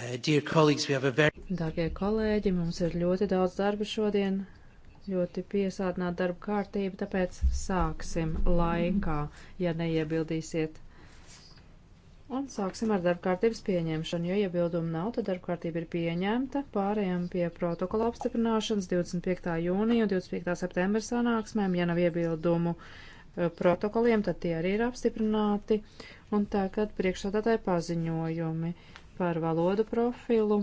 Uh, very... Dārgie kolēģi, mums ir ļoti daudz darba šodien, ļoti piesātināta darba kārtība, tāpēc sāksim laikā, ja neiebildīsiet. Un sāksim ar darba kārtības pieņemšanu, jo iebildumu nav, tad darba kārtība ir pieņemta. Pārējām pie protokola apstiprināšanas 25. jūnija un 25. septembra sanāksmēm, ja nav iebildumu uh, protokoliem, tad tie arī ir apstiprināti. Un tagad priekšsādātāji paziņojumi par valodu profilu.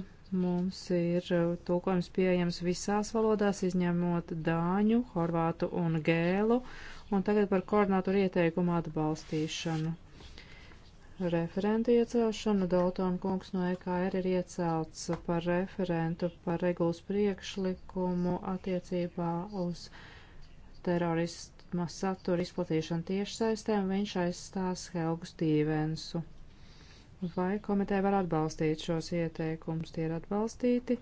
Mums ir uh, tulkojums pieejams visās valodās, izņemot dāņu, horvātu un gēlu. Un tagad par koordinātoru ieteikumu atbalstīšanu. Referentu iecelšanu Daltona kungs no EKR ir iecelts par referentu par regulas priekšlikumu attiecībā uz teroristu satura izplatīšanu tiešsaistēm. Viņš aizstās Helgu Stīvensu vai komiteja var atbalstīt šos ieteikumus, tie ir atbalstīti.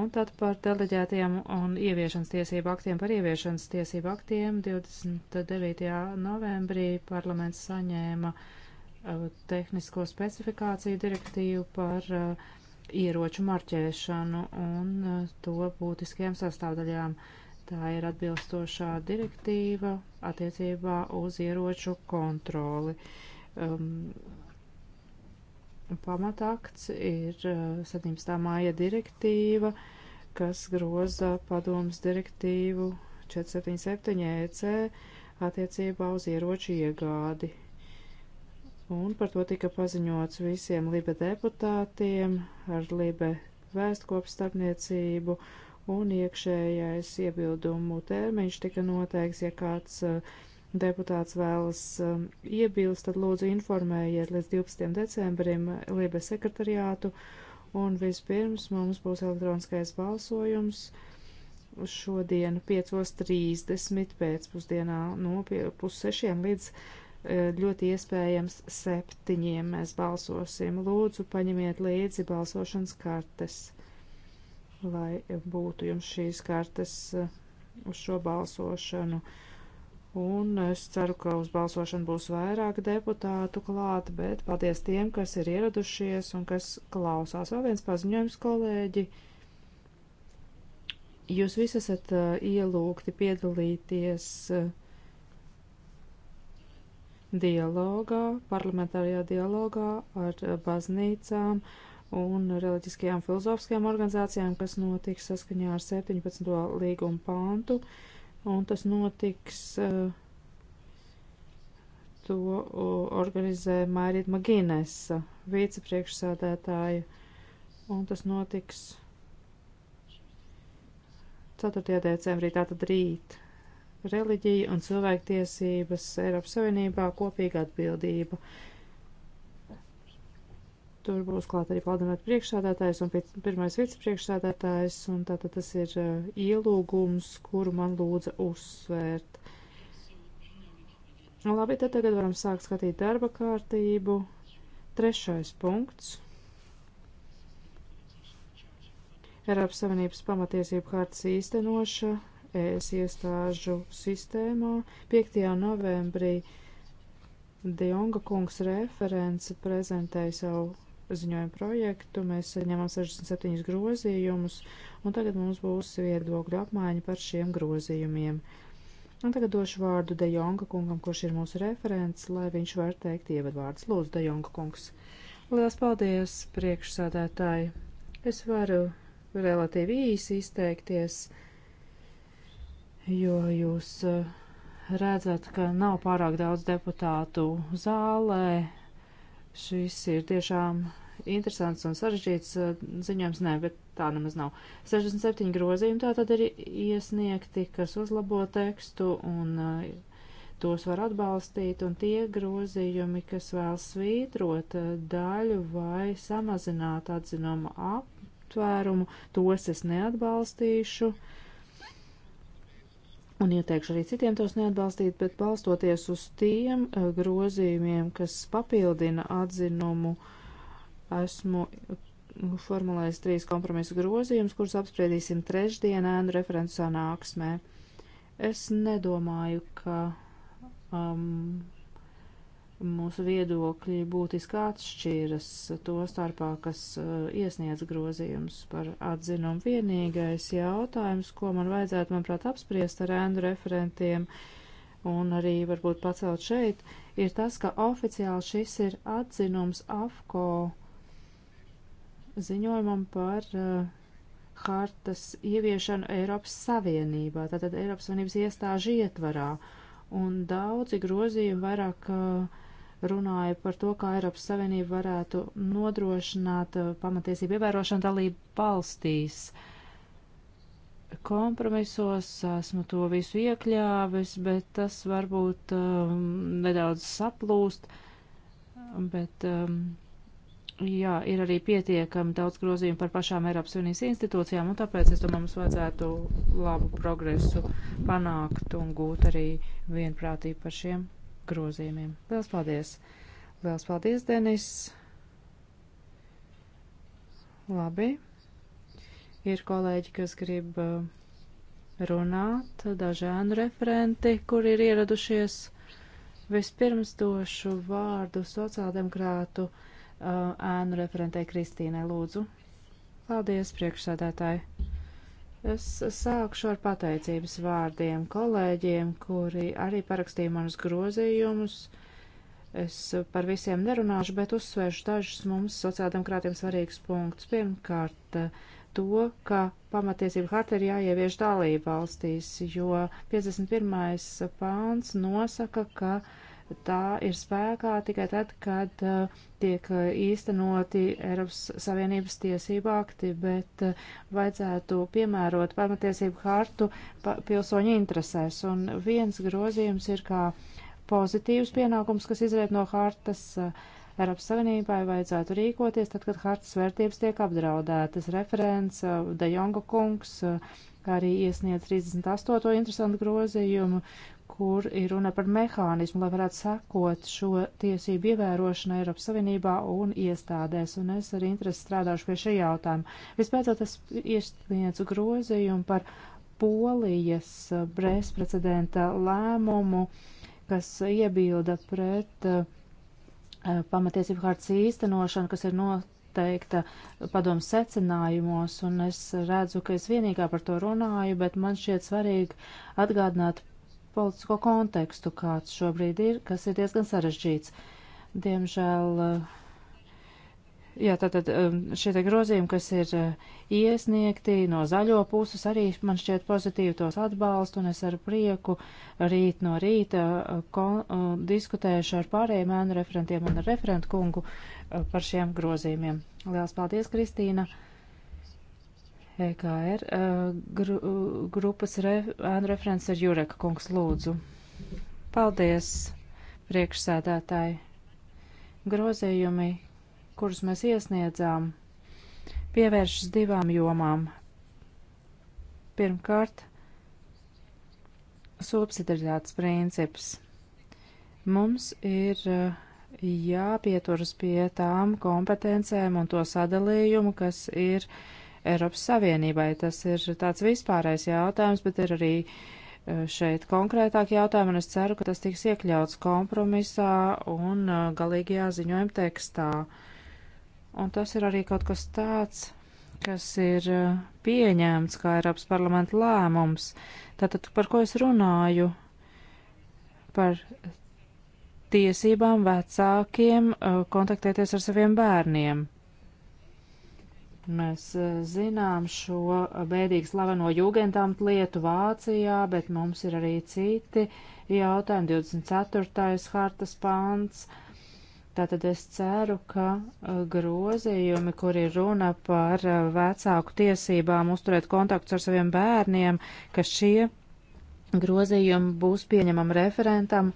Un tad par deleģētiem un ieviešanas tiesību aktiem. Par ieviešanas tiesību aktiem 29. novembrī parlaments saņēma uh, tehnisko specifikāciju direktīvu par uh, ieroču marķēšanu un uh, to būtiskajām sastāvdaļām. Tā ir atbilstošā direktīva attiecībā uz ieroču kontroli. Um, pamatakts ir 17. Eh, māja direktīva, kas groza padomas direktīvu 477 EC attiecībā uz ieroču iegādi. Un par to tika paziņots visiem Libe deputātiem ar Libe vēstkopu starpniecību un iekšējais iebildumu termiņš tika noteikts, ja kāds uh, deputāts vēlas um, iebilst, tad lūdzu informējiet līdz 12. decembrim Liebe sekretariātu, un vispirms mums būs elektroniskais balsojums šodien 5.30 pēcpusdienā no nu, pussešiem līdz e, ļoti iespējams septiņiem mēs balsosim. Lūdzu, paņemiet līdzi balsošanas kartes, lai būtu jums šīs kartes e, uz šo balsošanu. Uh, Un es ceru, ka uz balsošanu būs vairāk deputātu klāt, bet paldies tiem, kas ir ieradušies un kas klausās. Vēl viens paziņojums, kolēģi. Jūs visi esat uh, ielūgti piedalīties uh, dialogā, parlamentārajā dialogā ar uh, baznīcām un reliģiskajām filozofiskajām organizācijām, kas notiks saskaņā ar 17. līguma pantu. Uh, un tas notiks uh, to organizē Mairīt Maginesa, vicepriekšsādētāja, un tas notiks 4. decembrī, tātad rīt. Reliģija un cilvēktiesības Eiropas Savienībā kopīga atbildība. Uh, tur būs klāt arī paldināt priekšsādātājs un pirmais vicepriekšsādātājs, un tātad tas ir uh, ielūgums, kuru man lūdza uzsvērt. Labi, tad tagad varam sākt skatīt darba kārtību. Trešais punkts. Eiropas Savienības pamatiesību kārtas īstenoša ES iestāžu sistēmā 5. novembrī. Dionga kungs referents prezentēja savu ziņojumu projektu. Mēs saņemam 67 grozījumus, un tagad mums būs viedokļu apmaiņa par šiem grozījumiem. Un tagad došu vārdu De Jonga kungam, kurš ir mūsu referents, lai viņš var teikt ievadvārdus. Lūdzu, De Jonga kungs. Lielas paldies, priekšsādātāji. Es varu relatīvi īsi izteikties, jo jūs eh, redzat, ka nav pārāk daudz deputātu zālē. Šis ir tiešām interesants un sarežģīts uh, ziņojums, nē, bet tā nemaz nav. 67 grozījumi tā tad ir iesniegti, kas uzlabo tekstu un uh, tos var atbalstīt, un tie grozījumi, kas vēl svītrot uh, daļu vai samazināt atzinumu aptvērumu, tos es neatbalstīšu. Un ieteikšu arī citiem tos neatbalstīt, bet balstoties uz tiem grozījumiem, kas papildina atzinumu uh, Esmu formulējis trīs kompromisu grozījumus, kurus apspriedīsim trešdien ēnu referents sanāksmē. Es nedomāju, ka um, mūsu viedokļi būtiski atšķīras to starpā, kas uh, iesniedz grozījumus par atzinumu. Vienīgais jautājums, ko man vajadzētu, manuprāt, apspriest ar ēnu referentiem un arī varbūt pacelt šeit, ir tas, ka oficiāli šis ir atzinums AFCO uh, ziņojumam par uh, hartas ieviešanu Eiropas Savienībā, tātad Eiropas Savienības iestāžu ietvarā. Un daudzi grozījumi vairāk uh, runāja par to, kā Eiropas Savienība varētu nodrošināt uh, pamatiesību ievērošanu dalību valstīs. Kompromisos esmu to visu iekļāvis, bet tas varbūt um, nedaudz saplūst, bet um, Jā, ir arī pietiekami daudz grozījumu par pašām Eiropas Unijas institūcijām, un tāpēc es domāju, mums vajadzētu labu progresu panākt un gūt arī vienprātību par šiem grozījumiem. Lielas paldies! Lielas paldies, Denis! Labi. Ir kolēģi, kas grib uh, runāt, dažādi referenti, kur ir ieradušies. Vispirms došu vārdu sociāldemokrātu. Uh, Uh, ēnu referentei Kristīnai Lūdzu. Paldies, priekšsādātāji! Es sākšu ar pateicības vārdiem kolēģiem, kuri arī parakstīja manus grozījumus. Es par visiem nerunāšu, bet uzsvēršu dažus mums sociāldemokrātiem svarīgus punktus. Pirmkārt, to, ka pamatiesību harta ir jāievieš dalību valstīs, jo 51. pāns nosaka, ka uh, tā ir spēkā tikai tad, kad uh, tiek uh, īstenoti Eiropas Savienības tiesību akti, bet uh, vajadzētu piemērot pamatiesību hartu pilsoņu interesēs. Un viens grozījums ir kā pozitīvs pienākums, kas izriet no hartas. Eiropas Savienībai vajadzētu rīkoties tad, kad hartas vērtības tiek apdraudētas. Referents De Jonga kungs arī iesniedz 38. interesantu grozījumu, kur ir runa par mehānismu, lai varētu sekot šo tiesību ievērošanu Eiropas Savienībā un iestādēs, un es ar interesi strādāšu pie šī jautājuma. Vispēcot, es iesniedzu grozījumu par Polijas brēsprecedenta lēmumu, kas iebilda pret uh, pamatiesību hārtas īstenošanu, kas ir noteikta padomu secinājumos, un es redzu, ka es vienīgā par to runāju, bet man šķiet svarīgi atgādināt politisko kontekstu, kāds šobrīd ir, kas ir diezgan sarežģīts. Diemžēl, eh, jā, tātad eh, šie te grozījumi, kas ir eh, iesniegti no zaļo puses, arī man šķiet pozitīvi tos atbalstu, un es ar prieku rīt no rīta kon, diskutēšu ar pārējiem ēnu referentiem un ar referentu kungu par šiem grozījumiem. Lielas paldies, Kristīna! EKR uh, gru, uh, grupas ēnu referents ir Jureka kungs lūdzu. Paldies, priekšsēdētāji. Grozījumi, kurus mēs iesniedzām, pievēršas divām jomām. Pirmkārt, subsidiaritātes princips. Mums ir uh, jāpieturas pie tām kompetencēm un to sadalījumu, kas ir uh, Eiropas Savienībai. Tas ir tāds vispārējais jautājums, bet ir arī e, šeit konkrētāk jautājumi, un es ceru, ka tas tiks iekļauts kompromisā un e, galīgajā ziņojuma tekstā. Un tas ir arī kaut kas tāds, kas ir e, pieņēmts kā Eiropas parlamenta lēmums. Tātad, par ko es runāju? Par tiesībām vecākiem kontaktēties ar saviem bērniem. Mēs e, zinām šo bēdīgi slaveno jūgendamt lietu Vācijā, bet mums ir arī citi jautājumi. 24. hartas pants. Tātad es ceru, ka e, grozījumi, kur ir runa par e, vecāku tiesībām uzturēt kontaktus ar saviem bērniem, ka šie grozījumi būs pieņemam referentam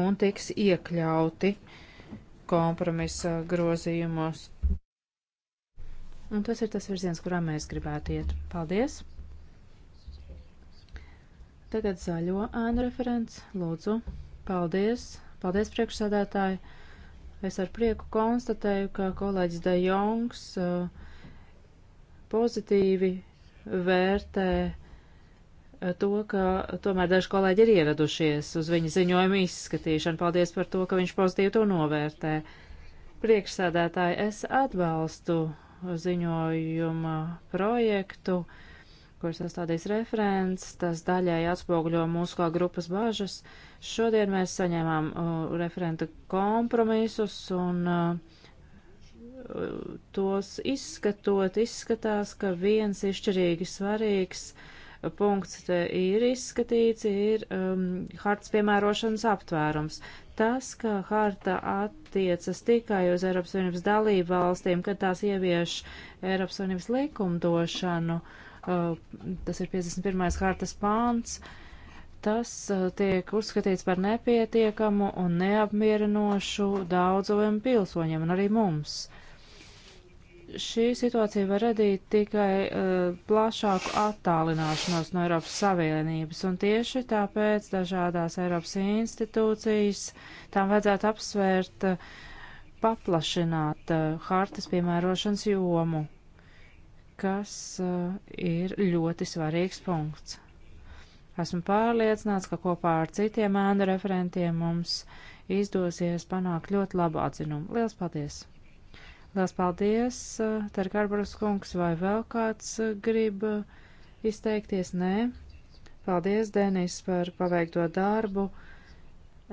un tiks iekļauti kompromisa grozījumos. Un tas ir tas virziens, kurā mēs gribētu iet. Paldies! Tagad zaļo ēnu referents. Lūdzu, paldies! Paldies, priekšsādātāji! Es ar prieku konstatēju, ka kolēģis De Jongs uh, pozitīvi vērtē uh, to, ka tomēr daži kolēģi ir ieradušies uz viņa ziņojumu izskatīšanu. Paldies par to, ka viņš pozitīvi to novērtē. Priekšsēdētāji, es atbalstu ziņojuma projektu, kur sastādīs referents. Tas daļai atspoguļo mūsu kā grupas bažas. Šodien mēs saņēmām uh, referenta kompromisus un uh, tos izskatot, izskatās, ka viens izšķirīgi svarīgs punkts ir izskatīts, ir um, hartas piemērošanas aptvērums. Tas, ka harta attiecas tikai uz Eiropas Savienības dalību valstīm, kad tās ievieš Eiropas Savienības likumdošanu, uh, tas ir 51. hartas pāns, tas uh, tiek uzskatīts par nepietiekamu un neapmierinošu daudziem pilsoņiem un arī mums. Šī situācija var radīt tikai uh, plašāku attālināšanos no Eiropas Savienības, un tieši tāpēc dažādās Eiropas institūcijas tām vajadzētu apsvērt uh, paplašināt uh, hartas piemērošanas jomu, kas uh, ir ļoti svarīgs punkts. Esmu pārliecināts, ka kopā ar citiem ēnu referentiem mums izdosies panākt ļoti labu atzinumu. Lielas paldies! Lielas paldies, eh, Terkārbaras kungs, vai vēl kāds eh, grib eh, izteikties? Nē. Paldies, Denis, par paveikto darbu.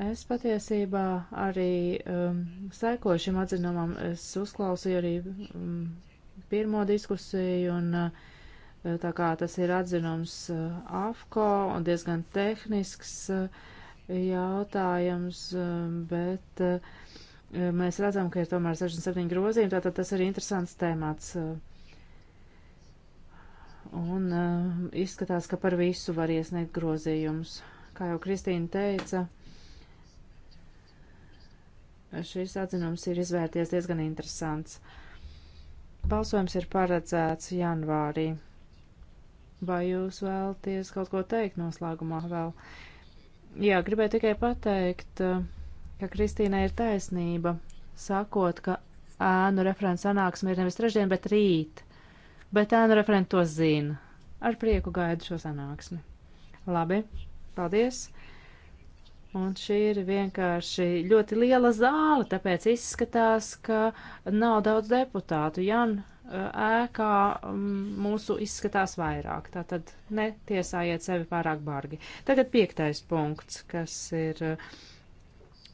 Es patiesībā arī um, sekoju šim atzinumam. Es uzklausīju arī um, pirmo diskusiju, un uh, tā kā tas ir atzinums uh, AFCO un diezgan tehnisks uh, jautājums, uh, bet. Uh, mēs redzam, ka ir tomēr 67 grozījumi, tātad tas ir interesants temats. Un eh, izskatās, ka par visu var iesniegt grozījumus. Kā jau Kristīna teica, šis atzinums ir izvērties diezgan interesants. Balsojums ir paredzēts janvārī. Vai jūs vēlties kaut ko teikt noslēgumā vēl? Jā, gribēju tikai pateikt. Uh, ka Kristīnai ir taisnība, sakot, ka ēnu referents sanāksme ir nevis trešdien, bet rīt. Bet ēnu referents to zina. Ar prieku gaidu šo sanāksmi. Labi, paldies! Un šī ir vienkārši ļoti liela zāle, tāpēc izskatās, ka nav daudz deputātu. Jan ēkā mūsu izskatās vairāk, tātad netiesājiet sevi pārāk bargi. Tagad piektais punkts, kas ir. Uh,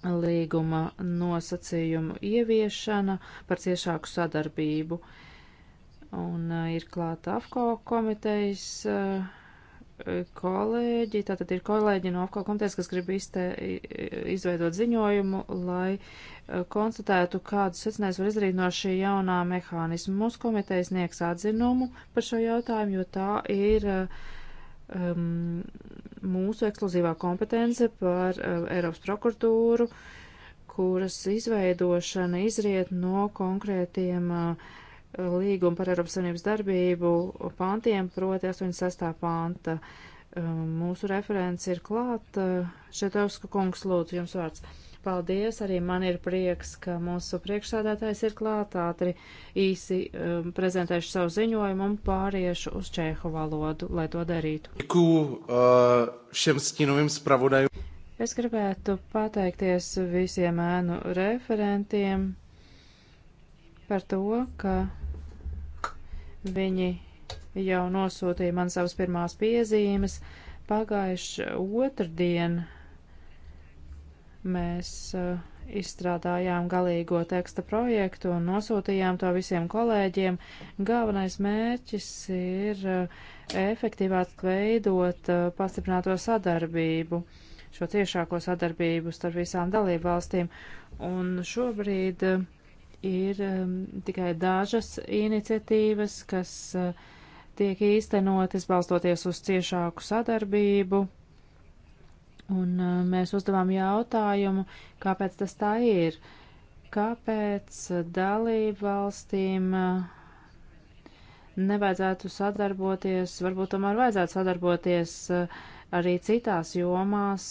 līguma nosacījumu ieviešana par ciešāku sadarbību. Un uh, ir klāta AFCO komitejas uh, kolēģi, tātad ir kolēģi no AFCO komitejas, kas grib izte, izveidot ziņojumu, lai uh, konstatētu, kādus secinājums var izdarīt no šī jaunā mehānisma. Mūsu komitejas sniegs atzinumu par šo jautājumu, jo tā ir uh, um, mūsu ekskluzīvā kompetence par uh, Eiropas prokuratūru, kuras izveidošana izriet no konkrētiem uh, līguma par Eiropas Savienības darbību pantiem, proti 86. panta. Uh, mūsu referents ir klāt. Uh, Šetauska kungs, lūdzu, jums vārds. Uh, Paldies, arī man ir prieks, ka mūsu priekšsādātājs ir klāt ātri īsi um, prezentēšu savu ziņojumu un pāriešu uz čehu valodu, lai to darītu. Ku, uh, es gribētu pateikties visiem ēnu referentiem par to, ka viņi jau nosūtīja man savas pirmās piezīmes pagājuši otrdien. Uh, Mēs uh, izstrādājām galīgo teksta projektu un nosūtījām to visiem kolēģiem. Galvenais mērķis ir eh, efektīvāk veidot eh, pastiprināto sadarbību, šo ciešāko sadarbību starp visām dalību valstīm. Un šobrīd ir ehm, tikai dažas iniciatīvas, kas tiek īstenotas balstoties uz ciešāku sadarbību Un uh, mēs uzdevām jautājumu, kāpēc tas tā ir, kāpēc dalību valstīm uh, nevajadzētu sadarboties, varbūt tomēr vajadzētu sadarboties uh, arī citās jomās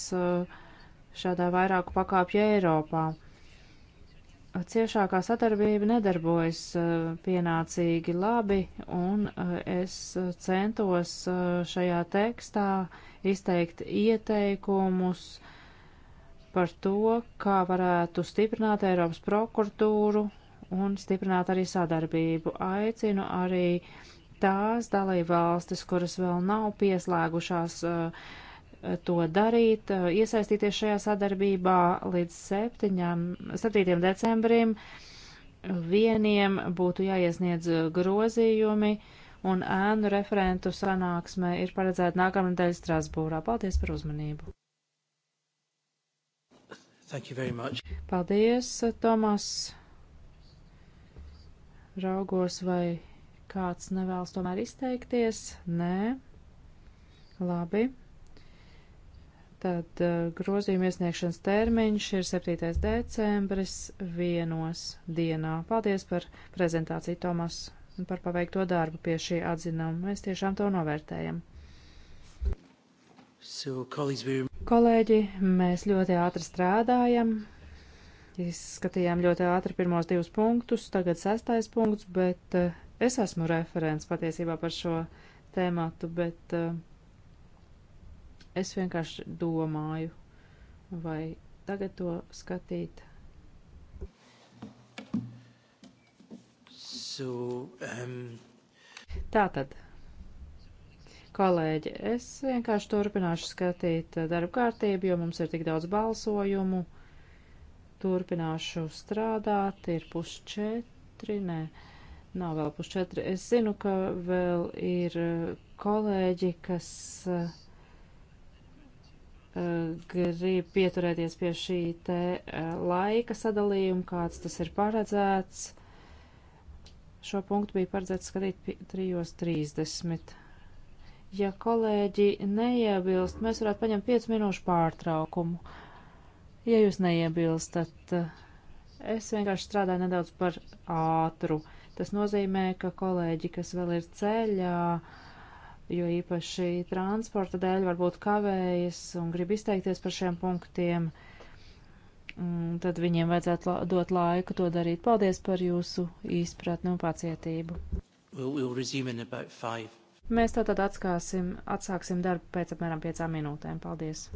šādā vairāku pakāpju Eiropā. Ciešākā sadarbība nedarbojas pienācīgi labi, un es centos šajā tekstā uh, izteikt ieteikumus par to, kā varētu stiprināt Eiropas prokuratūru un stiprināt arī sadarbību. Aicinu arī tās dalībvalstis, kuras vēl nav pieslēgušās uh, to darīt, uh, iesaistīties šajā sadarbībā līdz 7. 7. decembrim. Vieniem būtu jāiesniedz grozījumi uh, un ēnu referentu sanāksme ir paredzēta nākamnedēļ Strasbūrā. Paldies par uzmanību! Paldies, Tomas! Raugos, vai kāds nevēlas tomēr izteikties? Nē. Labi. Tad uh, grozījuma iesniegšanas termiņš ir 7. decembris vienos dienā. Paldies par prezentāciju, Tomas! par paveikto darbu pie šī atzinuma. Mēs tiešām to novērtējam. So, Kolēģi, mēs ļoti ātri strādājam. Izskatījām ļoti ātri pirmos divus punktus, tagad sestais punkts, bet uh, es esmu referents patiesībā par šo tēmatu, bet uh, es vienkārši domāju, vai tagad to skatīt So, um... Tātad, kolēģi, es vienkārši turpināšu skatīt darba kārtību, jo mums ir tik daudz balsojumu. Turpināšu strādāt, ir pusčetri, nē, nav vēl pusčetri. Es zinu, ka vēl ir uh, kolēģi, kas uh, uh, grib pieturēties pie šī te uh, laika sadalījuma, kāds tas ir paredzēts Šo punktu bija paredzēts skatīt 3.30. Ja kolēģi neiebilst, mēs varētu paņemt 5 minūšu pārtraukumu. Ja jūs neiebilstat, es vienkārši strādāju nedaudz par ātru. Tas nozīmē, ka kolēģi, kas vēl ir ceļā, jo īpaši transporta dēļ varbūt kavējas un grib izteikties par šiem punktiem, uh, Mm, tad viņiem vajadzētu dot laiku to darīt. Paldies par jūsu izpratni un pacietību. We'll, we'll Mēs tātad atskāsim, atsāksim darbu pēc apmēram piecām minūtēm. Paldies!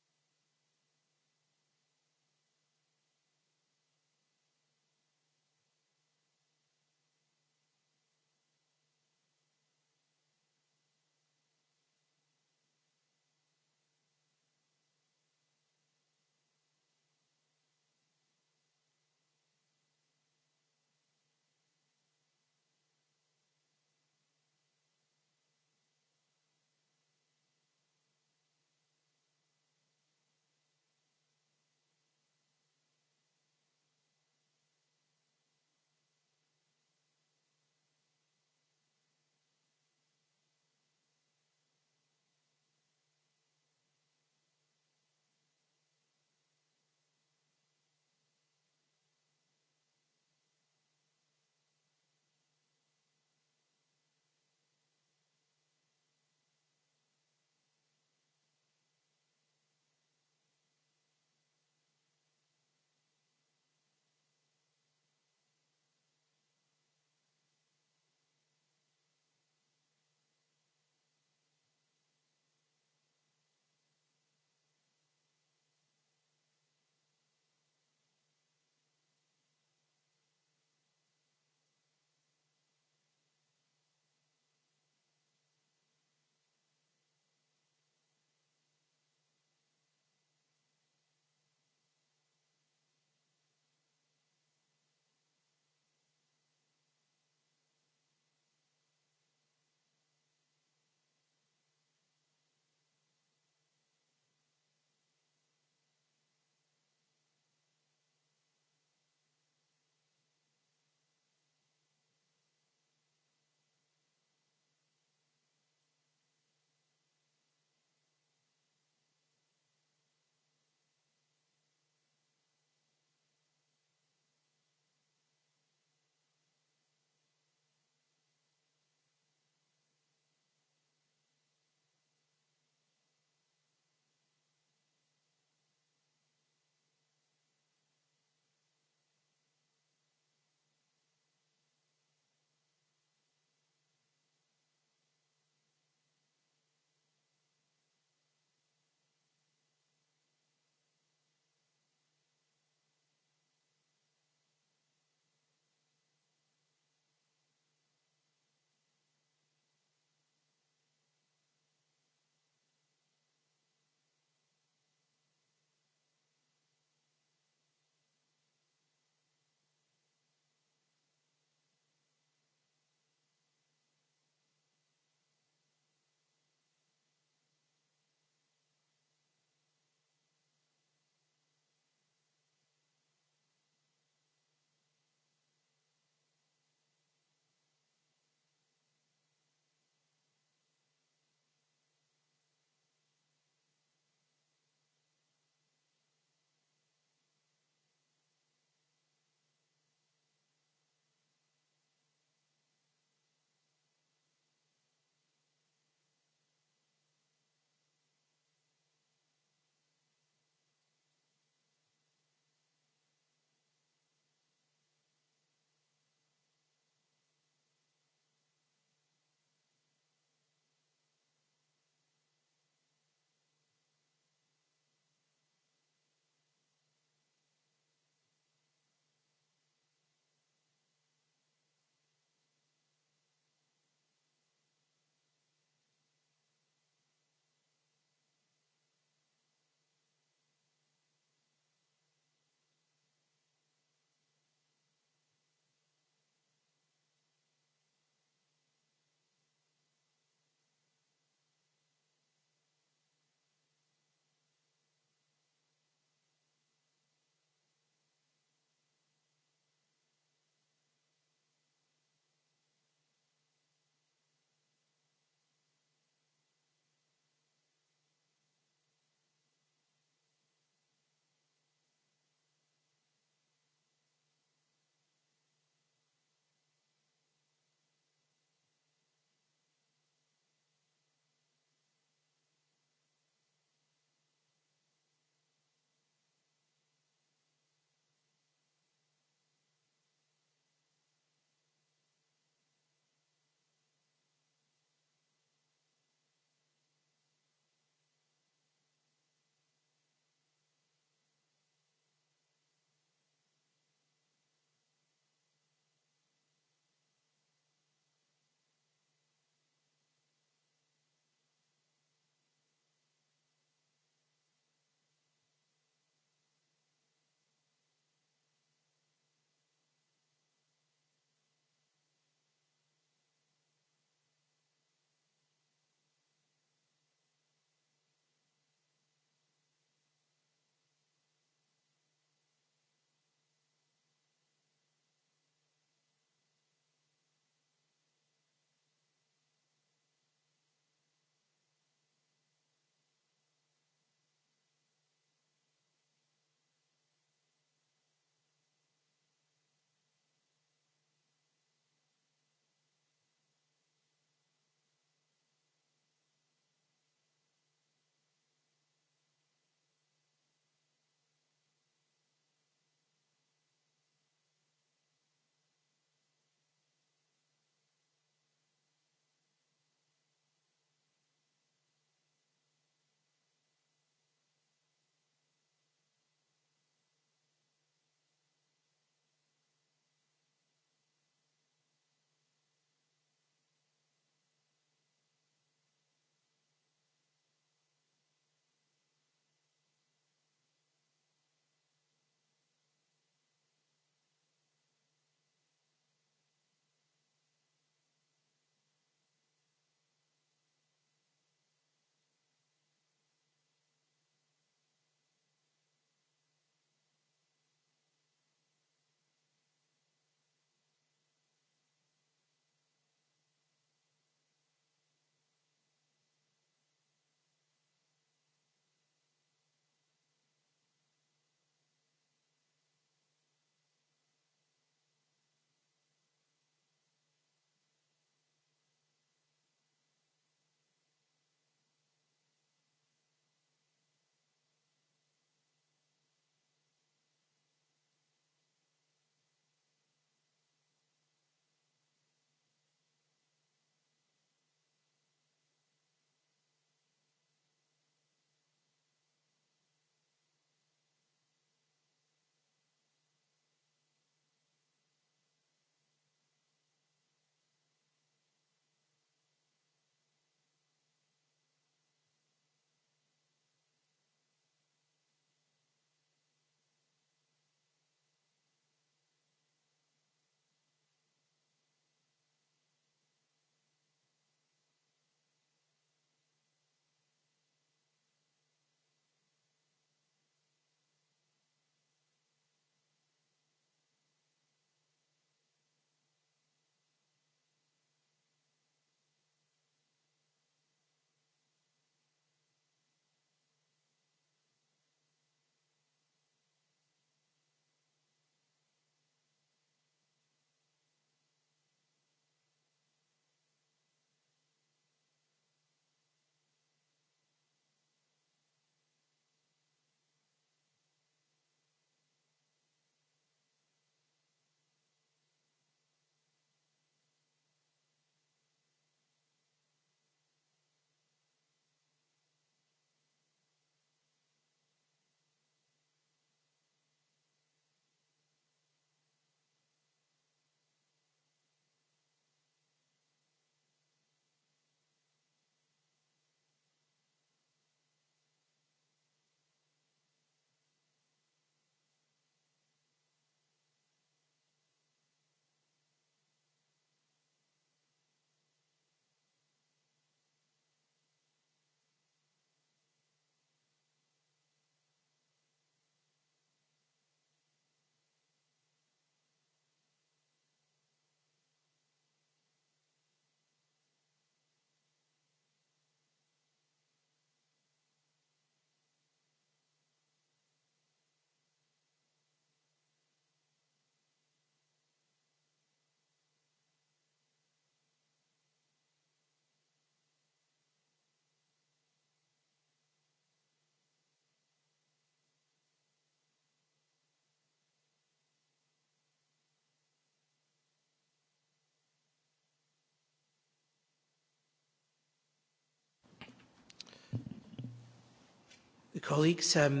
Um,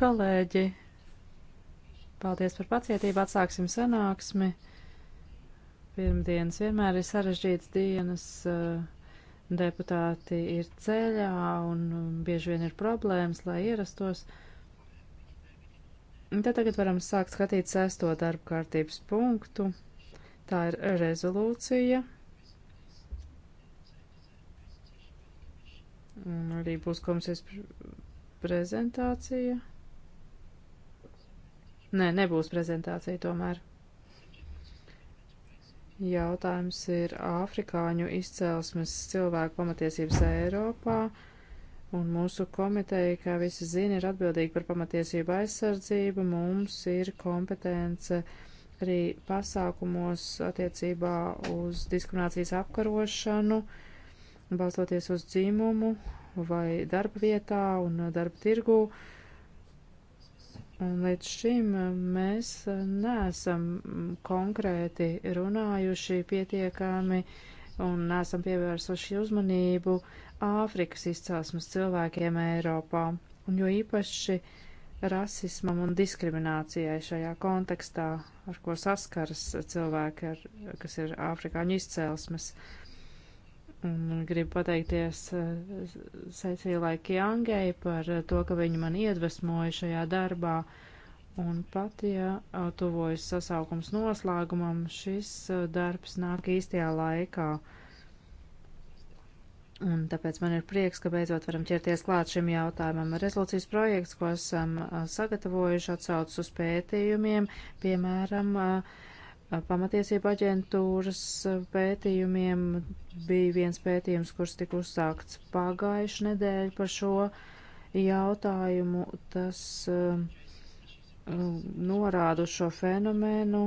Kolēģi, paldies par pacietību. Atsāksim sanāksmi. Pirmdienas vienmēr ir sarežģītas dienas. Uh, deputāti ir ceļā un um, bieži vien ir problēmas, lai ierastos. Tad tagad varam sākt skatīt sesto darba kārtības punktu. Tā ir rezolūcija Un arī būs komisijas prezentācija. Nē, nebūs prezentācija tomēr. Jautājums ir Āfrikāņu izcelsmes cilvēku pamatiesības Eiropā, un mūsu komiteja, kā visi zina, ir atbildīga par pamatiesību aizsardzību. Mums ir kompetence arī pasākumos attiecībā uz diskriminācijas apkarošanu. Uh, balstoties uz dzīmumu vai darba vietā un uh, darba tirgū. Un līdz šim uh, mēs uh, neesam mm, konkrēti runājuši pietiekami un neesam pievērsuši uzmanību Āfrikas izcelsmes cilvēkiem Eiropā, un jo īpaši rasismam un diskriminācijai šajā kontekstā, ar ko saskaras cilvēki, ar, kas ir afrikāņu izcelsmes cilvēki. Gribu pateikties eh, Cecīlai Kjangai par eh, to, ka viņa man iedvesmoja šajā darbā. Un pat, ja tuvojas sasaukums noslēgumam, šis eh, darbs nāk īstajā laikā. Un tāpēc man ir prieks, ka beidzot varam ķerties klāt šim jautājumam. Rezolūcijas projekts, ko esam sagatavojuši, atsaucas uz pētījumiem, piemēram, uh, pamatiesība aģentūras pētījumiem bija viens pētījums, kurš tika uzsākts pagājušu nedēļu par šo jautājumu. Tas uh, norāda uz šo fenomenu,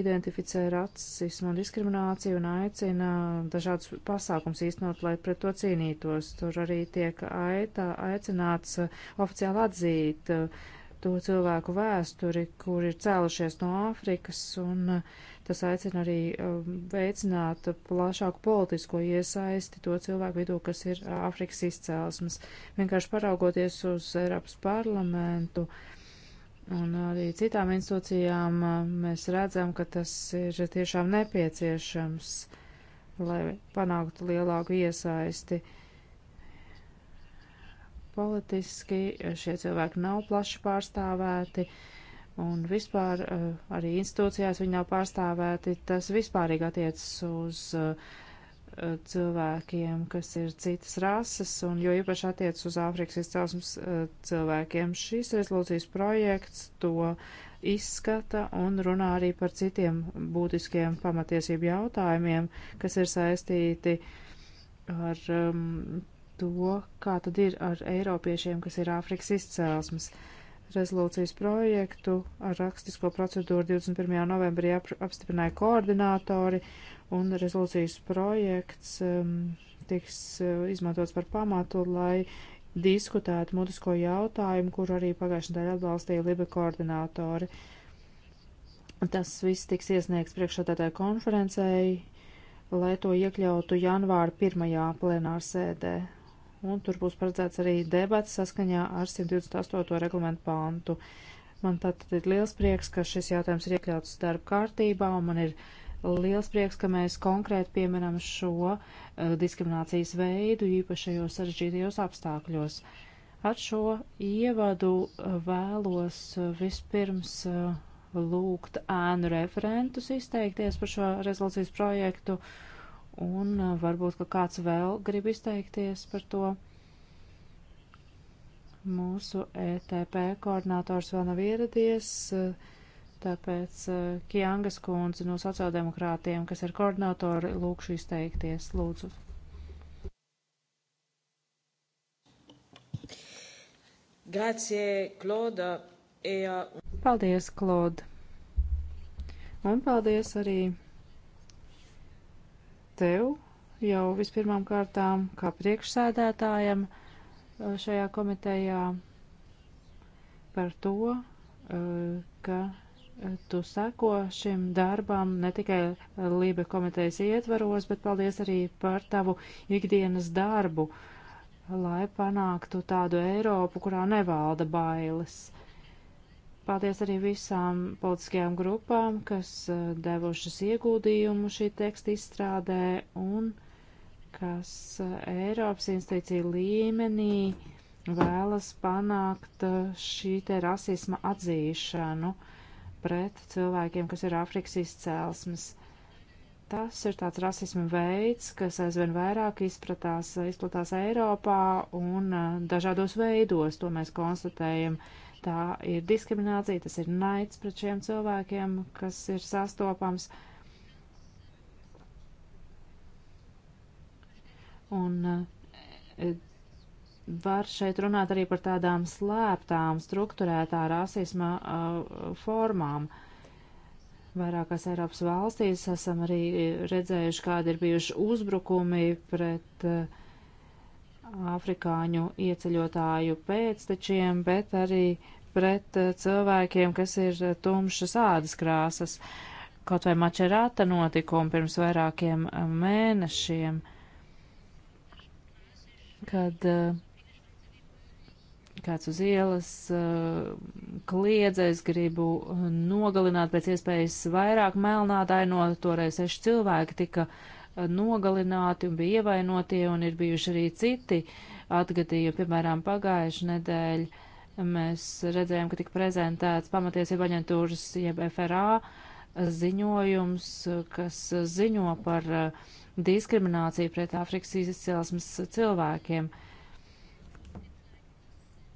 identificē rasismu un diskrimināciju un aicina dažādus pasākums īstenot, lai pret to cīnītos. Tur arī tiek aita, aicināts oficiāli atzīt uh, to cilvēku vēsturi, kur ir cēlušies no Āfrikas, un uh, tas aicina arī um, veicināt plašāku politisko iesaisti to cilvēku vidū, kas ir uh, Āfrikas izcēlesmes. Vienkārši paraugoties uz Eiropas parlamentu un arī citām institūcijām, uh, mēs redzam, ka tas ir tiešām nepieciešams, lai panāktu lielāku iesaisti. Uh, politiski, šie cilvēki nav plaši pārstāvēti, un vispār eh, arī institūcijās viņi nav pārstāvēti. Tas vispārīgi attiecas uz eh, cilvēkiem, kas ir citas rases, un jo īpaši attiecas uz Āfrikas izcelsmes eh, cilvēkiem. Šīs rezolūcijas projekts to izskata un runā arī par citiem būtiskiem pamatiesību jautājumiem, kas ir saistīti ar um, to, kā tad ir ar eiropiešiem, kas ir Āfrikas izcēlesmes. Rezolūcijas projektu ar rakstisko procedūru 21. novembrī ap, apstiprināja koordinātori, un rezolūcijas projekts um, tiks uh, izmantots par pamatu, lai diskutētu mutisko jautājumu, kuru arī pagājušajā daļā atbalstīja Liba koordinātori. Tas viss tiks iesniegts priekšsādātāju konferencei, lai to iekļautu janvāra pirmajā plenārsēdē un tur būs paredzēts arī debats saskaņā ar 128. reglamentu pāntu. Man pat ir liels prieks, ka šis jautājums ir iekļauts darba kārtībā, un man ir liels prieks, ka mēs konkrēti pieminam šo uh, diskriminācijas veidu īpašajos sarežģītajos apstākļos. Ar šo ievadu uh, vēlos uh, vispirms uh, lūgt ēnu referentus izteikties par šo rezolūcijas projektu, uh, un varbūt, ka kāds vēl grib izteikties par to. Mūsu ETP koordinators vēl nav ieradies, tāpēc Kjangas kundze no sociāldemokrātiem, kas ir koordinatori, lūkšu izteikties. Lūdzu. Grazie, Klauda. E, paldies, Klauda. Un paldies arī tev jau vispirmām kārtām kā priekšsēdētājam uh, šajā komitejā par to, uh, ka uh, tu seko šim darbam ne tikai Lībe komitejas ietvaros, bet paldies arī par tavu ikdienas darbu, lai panāktu tādu Eiropu, kurā nevalda bailes Paldies arī visām politiskajām grupām, kas eh, devušas ieguldījumu šī teksta izstrādē un kas eh, Eiropas institūcija līmenī vēlas panākt eh, šī te rasisma atzīšanu pret cilvēkiem, kas ir Afrikas izcēlesmes. Tas ir tāds rasisma veids, kas aizvien vairāk izpratās, izplatās Eiropā un dažādos veidos, to mēs konstatējam Tā ir diskriminācija, tas ir naids pret šiem cilvēkiem, kas ir sastopams. Un e, var šeit runāt arī par tādām slēptām, struktūrētā rasisma uh, formām. Vairākās Eiropas valstīs esam arī redzējuši, kādi ir bijuši uzbrukumi pret uh, afrikāņu ieceļotāju pēctečiem, bet arī pret eh, cilvēkiem, kas ir eh, tumšas ādas krāsas. Kaut vai mačerāta notikuma pirms vairākiem eh, mēnešiem, kad kāds uz ielas kliedza, es gribu nogalināt pēc iespējas vairāk melnādaino, toreiz seši cilvēki tika uh, nogalināti un bija ievainotie, un ir bijuši arī citi atgadījumi, piemēram, pagājuši nedēļu. Mēs redzējām, ka tika prezentēts pamatiesība aģentūras, jeb FRA ziņojums, kas ziņo par uh, diskrimināciju pret Āfrikas izcelsmes cilvēkiem.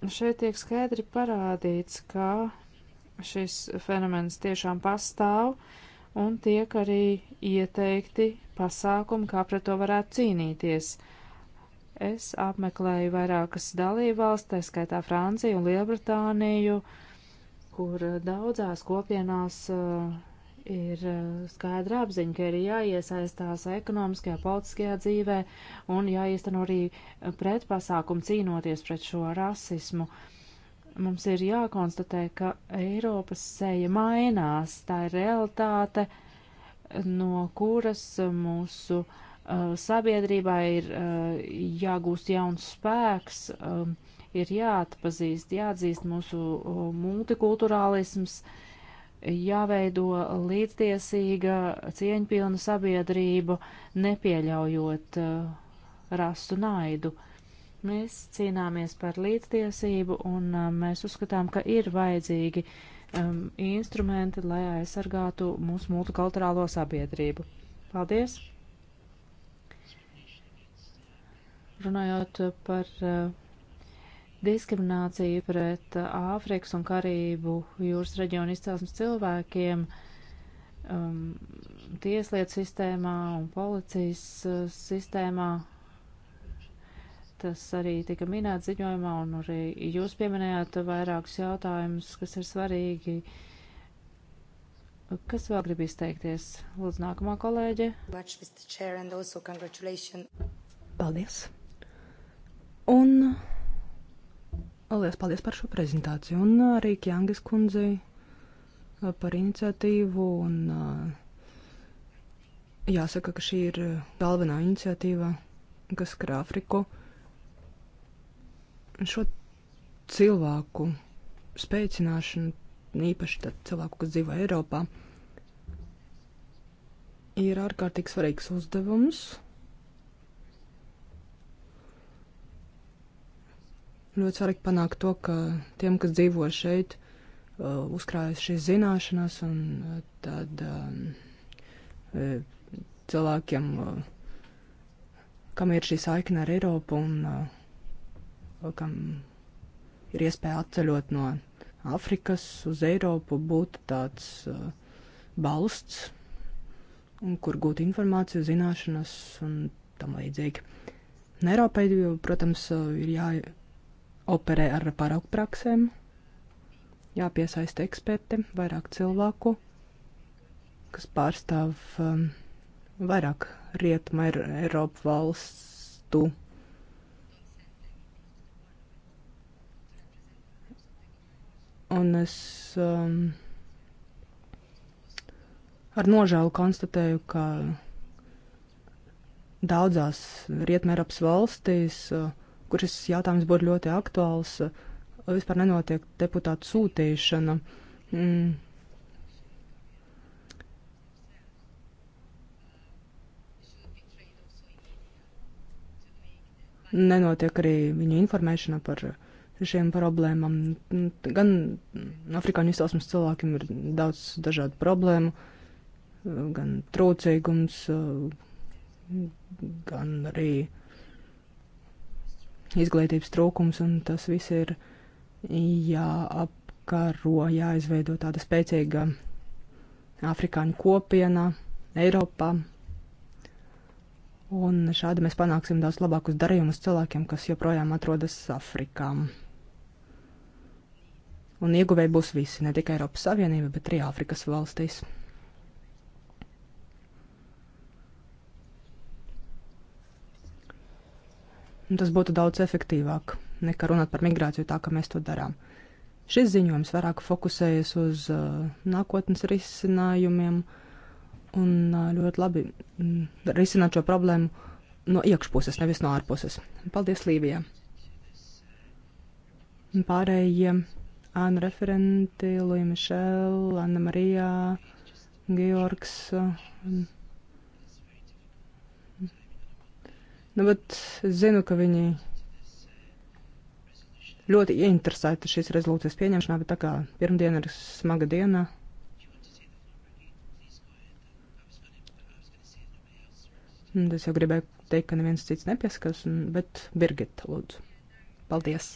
Šeit tiek skaidri parādīts, ka šis fenomens tiešām pastāv, uh, un tiek arī ieteikti pasākumi, kā pret to varētu cīnīties. Es apmeklēju vairākas dalībvalstis, tā skaitā Franciju un Lielbritāniju, kur daudzās kopienās uh, ir uh, skaidra apziņa, ka ir jāiesaistās ekonomiskajā, politiskajā dzīvē un jāiesteno arī pretpasākumu cīnoties pret šo rasismu. Uh, Mums ir jākonstatē, ka Eiropas seja mainās. Tā ir realitāte, no kuras mūsu uh, sabiedrībā ir uh, jāgūst jauns spēks, um, ir jāatpazīst, jāatzīst mūsu uh, multikulturālisms, jāveido līdztiesīga, cieņpilna sabiedrība, nepieļaujot uh, rasu naidu. Uh, Mēs cīnāmies par līdztiesību un um, mēs uzskatām, ka ir vajadzīgi um, instrumenti, lai aizsargātu mūsu multikulturālo sabiedrību. Paldies! Runājot par uh, diskrimināciju pret uh, Āfrikas uh, un Karību jūras reģionu izcelsmes cilvēkiem, um, tieslietu sistēmā un policijas uh, sistēmā Tas arī tika minēts ziņojumā, un arī jūs pieminējāt vairākus jautājumus, kas ir svarīgi. Kas vēl grib izteikties? Lūdzu, nākamā kolēģe. Paldies. Un liels paldies par šo prezentāciju. Un uh, arī Kjangis kundzei uh, par iniciatīvu. Un, uh, jāsaka, ka šī ir galvenā iniciatīva, kas skar Afriku. Uh, šo cilvēku spēcināšanu, īpaši tad cilvēku, kas dzīvo Eiropā, ir ārkārtīgi svarīgs uzdevums. Ļoti svarīgi panākt to, ka tiem, kas dzīvo šeit, uh, uzkrājas šīs zināšanas, un uh, tad um, uh, cilvēkiem, kam ir šī saikne ar Eiropu un kam ir iespēja atceļot no Āfrikas uz Eiropu, būtu tāds uh, balsts, kur gūt informāciju, zināšanas un tam līdzīgi. Un Eiropai, protams, uh, ir jāoperē ar paraugpraksēm, jāpiesaista eksperti, vairāk cilvēku, kas pārstāv um, vairāk rietumu Eiropu valstu Un es um, ar nožēlu konstatēju, ka daudzās Rietumēropas valstīs, uh, kur šis jautājums būtu ļoti aktuāls, uh, vispār nenotiek deputātu sūtīšana. Mm. Nenotiek arī viņu informēšana par šiem problēmām. Gan afrikāņu izcelsmes cilvēkiem ir daudz dažādu problēmu, gan trūcīgums, gan arī izglītības trūkums, un tas viss ir jāapkaro, jāizveido tāda spēcīga afrikāņu kopiena Eiropā. Un šādi mēs panāksim daudz labākus darījumus cilvēkiem, kas joprojām atrodas Afrikā un ieguvēji būs visi, ne tikai Eiropas Savienība, bet arī Āfrikas valstīs. Un tas būtu daudz efektīvāk nekā runāt par migrāciju tā, kā mēs to darām. Šis ziņojums vairāk fokusējas uz uh, nākotnes risinājumiem un uh, ļoti labi mm, risināt šo problēmu no iekšpuses, nevis no ārpuses. Paldies Līvijai! Pārējie. Uh, Anna referenti, Lūija Mišela, Anna Marijā, Georgs. Nu, bet es zinu, ka viņi ļoti ieinteresēti šīs rezolūcijas pieņemšanā, bet tā kā pirmdiena ir smaga diena. Es jau gribēju teikt, ka neviens cits nepieskaras, bet Birgita, lūdzu. Paldies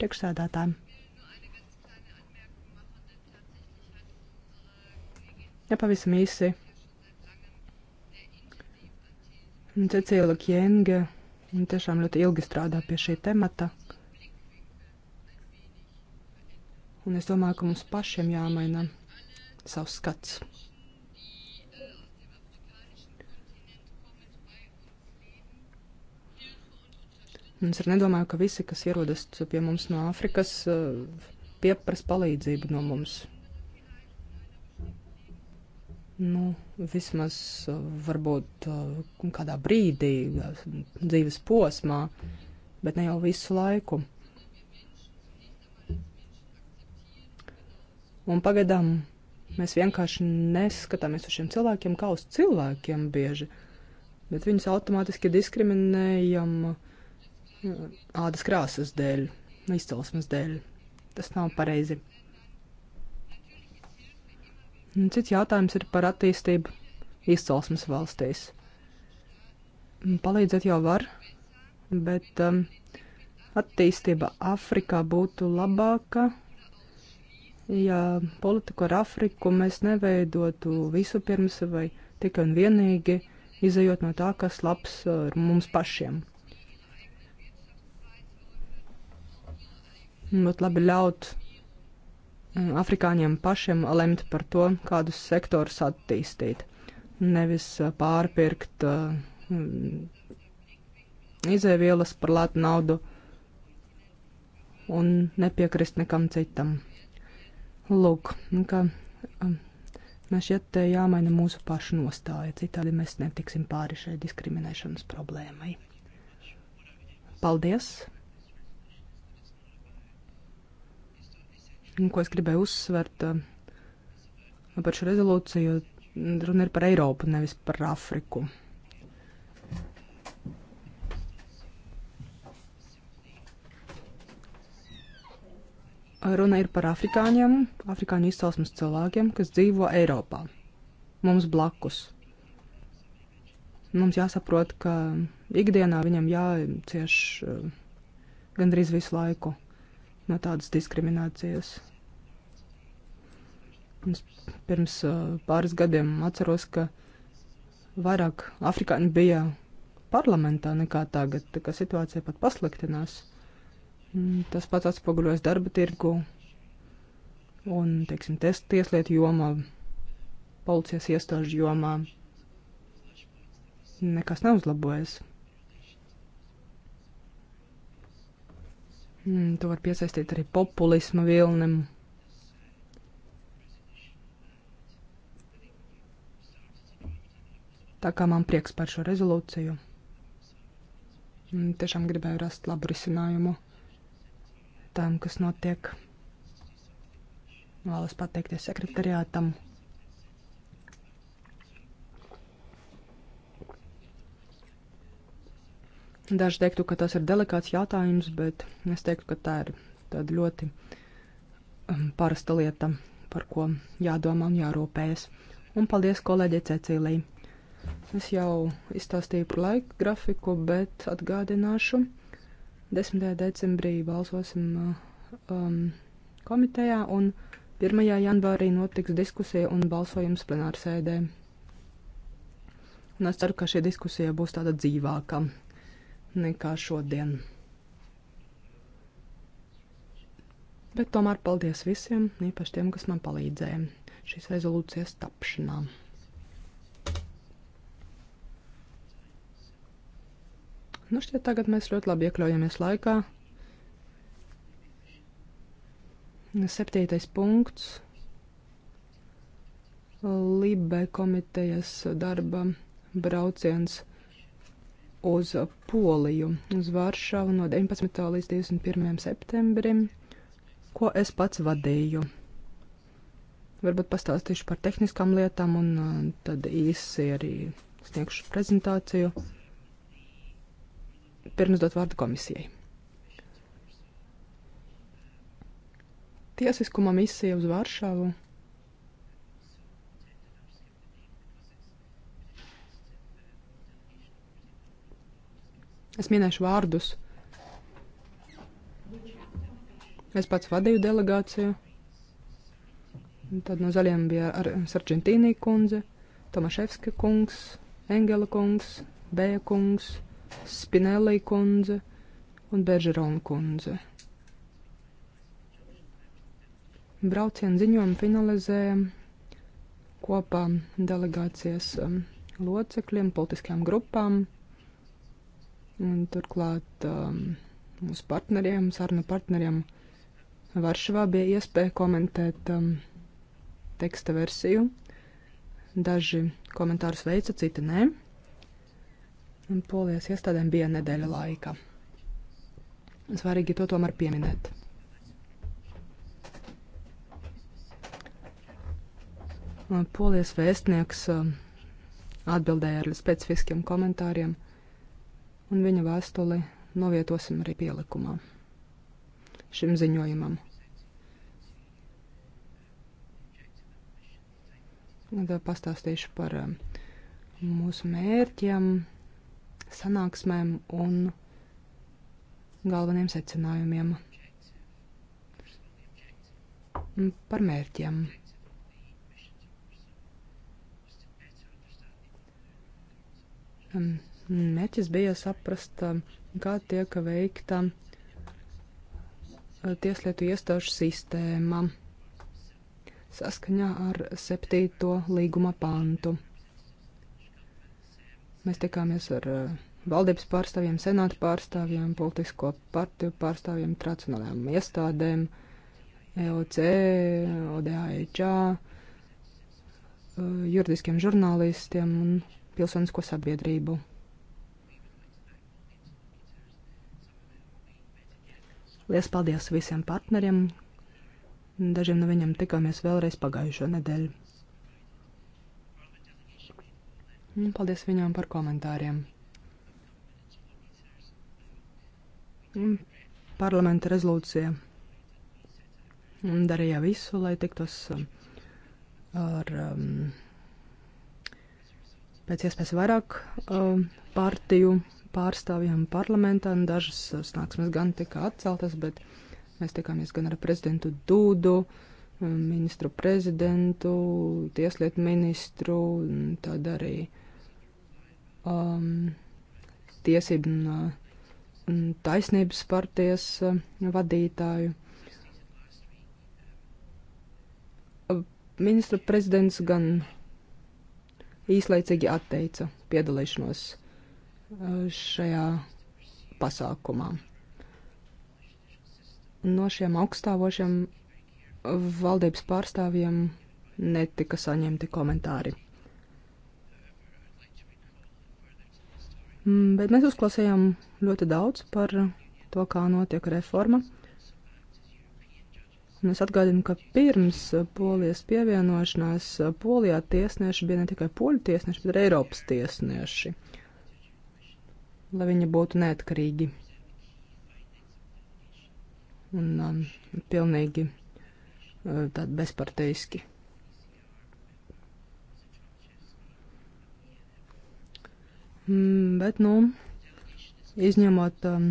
priekšsēdētājiem! Ja pavisam īsi. Cecīla Kjenge tiešām ļoti ilgi strādā pie šī temata. Un es domāju, ka mums pašiem jāmaina savs skats. Mums ir nedomāju, ka visi, kas ierodas pie mums no Āfrikas, eh, pieprasa palīdzību no mums nu, vismaz eh, varbūt eh, kādā brīdī, eh, dzīves posmā, bet ne jau visu laiku. Un pagaidām mēs vienkārši neskatāmies uz šiem cilvēkiem kā uz cilvēkiem bieži, bet viņus automātiski diskriminējam ādas krāsas dēļ, izcelsmes dēļ. Tas nav pareizi. Un cits jautājums ir par attīstību izcelsmes valstīs. Palīdzēt jau var, bet um, attīstība Āfrikā būtu labāka, ja politiku ar Āfriku mēs neveidotu visu pirms vai tikai un vienīgi izējot no tā, kas labs uh, ir mums pašiem. Būtu labi ļaut Mm, afrikāņiem pašiem lemt par to, kādus sektorus attīstīt. Nevis uh, pārpirkt uh, mm, izēvielas par lētu naudu un nepiekrist nekam citam. Lūk, nu ka mēs um, šeit te jāmaina mūsu pašu nostāja, citādi mēs netiksim pāri šai diskriminēšanas problēmai. Paldies! ko es gribēju uzsvert eh, par šo rezolūciju, runa ir par Eiropu, nevis par Afriku. Runa ir par afrikāņiem, afrikāņu izcelsmes cilvēkiem, kas dzīvo Eiropā, mums blakus. Mums jāsaprot, ka ikdienā viņam jācieš eh, gandrīz visu laiku no tādas diskriminācijas. Un pirms uh, pāris gadiem atceros, ka vairāk afrikāņi bija parlamentā nekā tagad, tā kā situācija pat pasliktinās. Tas pats atspoguļojas darba tirgu un, teiksim, ties, tieslietu jomā, policijas iestāžu jomā. Nekas neuzlabojas. Mm, to var piesaistīt arī populisma vilnim. Tā kā man prieks par šo rezolūciju. Mm, tiešām gribēju rast labu risinājumu tam, kas notiek. Vēlos pateikties sekretariātam. Daži teiktu, ka tas ir delikāts jautājums, bet es teiktu, ka tā ir tāda ļoti um, parasta lieta, par ko jādomā un jārūpējas. Un paldies kolēģei Cecīlijai. Es jau izstāstīju par laika grafiku, bet atgādināšu. 10. decembrī balsosim uh, um, komitejā un 1. janvārī notiks diskusija un balsojums plenārsēdē. Un es ceru, ka šī diskusija būs tāda dzīvāka nekā šodien. Bet tomēr paldies visiem, īpaši tiem, kas man palīdzēja šīs rezolūcijas tapšanā. Nu, šķiet, tagad mēs ļoti labi iekļaujamies laikā. Septītais punkts - Libe komitejas darba brauciens uz Poliju, uz Varšavu no 19. līdz 21. septembrim, ko es pats vadīju. Varbūt pastāstīšu par tehniskām lietām un uh, tad īsi arī sniegšu prezentāciju. Pirms dot vārdu komisijai. Tiesiskuma misija uz Varšavu Es minēšu vārdus. Es pats vadīju delegāciju. Tad no zaļiem bija ar Sargentīnī kundze, Tomaševska kungs, Engela kungs, Bēja kungs, Spinelli kundze un Beržerona kundze. Braucienu ziņojumu finalizējam kopā delegācijas um, locekļiem, politiskajām grupām Turklāt um, mūsu partneriem, sarunu partneriem Varšavā bija iespēja komentēt um, teksta versiju. Daži komentārus veica, citi nē. Un polijas iestādēm bija nedēļa laika. Svarīgi to tomēr pieminēt. Polijas vēstnieks um, atbildēja ar specifiskiem komentāriem un viņa vēstuli novietosim arī pielikumā šim ziņojumam. Tad pastāstīšu par eh, mūsu mērķiem, sanāksmēm un galveniem secinājumiem. Par mērķiem. Um, Mērķis bija saprast, um, kā tiek veikta uh, tieslietu iestāžu sistēma saskaņā ar septīto līguma pantu. Mēs tikāmies ar uh, valdības pārstāvjiem, senāta pārstāvjiem, politisko partiju pārstāvjiem, tradicionālajām iestādēm, EOC, ODAHA, uh, juridiskiem žurnālistiem un pilsonisko sabiedrību. Lielas paldies visiem partneriem. Dažiem no viņiem tikāmies vēlreiz pagājušo nedēļu. Nu, paldies viņām par komentāriem. Parlamenta rezolūcija darīja visu, lai tiktos um, ar um, pēc iespējas vairāk um, partiju pārstāvjām parlamentā, un nu, dažas sanāksmes gan tika atceltas, bet mēs tikāmies gan ar prezidentu Dūdu, ministru prezidentu, tieslietu ministru, tad arī um, tiesību un, un taisnības partijas um, vadītāju. Uh, Ministra prezidents gan īslaicīgi atteica piedalīšanos šajā pasākumā. No šiem augstāvošiem valdības pārstāvjiem netika saņemti komentāri. Mm, bet mēs uzklausījām ļoti daudz par to, kā notiek reforma. Un es atgādinu, ka pirms polijas pievienošanās polijā tiesneši bija ne tikai poļu tiesneši, bet arī Eiropas tiesneši. Uh, lai viņi būtu neatkarīgi un um, pilnīgi uh, tādi bezparteiski. Mm, bet, nu, izņemot um,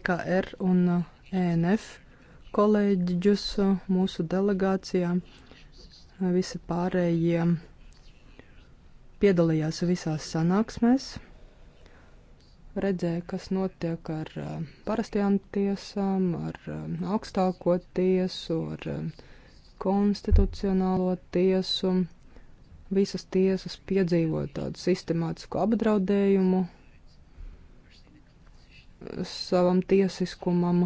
EKR un uh, ENF kolēģus uh, mūsu delegācijā, uh, visi pārējie um, piedalījās visās sanāksmēs redzēja, kas notiek ar eh, parastajām tiesām, ar eh, augstāko tiesu, ar eh, konstitucionālo tiesu. Visas tiesas piedzīvo tādu sistemātisku apdraudējumu savam tiesiskumam.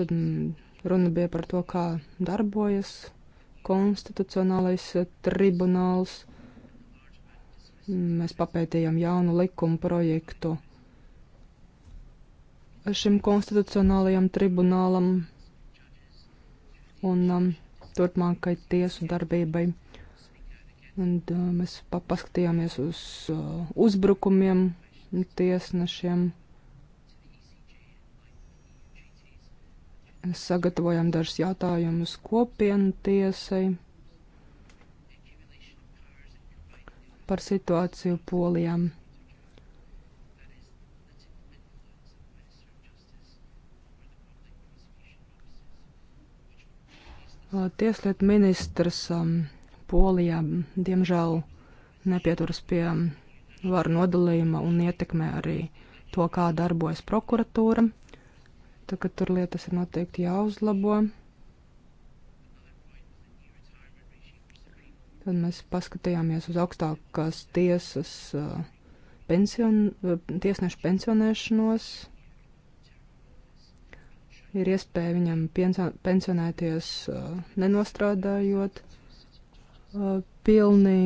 Tad mm, runa bija par to, kā darbojas konstitucionālais tribunāls Mēs papētījām jaunu likumu projektu. Šim konstitucionālajam tribunālam un um, turpmākai tiesu darbībai. Un, uh, mēs paskatījāmies uz uh, uzbrukumiem tiesnešiem. sagatavojam dažus jautājumus kopienu tiesai. par situāciju polijām. Tieslietu ministrs um, Polijā diemžēl nepieturas pie varu nodalījuma un ietekmē arī to, kā darbojas prokuratūra. Tā kā tur lietas ir noteikti jāuzlabo. Tad mēs paskatījāmies uz augstākās tiesas uh, pension, uh, tiesnešu pensionēšanos. Ir iespēja viņam pensionēties uh, nenostrādājot pilni,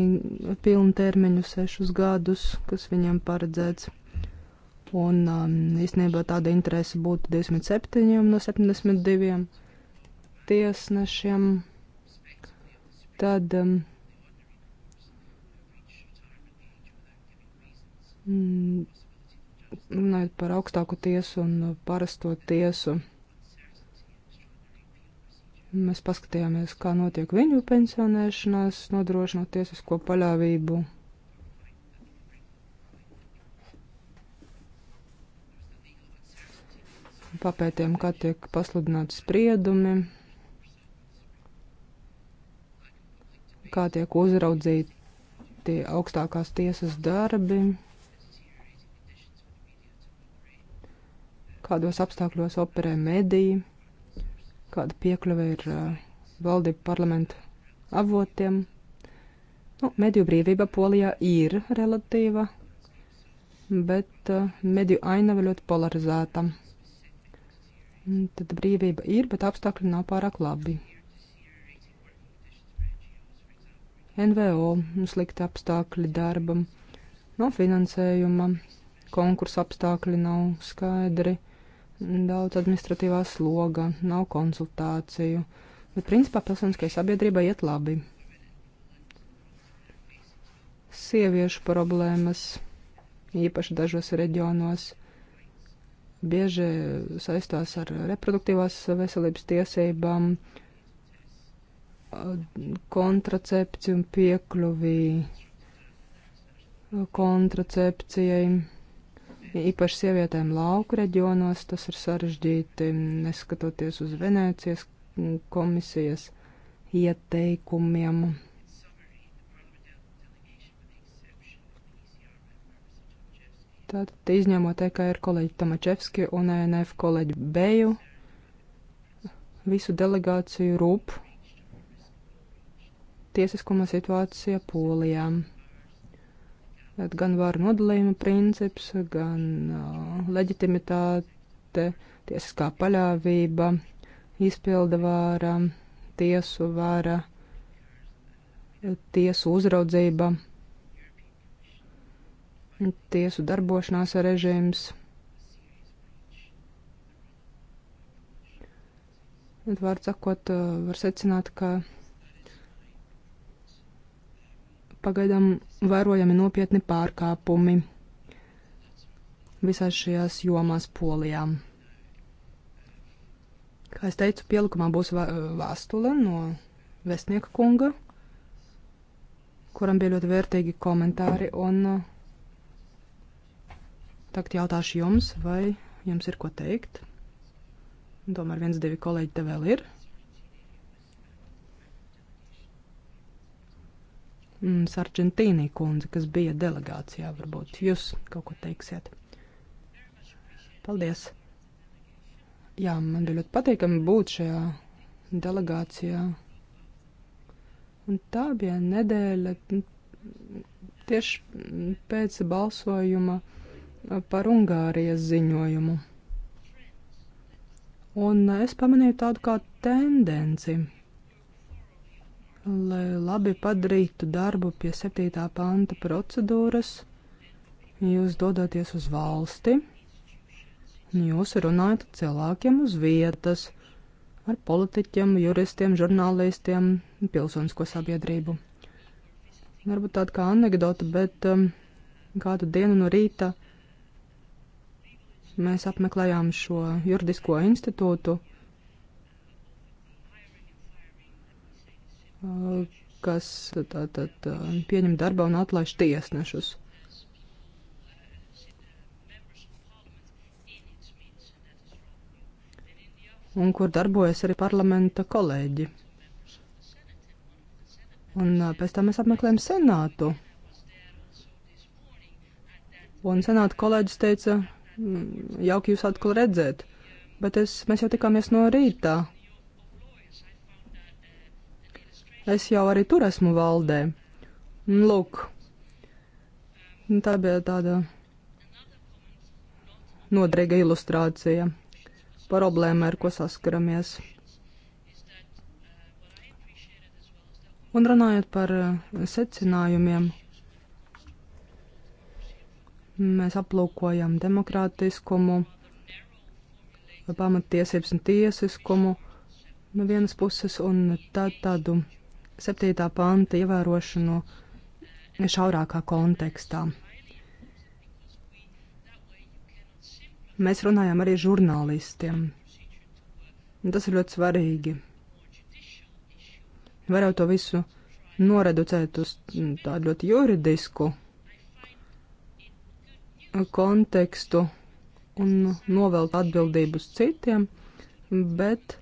pilnu termiņu sešus gadus, kas viņam paredzēts. Un um, īstenībā tāda interese būtu 27 no 72 tiesnešiem. Tad um, Mm, runājot par augstāko tiesu un parasto tiesu. Mēs paskatījāmies, kā notiek viņu pensionēšanās, nodrošinot tiesisko paļāvību. Papētījām, kā tiek pasludināti spriedumi, kā tiek uzraudzīti augstākās tiesas darbi. kādos apstākļos operē mediji, kāda piekļuve ir uh, valdību parlamentu avotiem. Nu, mediju brīvība Polijā ir relatīva, bet uh, mediju ainava ļoti polarizēta. Tad brīvība ir, bet apstākļi nav pārāk labi. NVO nu, slikti apstākļi darbam, no finansējuma, konkursa apstākļi nav skaidri, daudz administratīvā sloga, nav konsultāciju, bet principā pilsoniskai sabiedrībai iet labi. Sieviešu problēmas, īpaši dažos reģionos, bieži saistās ar reproduktīvās veselības tiesībām, kontracepciju un piekļuvī kontracepcijai īpaši sievietēm lauku reģionos tas ir sarežģīti, neskatoties uz Venēcijas komisijas ieteikumiem. Tātad izņemot EKR kolēģi Tamačevski un ENF kolēģi Beju, visu delegāciju rūp tiesiskuma situācija Polijām. Bet gan varu nodalījuma princips, gan uh, leģitimitāte, tiesiskā paļāvība, izpilda vāra, tiesu vāra, tiesu uzraudzība, tiesu darbošanās režīms. Vārds sakot, var secināt, ka pagaidām vērojami nopietni pārkāpumi visās šajās jomās polijā. Kā es teicu, pielikumā būs vēstule no vēstnieka kunga, kuram bija ļoti vērtīgi komentāri, un uh, tagad jautāšu jums, vai jums ir ko teikt. Domāju, viens, divi kolēģi te vēl ir. Sargentīnī kundze, kas bija delegācijā, varbūt jūs kaut ko teiksiet. Paldies! Jā, man bija ļoti patīkami būt šajā delegācijā. Un tā bija nedēļa nu, tieši pēc balsojuma par Ungārijas ziņojumu. Un es pamanīju tādu kā tendenci, lai labi padarītu darbu pie 7. panta procedūras, jūs dodaties uz valsti, jūs runājat cilvēkiem uz vietas, ar politiķiem, juristiem, žurnālistiem, pilsonisko sabiedrību. Varbūt tāda kā anekdota, bet um, kādu dienu no rīta mēs apmeklējām šo juridisko institūtu kas tātad pieņem darbā un atlaiž tiesnešus. un kur darbojas arī parlamenta kolēģi. Un pēc tam mēs apmeklējam senātu. Un senāta kolēģis teica, mm, jauki jūs atkal redzēt, bet es, mēs jau tikāmies no rīta. Es jau arī tur esmu valdē. Lūk, tā bija tāda nodrīga ilustrācija problēma, ar ko saskaramies. Un runājot par uh, secinājumiem, mēs aplūkojam demokrātiskumu, pamatiesības un tiesiskumu no vienas puses un tā tādu 7. panta ievērošanu šaurākā kontekstā. Mēs runājam arī žurnālistiem. Tas ir ļoti svarīgi. Varētu to visu noreducēt uz tādu ļoti juridisku kontekstu un novelt atbildību uz citiem, bet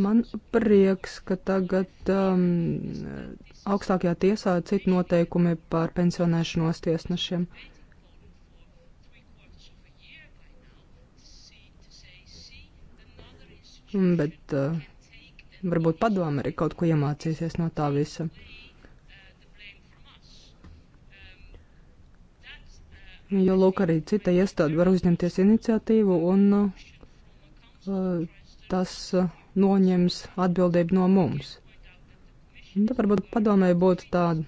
Man prieks, ka tagad um, augstākajā tiesā ir citi noteikumi par pensionēšanos tiesnešiem. Bet uh, varbūt padome arī kaut ko iemācīsies no tā visa. Jo, lūk, arī cita iestāde var uzņemties iniciatīvu, un uh, tas uh, noņems atbildību no mums. Un tad varbūt padomēji būtu tāda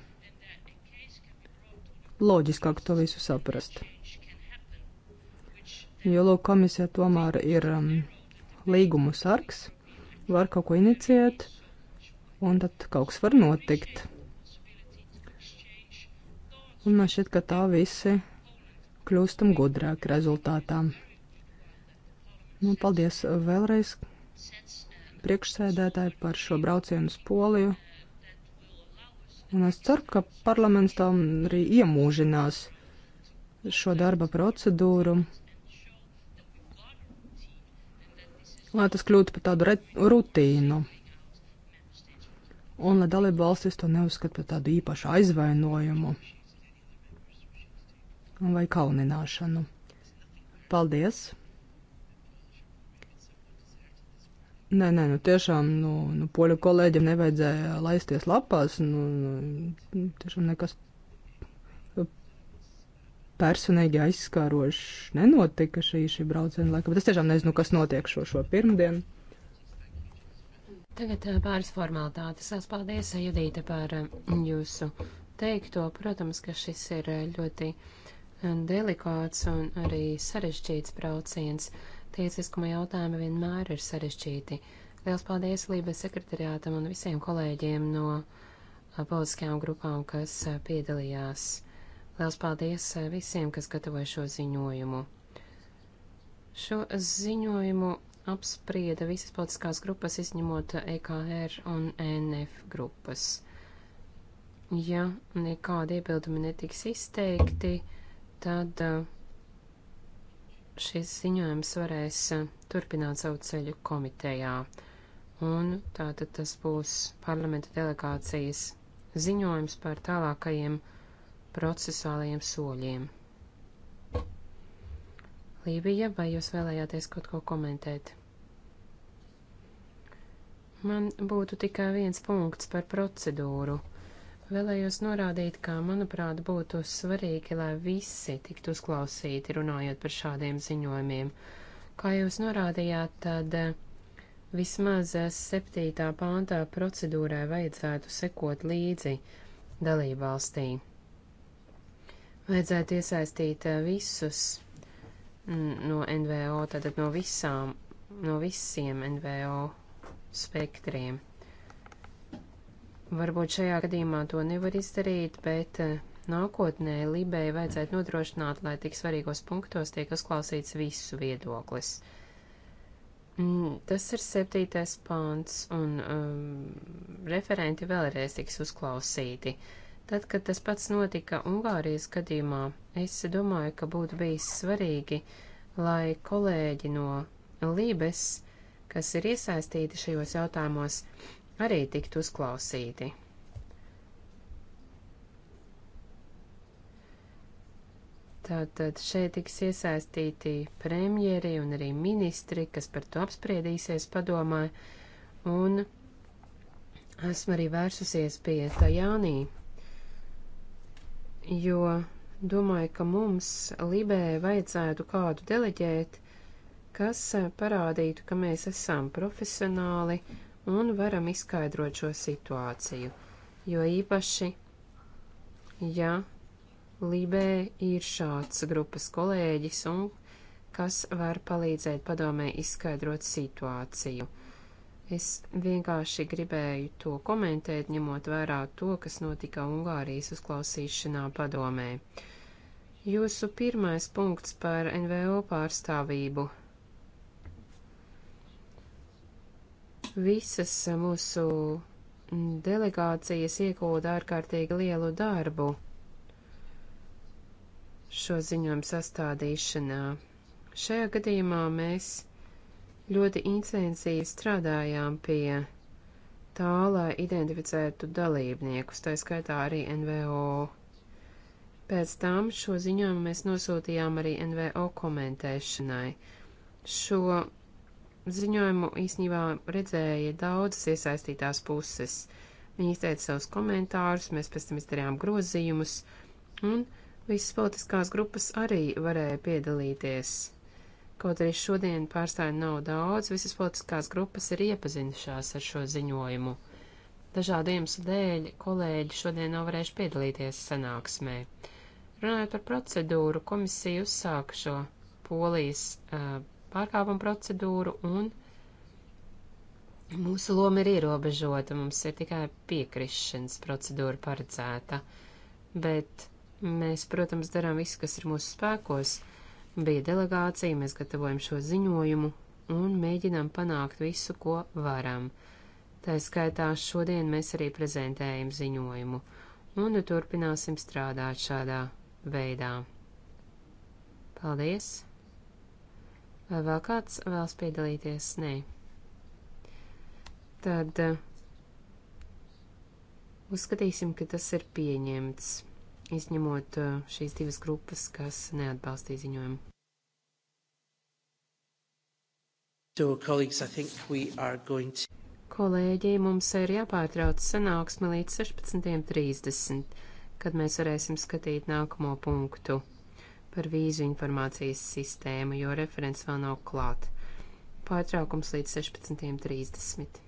loģiskāk to visu saprast. Jo, lūk, komisija tomēr ir um, līgumu sargs, var kaut ko inicijēt, un tad kaut kas var notikt. Un man šķiet, ka tā visi kļūstam gudrāk rezultātām. Nu, paldies vēlreiz priekšsēdētāji par šo braucienu uz Poliju. Un es ceru, ka parlaments tam arī iemūžinās šo darba procedūru, lai tas kļūtu par tādu rutīnu. Un lai dalība valstis to neuzskata par tādu īpašu aizvainojumu vai kaunināšanu. Paldies! Nē, nē, nu tiešām nu, nu, poļu kolēģiem nevajadzēja laisties lapās. Nu, nu, tiešām nekas personīgi aizskārošs nenotika šī, šī brauciena laika. Bet es tiešām nezinu, kas notiek šo, šo pirmdienu. Tagad eh, pāris formalitātes. Es paldies, Judīte, par eh, jūsu teikto. Protams, ka šis ir eh, ļoti delikāts un arī sarežģīts brauciens. Tiesiskuma jautājumi vienmēr ir sarežģīti. Liels paldies Lībijas sekretariātam un visiem kolēģiem no politiskajām grupām, kas piedalījās. Liels paldies visiem, kas gatavoja šo ziņojumu. Šo ziņojumu apsprieda visas politiskās grupas, izņemot EKR un NF grupas. Ja nekādi iebildumi netiks izteikti, tad uh, šis ziņojums varēs eh, turpināt savu ceļu komitejā. Un tātad tas būs parlamenta delegācijas ziņojums par tālākajiem procesuālajiem soļiem. Lībija, vai jūs vēlējāties kaut ko komentēt? Man būtu tikai viens punkts par procedūru. Vēlējos norādīt, ka, manuprāt, būtu svarīgi, lai visi tiktu uzklausīti runājot par šādiem ziņojumiem. Kā jūs norādījāt, tad eh, vismaz 7. Eh, pāntā procedūrai vajadzētu sekot līdzi dalībvalstī. Vajadzētu iesaistīt eh, visus mm, no NVO, tātad no visām, no visiem NVO spektriem. Varbūt šajā gadījumā to nevar izdarīt, bet eh, nākotnē Libēji vajadzētu nodrošināt, lai tik svarīgos punktos tiek uzklausīts visu viedoklis. Mm, tas ir septītais pāns, un um, referenti vēlreiz tiks uzklausīti. Tad, kad tas pats notika Ungārijas gadījumā, es domāju, ka būtu bijis svarīgi, lai kolēģi no Lībes, kas ir iesaistīti šajos jautājumos, arī tiktu uzklausīti. Tātad šeit tiks iesaistīti premjeri un arī ministri, kas par to apspriedīsies padomā, un esmu arī vērsusies pie Tajānī, jo domāju, ka mums Libē vajadzētu kādu deleģēt, kas parādītu, ka mēs esam profesionāli un varam izskaidrot šo situāciju. Jo īpaši, ja Libē ir šāds grupas kolēģis un kas var palīdzēt padomē izskaidrot situāciju. Es vienkārši gribēju to komentēt, ņemot vērā to, kas notika Ungārijas uzklausīšanā padomē. Jūsu pirmais punkts par NVO pārstāvību Visas mūsu delegācijas iegūda ārkārtīgi lielu darbu šo ziņojumu sastādīšanā. Šajā gadījumā mēs ļoti intensīvi strādājām pie tā, lai identificētu dalībniekus, tā skaitā arī NVO. Pēc tam šo ziņojumu mēs nosūtījām arī NVO komentēšanai. Šo ziņojumu īsnībā redzēja daudzas iesaistītās puses. Viņi izteica savus komentārus, mēs pēc tam izdarījām grozījumus, un visas politiskās grupas arī varēja piedalīties. Kaut arī šodien pārstāvju nav daudz, visas politiskās grupas ir iepazinušās ar šo ziņojumu. Dažādu iemeslu dēļ kolēģi šodien nav varējuši piedalīties sanāksmē. Runājot par procedūru, komisija uzsāka šo polijas uh, pārkāpumu procedūru, un mūsu loma ir ierobežota, mums ir tikai piekrišanas procedūra paredzēta, bet mēs, protams, darām visu, kas ir mūsu spēkos. Bija delegācija, mēs gatavojam šo ziņojumu un mēģinām panākt visu, ko varam. Tā skaitā šodien mēs arī prezentējam ziņojumu, un turpināsim strādāt šādā veidā. Paldies! Vai vēl kāds vēlas piedalīties? Nē. Tad eh, uzskatīsim, ka tas ir pieņemts, izņemot eh, šīs divas grupas, kas neatbalstīja ziņojumu. So, colleagues, I think we are going to... Kolēģi, mums ir jāpārtrauc sanāksme līdz 16.30, kad mēs varēsim skatīt nākamo punktu par vīzu informācijas sistēmu, jo referents vēl nav klāt. Pārtraukums līdz 16.30.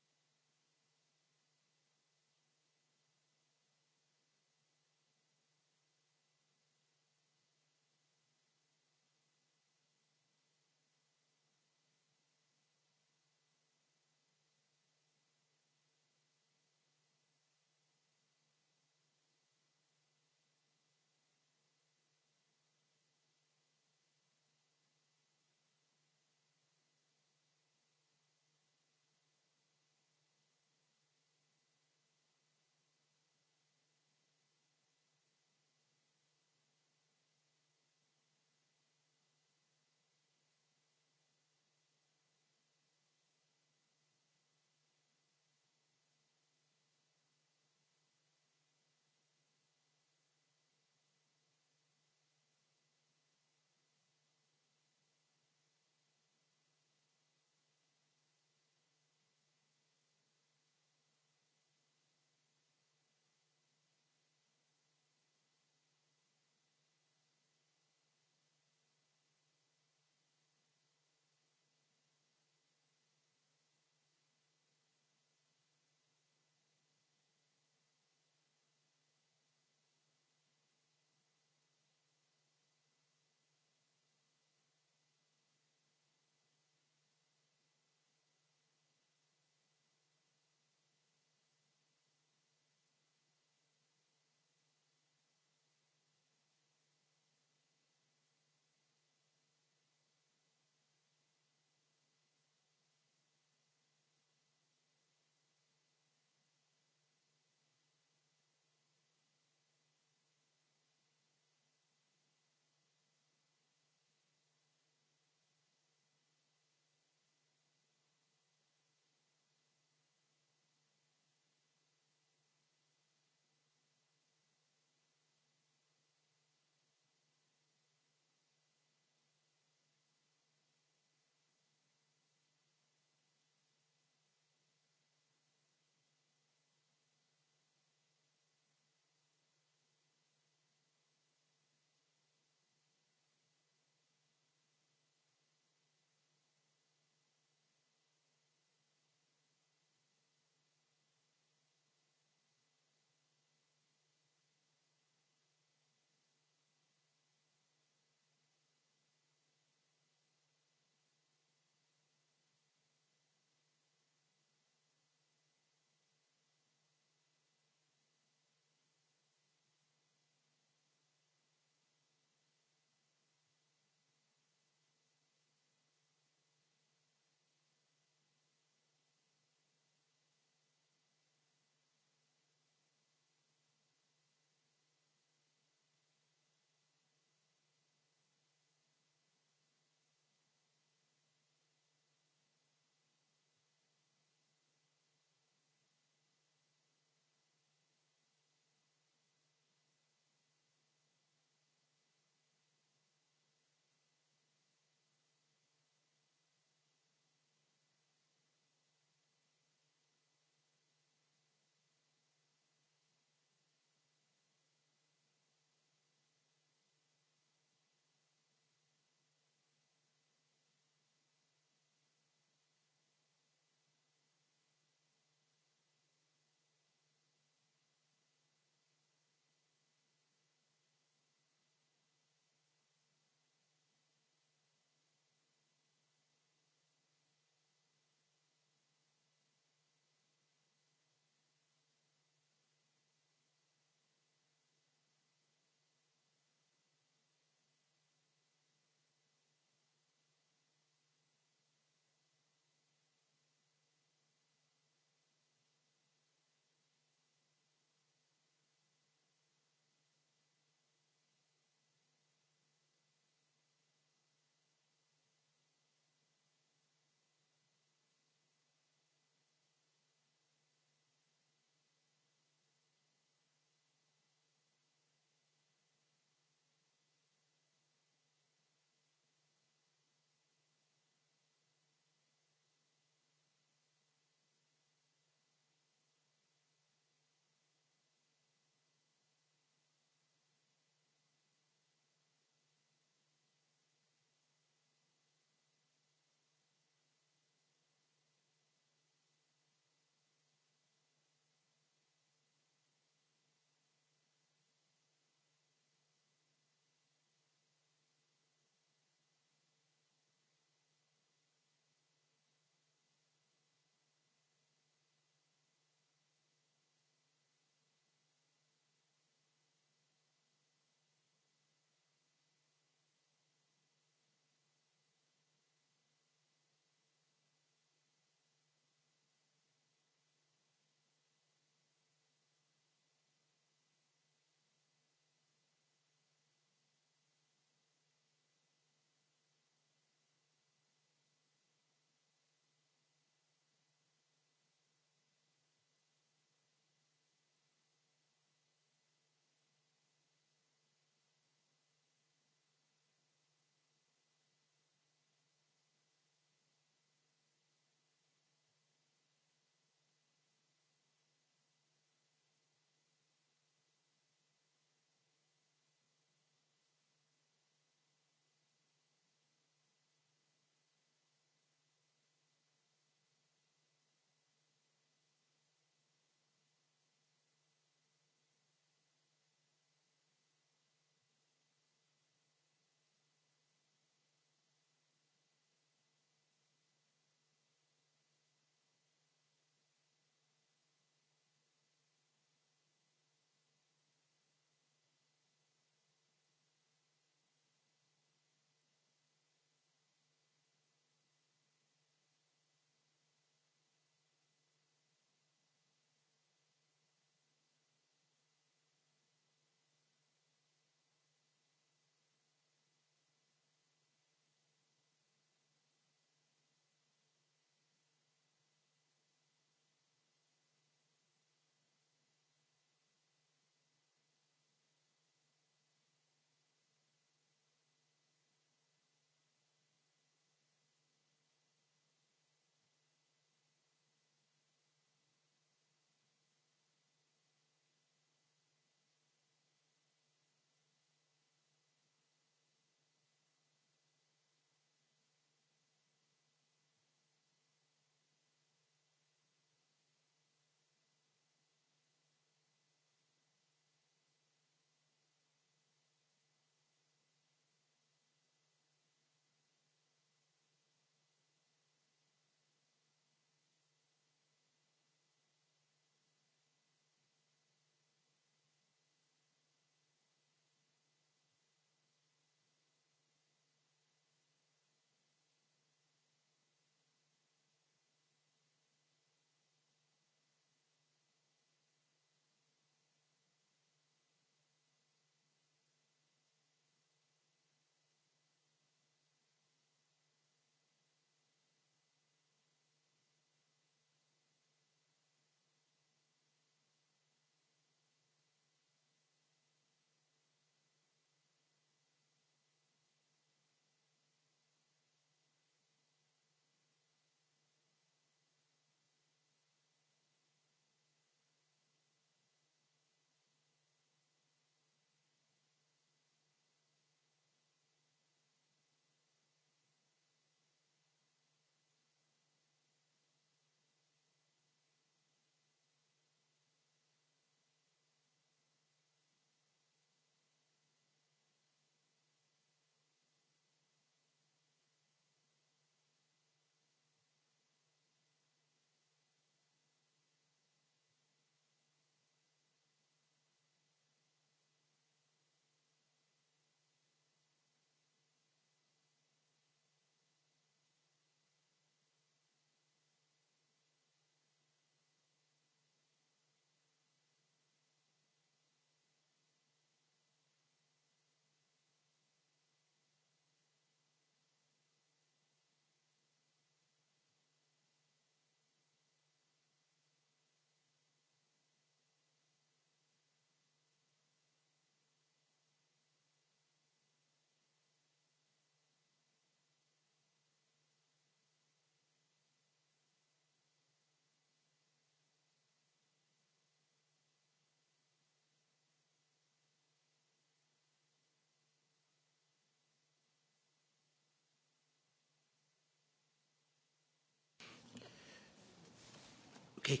Okay,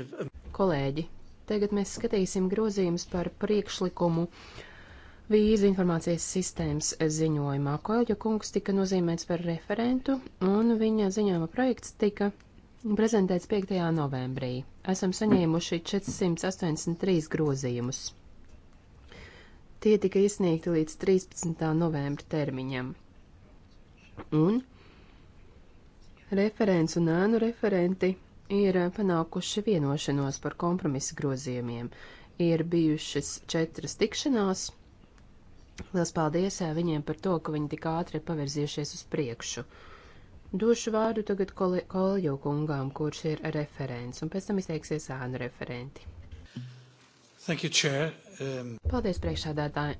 of... Kolēģi, tagad mēs skatīsim grozījumus par priekšlikumu vīzu informācijas sistēmas ziņojumā. Koelģa kungs tika nozīmēts par referentu, un viņa ziņojuma projekts tika prezentēts 5. novembrī. Esam saņēmuši 483 grozījumus. Tie tika iesniegti līdz 13. novembra termiņam. Un referents un ēnu referenti ir panākuši vienošanos par kompromisa grozījumiem. Ir bijušas četras tikšanās. Lielas paldies viņiem par to, ka viņi tik ātri ir pavirzījušies uz priekšu. Došu vārdu tagad kolēģu kungām, kurš ir referents, un pēc tam izteiksies ānu referenti. Thank you, Chair. Um... Paldies, priekšādātāji.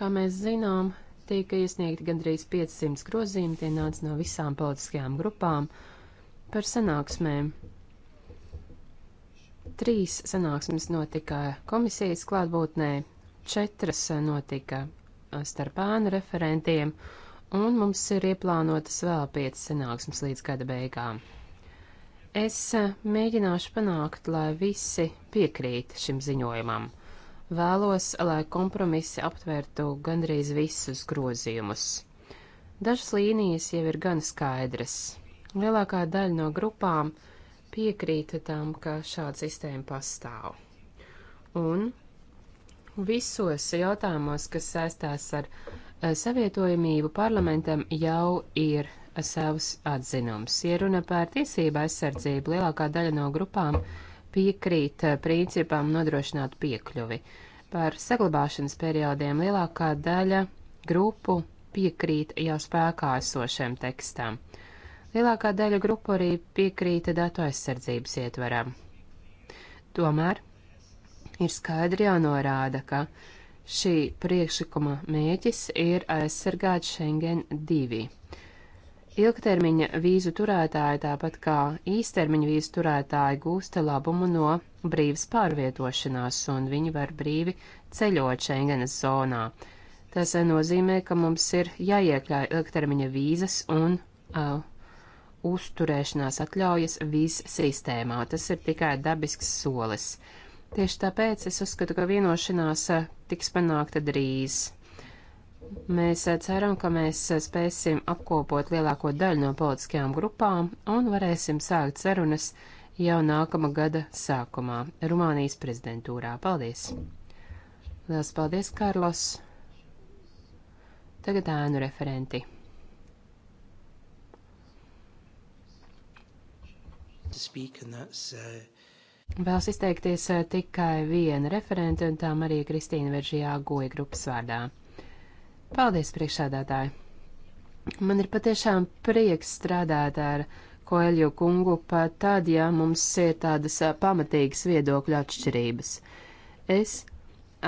Kā mēs zinām, tika iesniegti gandrīz 500 grozījumi, tie nāca no visām politiskajām grupām par sanāksmēm. Trīs sanāksmes notika komisijas klātbūtnē, četras notika starp ēnu referentiem, un mums ir ieplānotas vēl piecas sanāksmes līdz gada beigām. Es mēģināšu panākt, lai visi piekrīt šim ziņojumam. Vēlos, lai kompromisi aptvērtu gandrīz visus grozījumus. Dažas līnijas jau ir gan skaidras. Lielākā daļa no grupām piekrīt tam, ka šāda sistēma pastāv. Un visos jautājumos, kas saistās ar eh, savietojamību, parlamentam jau ir savs atzinums. Ja runa par tiesību aizsardzību, lielākā daļa no grupām piekrīt piekrīt eh, principam nodrošināt piekļuvi. Par saglabāšanas periodiem lielākā daļa grupu piekrīt jau spēkā esošiem tekstam. Lielākā daļa grupu arī piekrīta datu aizsardzības ietveram. Tomēr ir skaidri jānorāda, ka šī priekšlikuma mēķis ir aizsargāt Schengen 2. Ilgtermiņa vīzu turētāji, tāpat kā īstermiņa vīzu turētāji, gūsta labumu no brīvas pārvietošanās, un viņi var brīvi ceļot Schengenas zonā. Tas nozīmē, ka mums ir jāiekļauj ilgtermiņa vīzas un uh, uzturēšanās atļaujas vīz sistēmā. Tas ir tikai dabisks solis. Tieši tāpēc es uzskatu, ka vienošanās uh, tiks panākta drīz. Mēs eh, ceram, ka mēs eh, spēsim apkopot lielāko daļu no politiskajām grupām un varēsim sākt sarunas jau nākamā gada sākumā Rumānijas prezidentūrā. Paldies! Lielas paldies, Kārlos! Tagad ēnu referenti. Vēlas izteikties eh, tikai viena referente, un tām arī Kristīna Veržijā goja grupas vārdā. Paldies, priekšsēdētāji! Man ir patiešām prieks strādāt ar Koeļu kungu pat tad, ja mums ir tādas pamatīgas viedokļa atšķirības. Es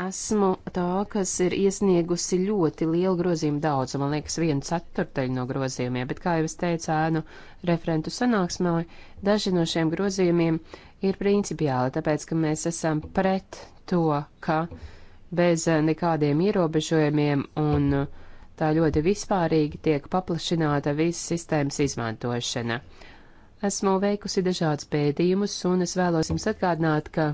esmu tā, kas ir iesniegusi ļoti lielu grozījumu daudz, man liekas, vienu ceturteļu no grozījumiem, bet, kā jau es teicu, ēnu referentu sanāksmē, daži no šiem grozījumiem ir principiāli, tāpēc, ka mēs esam pret to, ka uh, bez eh, nekādiem ierobežojumiem un eh, tā ļoti vispārīgi tiek paplašināta visas sistēmas izmantošana. Esmu veikusi dažādus pētījumus un es vēlos jums atgādināt, ka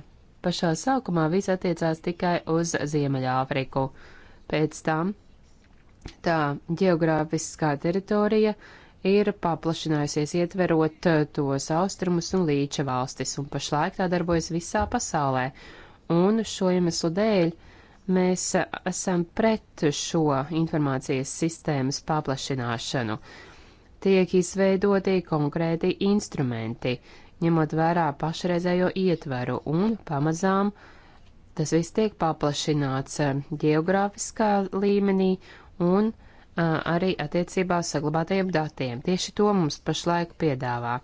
pašā sākumā viss attiecās tikai uz Ziemeļāfriku. Pēc tam tā geogrāfiskā teritorija ir paplašinājusies ietverot eh, tos austrumus un līča valstis, un pašlaik tā darbojas visā pasaulē. Un šo iemeslu dēļ Mēs esam pret šo informācijas sistēmas paplašināšanu. Tiek izveidoti konkrēti instrumenti, ņemot vērā pašreizējo ietveru un pamazām tas viss tiek paplašināts eh, geogrāfiskā līmenī un eh, arī attiecībā uz saglabātajiem datiem. Tieši to mums pašlaik piedāvā.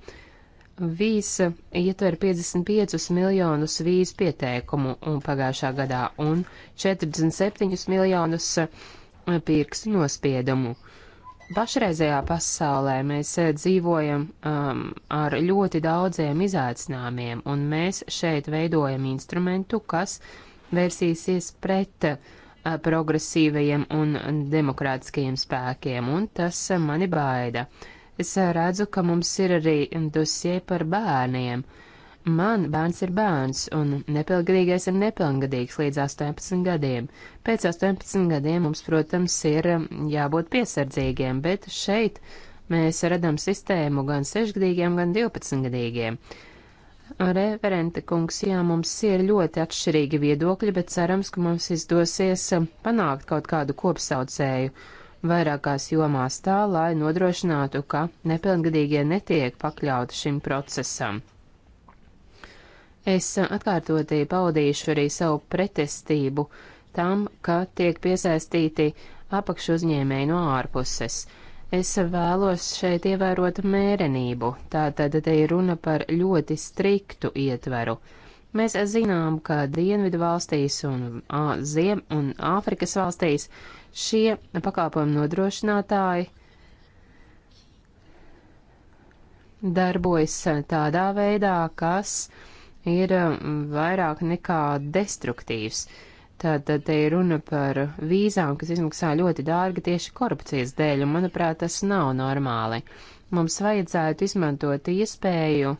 Vīsa ietver 55 miljonus vīzu pieteikumu un pagājušā gadā un 47 miljonus eh, pirkstu nospiedumu. Pašreizējā pasaulē mēs eh, dzīvojam um, ar ļoti daudziem izaicinājumiem, un mēs šeit veidojam instrumentu, kas vērsīsies pret uh, progresīvajiem un demokrātiskajiem spēkiem, un tas mani baida. Uh, Es eh, redzu, ka mums ir arī dosie par bērniem. Man bērns ir bērns, un nepilngadīgais ir nepilngadīgs līdz 18 gadiem. Pēc 18 gadiem mums, protams, ir eh, jābūt piesardzīgiem, bet šeit mēs redzam sistēmu gan 6-gadīgiem, gan 12-gadīgiem. Reverente kungs, jā, mums ir ļoti atšķirīgi viedokļi, bet cerams, ka mums izdosies eh, panākt kaut kādu kopsaucēju vairākās jomās tā, lai nodrošinātu, ka nepilngadīgie netiek pakļauti šim procesam. Es atkārtotī paudīšu arī savu pretestību tam, ka tiek piesaistīti apakšu uzņēmēji no ārpuses. Es vēlos šeit ievērot mērenību, tātad te ir runa par ļoti striktu ietveru. Mēs zinām, ka Dienvidu valstīs un, a, Ziem un Āfrikas valstīs Šie pakalpojumu nodrošinātāji darbojas tādā veidā, kas ir mm, vairāk nekā destruktīvs. Tātad te ir runa par vīzām, kas izmaksā ļoti dārgi tieši korupcijas dēļ, un manuprāt, tas nav normāli. Mums vajadzētu izmantot iespēju,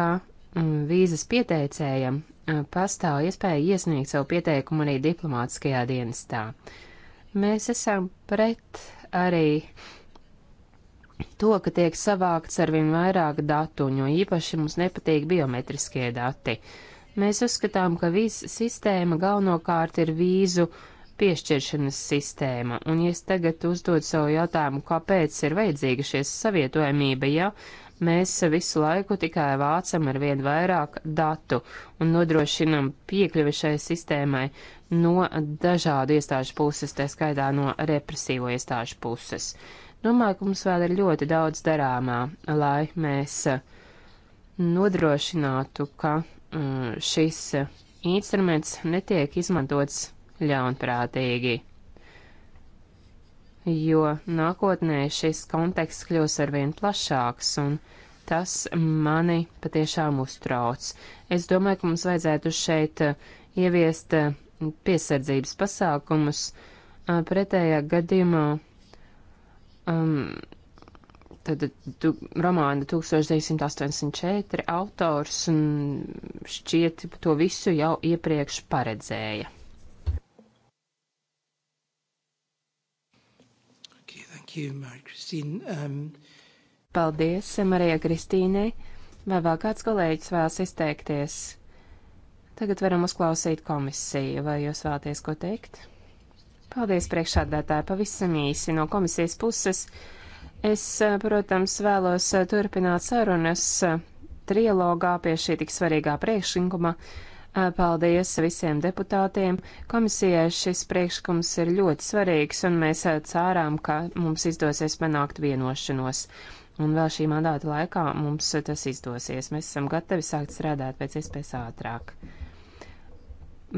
ka mm, vīzas pieteicējam Eh, pastāv iespēja iesniegt savu pieteikumu arī diplomātiskajā dienestā. Mēs esam pret arī to, ka tiek savākts arvien vairāk datu, jo īpaši mums nepatīk biometriskie dati. Mēs uzskatām, ka visa sistēma galvenokārt ir vīzu piešķiršanas sistēma, un ja es tagad uzdodu savu jautājumu, kāpēc ir vajadzīga šie savietojamība, ja Mēs visu laiku tikai vācam ar vien vairāk datu un nodrošinam piekļuvi šai sistēmai no dažādu iestāžu puses, tā skaitā no represīvo iestāžu puses. Domāju, ka mums vēl ir ļoti daudz darāmā, lai mēs uh, nodrošinātu, ka uh, šis instruments netiek izmantots ļaunprātīgi jo nākotnē šis konteksts kļūs arvien plašāks, un tas mani patiešām uztrauc. Es domāju, ka mums vajadzētu šeit uh, ieviest uh, piesardzības pasākumus, uh, pretējā gadījumā um, tad tu, romāna 1984 autors šķiet to visu jau iepriekš paredzēja. you, Christine. Um... Paldies, Marija Kristīne. Vai vēl kāds kolēģis vēlas izteikties? Tagad varam uzklausīt komisiju. Vai jūs vēlaties ko teikt? Paldies, priekšādātāji, pavisam īsi no komisijas puses. Es, eh, protams, vēlos eh, turpināt sarunas eh, trilogā pie šī tik svarīgā priekšlikuma. Uh, Paldies visiem deputātiem. Komisijai šis priekšlikums ir ļoti svarīgs, un mēs cārām, ka mums izdosies panākt vienošanos. Un vēl šī mandāta laikā mums tas izdosies. Mēs esam gatavi sākt strādāt pēc iespējas ātrāk.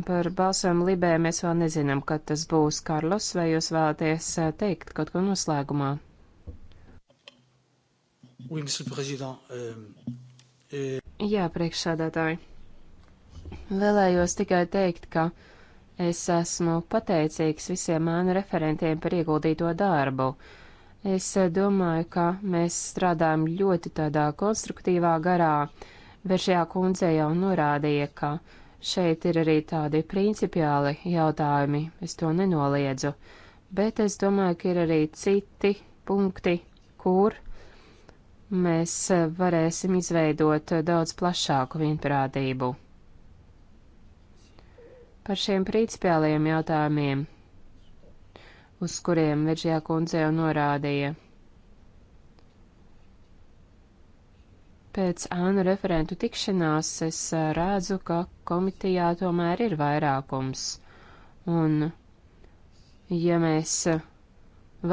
Par balsojumu Libē mēs vēl nezinām, kad tas būs. Karlos, vai jūs vēlaties teikt kaut ko noslēgumā? Oui, euh, euh, Jā, priekšsādātāji. Vēlējos tikai teikt, ka es esmu pateicīgs visiem mani referentiem par ieguldīto darbu. Es domāju, ka mēs strādājam ļoti tādā konstruktīvā garā, bet šajā kundze jau norādīja, ka šeit ir arī tādi principiāli jautājumi, es to nenoliedzu, bet es domāju, ka ir arī citi punkti, kur mēs varēsim izveidot daudz plašāku vienprātību par šiem principiāliem jautājumiem, uz kuriem Viržjā kundze jau norādīja. Pēc ānu referentu tikšanās es redzu, ka komitijā tomēr ir vairākums, un ja mēs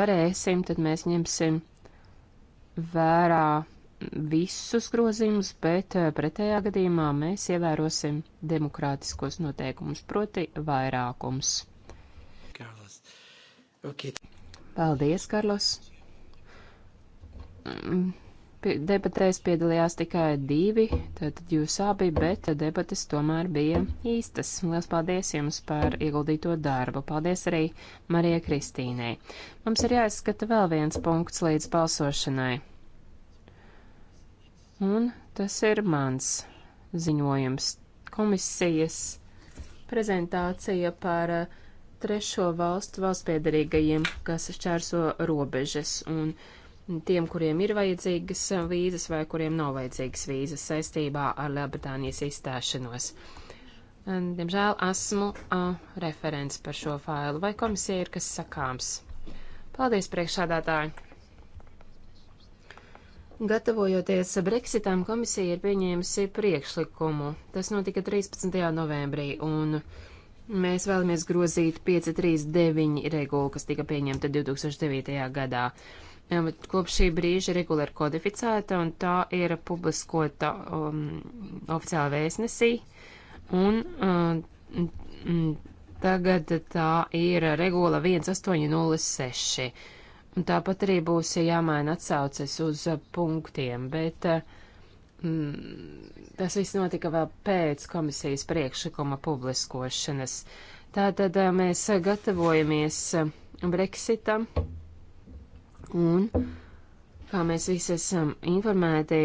varēsim, tad mēs ņemsim vērā visus grozījumus, bet eh, pretējā gadījumā mēs ievērosim demokrātiskos noteikumus, proti vairākums. Karlos. Okay. Paldies, Karlos! Mm, debatēs piedalījās tikai divi, tad jūs abi, bet debates tomēr bija īstas. Lielas paldies jums par ieguldīto darbu. Paldies arī Marijai Kristīnei. Mums ir jāizskata vēl viens punkts līdz balsošanai. Un tas ir mans ziņojums komisijas prezentācija par uh, trešo valstu valstspiedarīgajiem, kas šķērso robežas un tiem, kuriem ir vajadzīgas vīzas vai kuriem nav vajadzīgas vīzas saistībā ar Lielbritānijas izstāšanos. Diemžēl esmu uh, referents par šo failu. Vai komisija ir kas sakāms? Paldies, priekšādātāji! Gatavojoties Brexitam, komisija ir pieņēmusi priekšlikumu. Tas notika 13. novembrī, un mēs vēlamies grozīt 539 regulu, kas tika pieņemta 2009. gadā. Kopš šī brīža regula ir kodificēta, un tā ir publiskota um, oficiāli vēstnesī, un um, tagad tā ir regula 1806. Tāpat arī būs jāmaina atsauces uz uh, punktiem, bet uh, mm, tas viss notika vēl pēc komisijas priekšlikuma publiskošanas. Tātad uh, mēs gatavojamies Brexitam un, kā mēs visi esam informēti,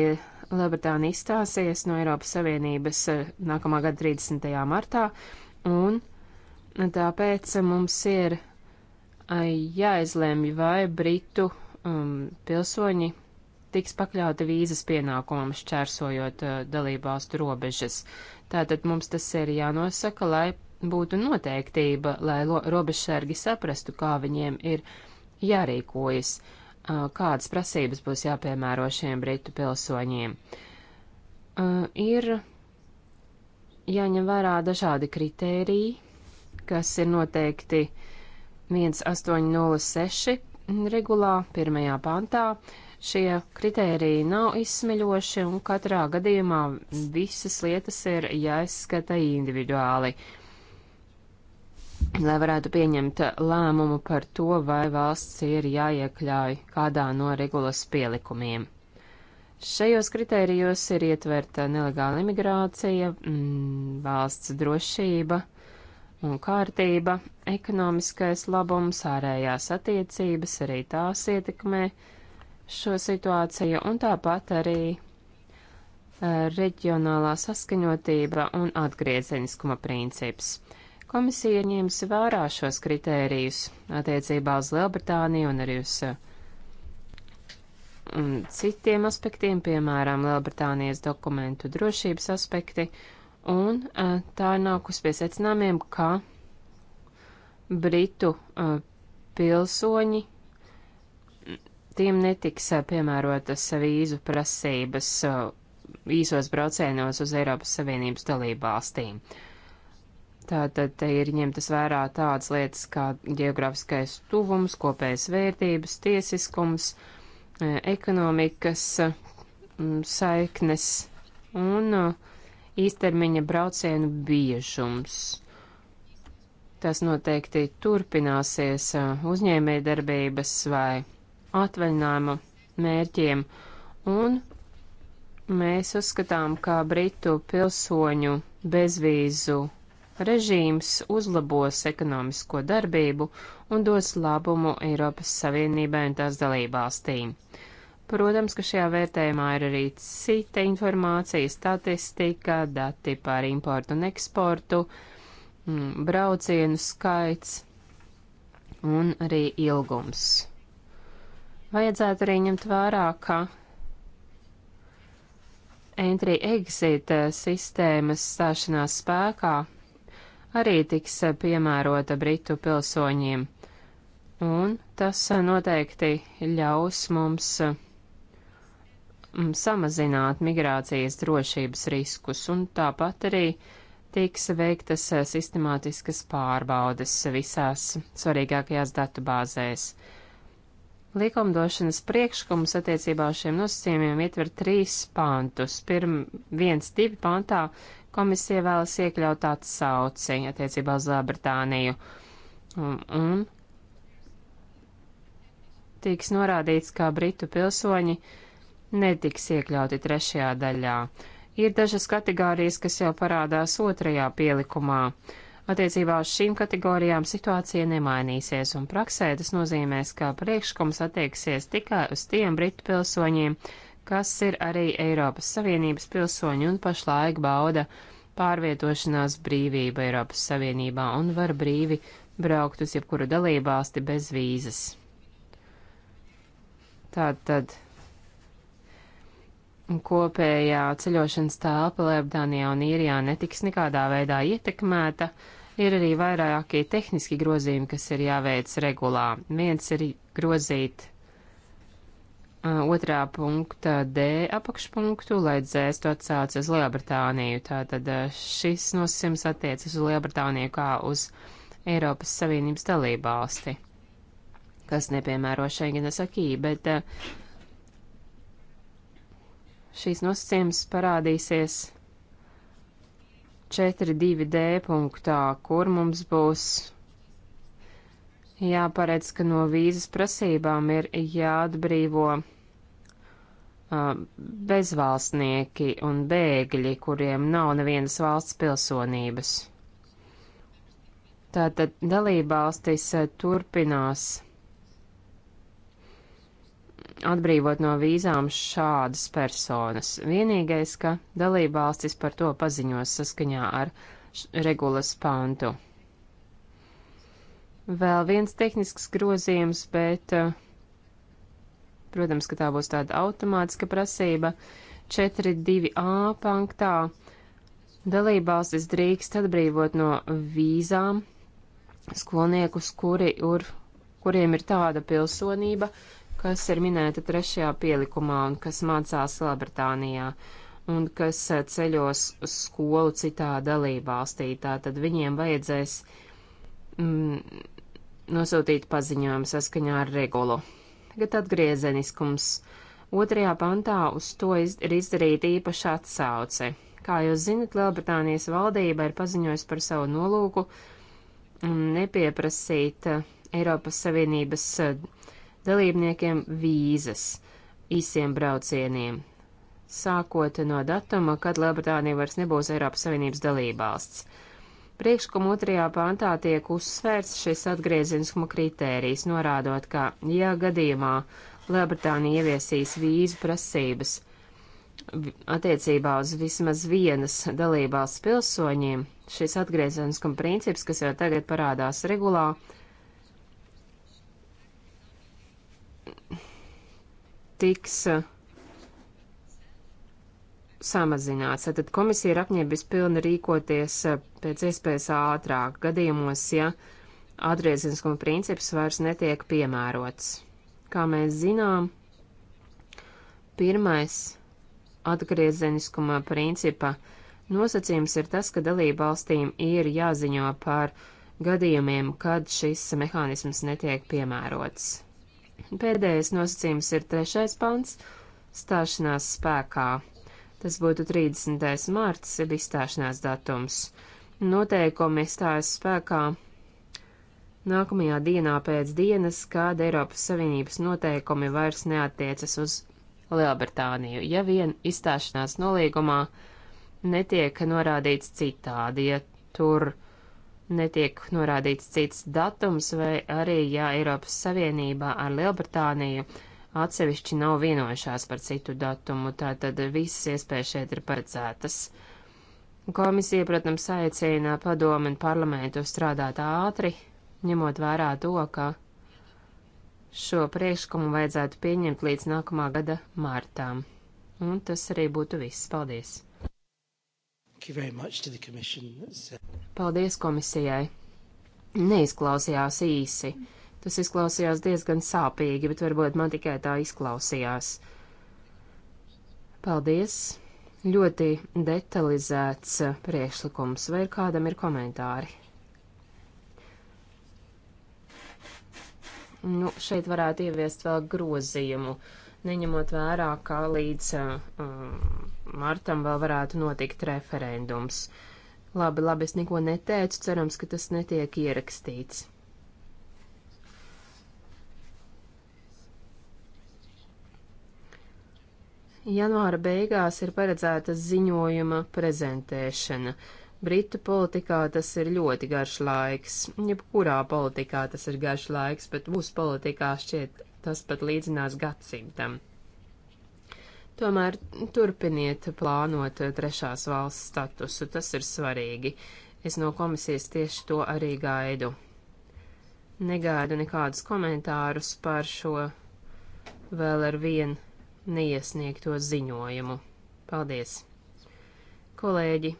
Lielbritānija izstāsies no Eiropas Savienības nākamā gada 30. martā, un tāpēc mums ir jāizlēmj, vai Britu um, pilsoņi tiks pakļauti vīzas pienākumam šķērsojot uh, dalībvalstu robežas. Tātad mums tas ir jānosaka, lai būtu noteiktība, lai robežsargi saprastu, kā viņiem ir jārīkojas, uh, kādas prasības būs jāpiemēro šiem Britu pilsoņiem. Uh, ir jāņem vērā dažādi kritēriji, kas ir noteikti uh, 1806 regulā, pirmajā pantā, šie kritēriji nav izsmeļoši un katrā gadījumā visas lietas ir jāizskata individuāli, lai varētu pieņemt lēmumu par to, vai valsts ir jāiekļauj kādā no regulas pielikumiem. Šajos kritērijos ir ietverta nelegāla imigrācija, mm, valsts drošība, un kārtība, ekonomiskais labums, ārējās attiecības, arī tās ietekmē šo situāciju, un tāpat arī eh, reģionālā saskaņotība un atgriezeniskuma princips. Komisija ir ņēmusi vērā šos kritērijus attiecībā uz Lielbritāniju un arī uz eh, un citiem aspektiem, piemēram, Lielbritānijas dokumentu drošības aspekti Un tā ir nākus pie secinājumiem, ka Britu pilsoņi tiem netiks piemērotas vīzu prasības īsos braucienos uz Eiropas Savienības dalību valstīm. Tātad te ir ņemtas vērā tādas lietas kā geogrāfiskais tuvums, kopējas vērtības, tiesiskums, ekonomikas saiknes un uh, īstermiņa braucienu biežums. Tas noteikti turpināsies uzņēmējdarbības vai atvaļinājuma mērķiem, un mēs uzskatām, ka Britu pilsoņu bezvīzu režīms uzlabos ekonomisko darbību un dos labumu Eiropas Savienībai un tās dalībvalstīm. Protams, ka šajā vērtējumā ir arī cita informācija, statistika, dati par importu un eksportu, mm, braucienu skaits un arī ilgums. Vajadzētu arī ņemt vērā, ka entry-exit sistēmas stāšanās spēkā arī tiks piemērota Britu pilsoņiem, un tas noteikti ļaus mums Mm, samazināt migrācijas drošības riskus, un tāpat arī tiks veiktas eh, sistemātiskas pārbaudes visās svarīgākajās datubāzēs. Likumdošanas priekšlikums attiecībā uz šiem nosacījumiem ietver trīs pantus. Pirm, viens, divi pantā komisija vēlas iekļaut atsauci attiecībā uz Lielbritāniju. Un, un tiks norādīts, kā britu pilsoņi uh, netiks iekļauti trešajā daļā. Ir dažas kategorijas, kas jau parādās otrajā pielikumā. Attiecībā uz šīm kategorijām situācija nemainīsies, un praksē tas nozīmēs, ka priekšlikums attieksies tikai uz tiem britu pilsoņiem, kas ir arī Eiropas Savienības pilsoņi un pašlaik bauda pārvietošanās brīvība Eiropas Savienībā un var brīvi braukt uz jebkuru dalībvalsti bez vīzas. Tātad kopējā ceļošanas telpa Lielbritānijā un Īrijā netiks nekādā veidā ietekmēta, ir arī vairākie tehniski grozījumi, kas ir jāveic regulā. Viens ir grozīt uh, otrā punkta D apakšpunktu, lai dzēs to atsauc uz Lielbritāniju. Tātad šis nosacījums attiecas uz Lielbritāniju kā uz Eiropas Savienības dalībvalsti kas nepiemēro Schengenas akī, bet uh, šīs nosacījums parādīsies 4.2d punktā, kur mums būs jāparedz, ka no vīzas prasībām ir jāatbrīvo bezvalstnieki un bēgļi, kuriem nav nevienas valsts pilsonības. Tātad dalībvalstis turpinās atbrīvot no vīzām šādas personas. Vienīgais, ka dalībvalstis par to paziņos saskaņā ar regulas pantu. Vēl viens tehnisks grozījums, bet, eh, protams, ka tā būs tāda automātiska prasība. 4.2a panktā dalībvalstis drīkst atbrīvot no vīzām skolniekus, kuri ir, kuriem ir tāda pilsonība, kas ir minēta trešajā pielikumā un kas mācās Lielbritānijā un kas eh, ceļos uz skolu citā dalībvalstī. Tātad viņiem vajadzēs mm, nosūtīt paziņojumu saskaņā ar regulu. Tagad atgriezeniskums. Otrajā pantā uz to iz, ir izdarīta īpaša atsauce. Kā jūs zinat, Lielbritānijas valdība ir paziņojusi par savu nolūku mm, nepieprasīt eh, Eiropas Savienības uh, dalībniekiem vīzas īsiem braucieniem, sākot no datuma, kad Lielbritānija vairs nebūs Eiropas Savienības dalībvalsts. Priekšlikuma otrajā pāntā tiek uzsvērts šis atgriezeniskuma kritērijs, norādot, ka, ja gadījumā Lielbritānija ieviesīs vīzu prasības attiecībā uz vismaz vienas dalībvalsts pilsoņiem, šis atgriezeniskuma princips, kas jau tagad parādās regulā, tiks eh, samazināts. Tad komisija ir apņēmis pilni rīkoties eh, pēc iespējas ātrāk gadījumos, ja atgriezeniskuma princips vairs netiek piemērots. Kā mēs zinām, pirmais atgriezeniskuma principa nosacījums ir tas, ka dalību valstīm ir jāziņo par gadījumiem, kad šis mehānisms netiek piemērots. Pēdējais nosacījums ir trešais pants - stāšanās spēkā. Tas būtu 30. mārts, jeb izstāšanās datums. Noteikumi stājas spēkā nākamajā dienā pēc dienas, kad Eiropas Savienības noteikumi vairs neatiecas uz Lielbritāniju, ja vien izstāšanās nolīgumā netiek norādīts citādi, ja tur uh, netiek norādīts cits datums, vai arī, ja Eiropas Savienībā ar Lielbritāniju atsevišķi nav vienojušās par citu datumu, tātad visas iespējas šeit ir paredzētas. Komisija, protams, aicina padomu un parlamentu strādāt ātri, ņemot vērā to, ka šo priekšlikumu vajadzētu pieņemt līdz nākamā gada martām. Un tas arī būtu viss. Paldies! Paldies komisijai. Neizklausījās īsi. Tas izklausījās diezgan sāpīgi, bet varbūt man tikai tā izklausījās. Paldies! Ļoti detalizēts priekšlikums, vai ir kādam ir komentāri? Nu, šeit varētu ieviest vēl grozījumu. Uh, neņemot vērā, ka līdz um, martam vēl varētu notikt referendums. Labi, labi, es neko neteicu, cerams, ka tas netiek ierakstīts. Janvāra beigās ir paredzēta ziņojuma prezentēšana. Britu politikā tas ir ļoti garš laiks, jebkurā politikā tas ir garš laiks, bet mūsu politikā šķiet tas pat līdzinās gadsimtam. Tomēr turpiniet plānot trešās valsts statusu, tas ir svarīgi. Es no komisijas tieši to arī gaidu. Negaidu nekādus komentārus par šo vēl ar vien neiesniegto ziņojumu. Paldies! Kolēģi!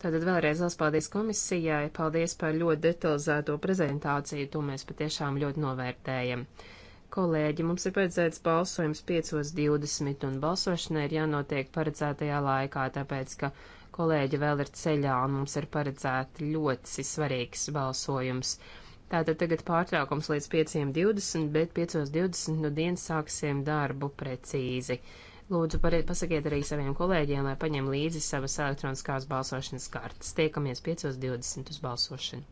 Tātad vēlreiz liels paldies komisijai, paldies par ļoti detalizēto prezentāciju, to mēs patiešām ļoti novērtējam. Kolēģi, mums ir paredzēts balsojums 5.20 un balsošanai ir jānotiek paredzētajā laikā, tāpēc, ka kolēģi vēl ir ceļā un mums ir paredzēti ļoti svarīgs balsojums. Tātad tagad pārtraukums līdz 5.20, bet 5.20 no dienas sāksim darbu precīzi. Lūdzu, pariet, pasakiet arī saviem kolēģiem, lai paņem līdzi savas elektroniskās balsošanas kartas. Tiekamies 5.20 uz balsošanu.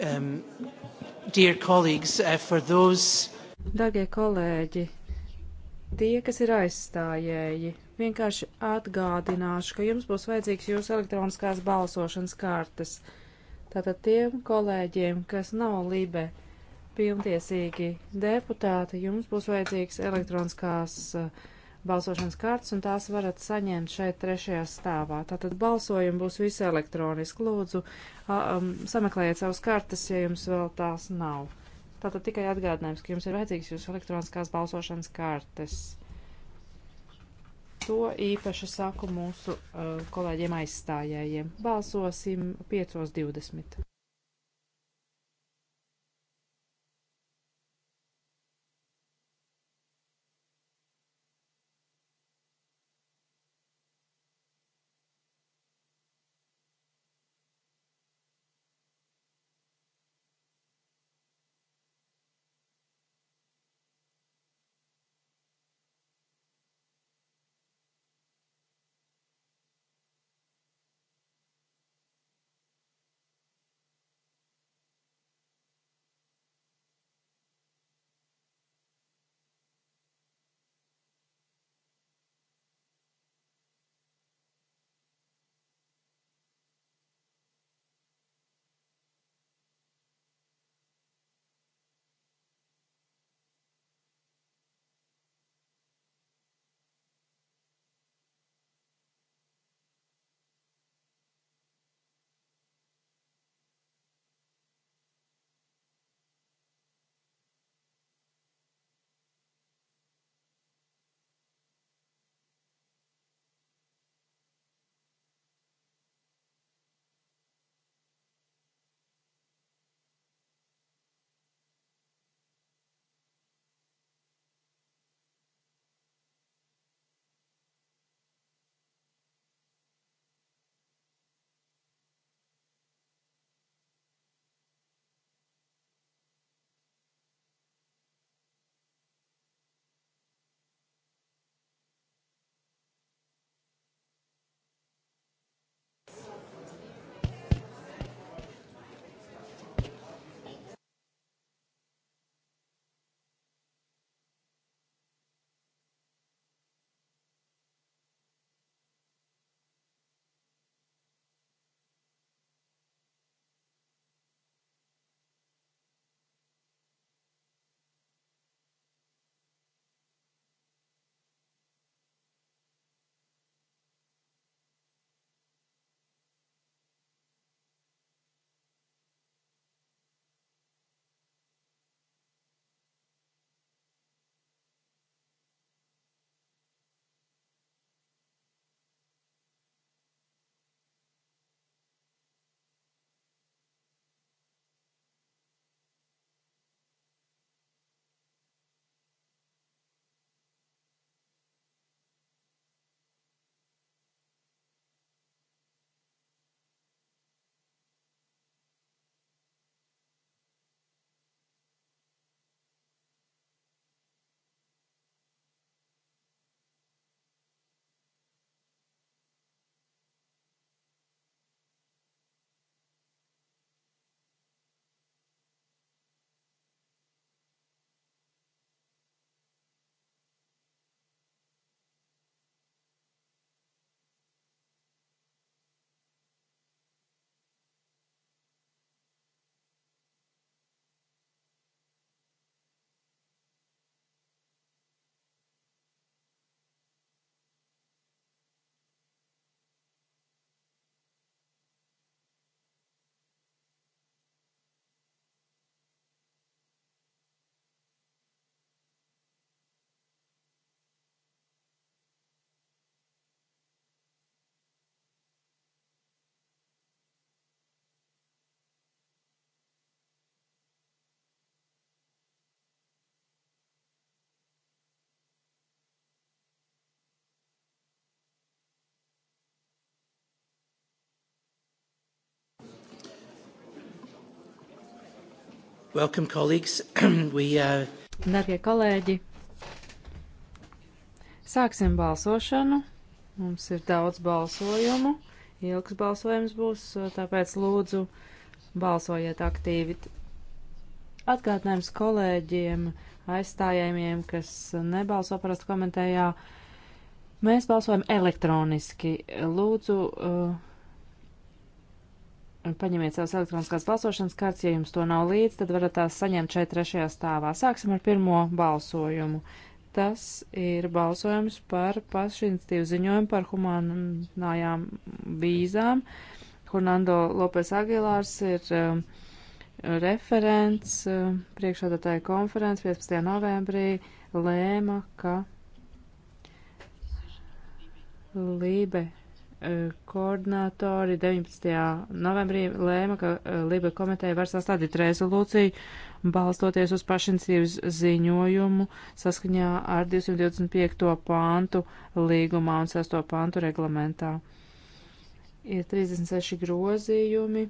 Um, dear colleagues, uh, for those. Dargie kolēģi, tie, kas ir aizstājēji, vienkārši atgādināšu, ka jums būs vajadzīgs jūsu elektroniskās balsošanas kartes. Tātad tiem kolēģiem, kas nav lībe pilntiesīgi deputāti, jums būs vajadzīgs elektroniskās uh, balsošanas kartes, un tās varat saņemt šeit trešajā stāvā. Tātad balsojumi būs visi elektroniski. Lūdzu, um, sameklējiet savas kartes, ja jums vēl tās nav. Tātad tikai atgādinājums, ka jums ir vajadzīgs jūsu elektroniskās balsošanas kartes. To īpaši saku mūsu uh, kolēģiem aizstājējiem. Balsosim 5.20. Welcome, colleagues. We, uh... Darbie kolēģi, sāksim balsošanu. Mums ir daudz balsojumu. Ilgs balsojums būs, tāpēc lūdzu balsojiet aktīvi. Atgādinājums kolēģiem, aizstājējumiem, kas nebalso parasti komentējā. Mēs balsojam elektroniski. Lūdzu, uh, Paņemiet savas elektroniskās balsošanas kārtas, ja jums to nav līdz, tad varat tās saņemt šeit trešajā stāvā. Sāksim ar pirmo balsojumu. Tas ir balsojums par pašinstīvu ziņojumu par humanājām vīzām. Hernando Lopes Agilārs ir uh, referents uh, priekšādātāja konferences 15. novembrī lēma, ka Lībe E, koordinātori 19. novembrī lēma, ka e, Liba komiteja var sastādīt rezolūciju, balstoties uz pašinicības ziņojumu saskaņā ar 225. pāntu līgumā un 6. pāntu reglamentā. Ir 36 grozījumi,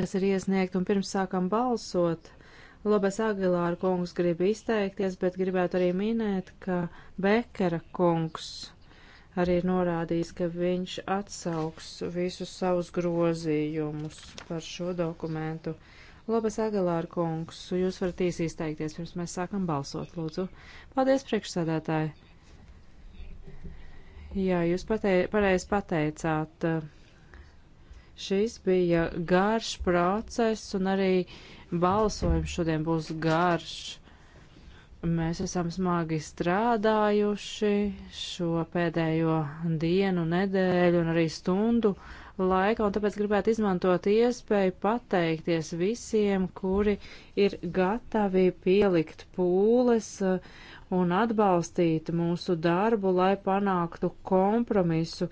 kas ir iesniegti, un pirms sākam balsot, Lobes Agilāra kungs grib izteikties, bet gribētu arī minēt, ka Bekera kungs arī ir norādījis, ka viņš atsauks visus savus grozījumus par šo dokumentu. Lopes Agalāra kungs, jūs varat īsi izteikties, pirms mēs sākam balsot, lūdzu. Paldies, priekšsēdētāji! Jā, jūs patei, pareizi pateicāt. Šis bija garš process, un arī balsojums šodien būs garš. Mēs esam smagi strādājuši šo pēdējo dienu, nedēļu un arī stundu laika, un tāpēc gribētu izmantot iespēju pateikties visiem, kuri ir gatavi pielikt pūles uh, un atbalstīt mūsu darbu, lai panāktu kompromisu,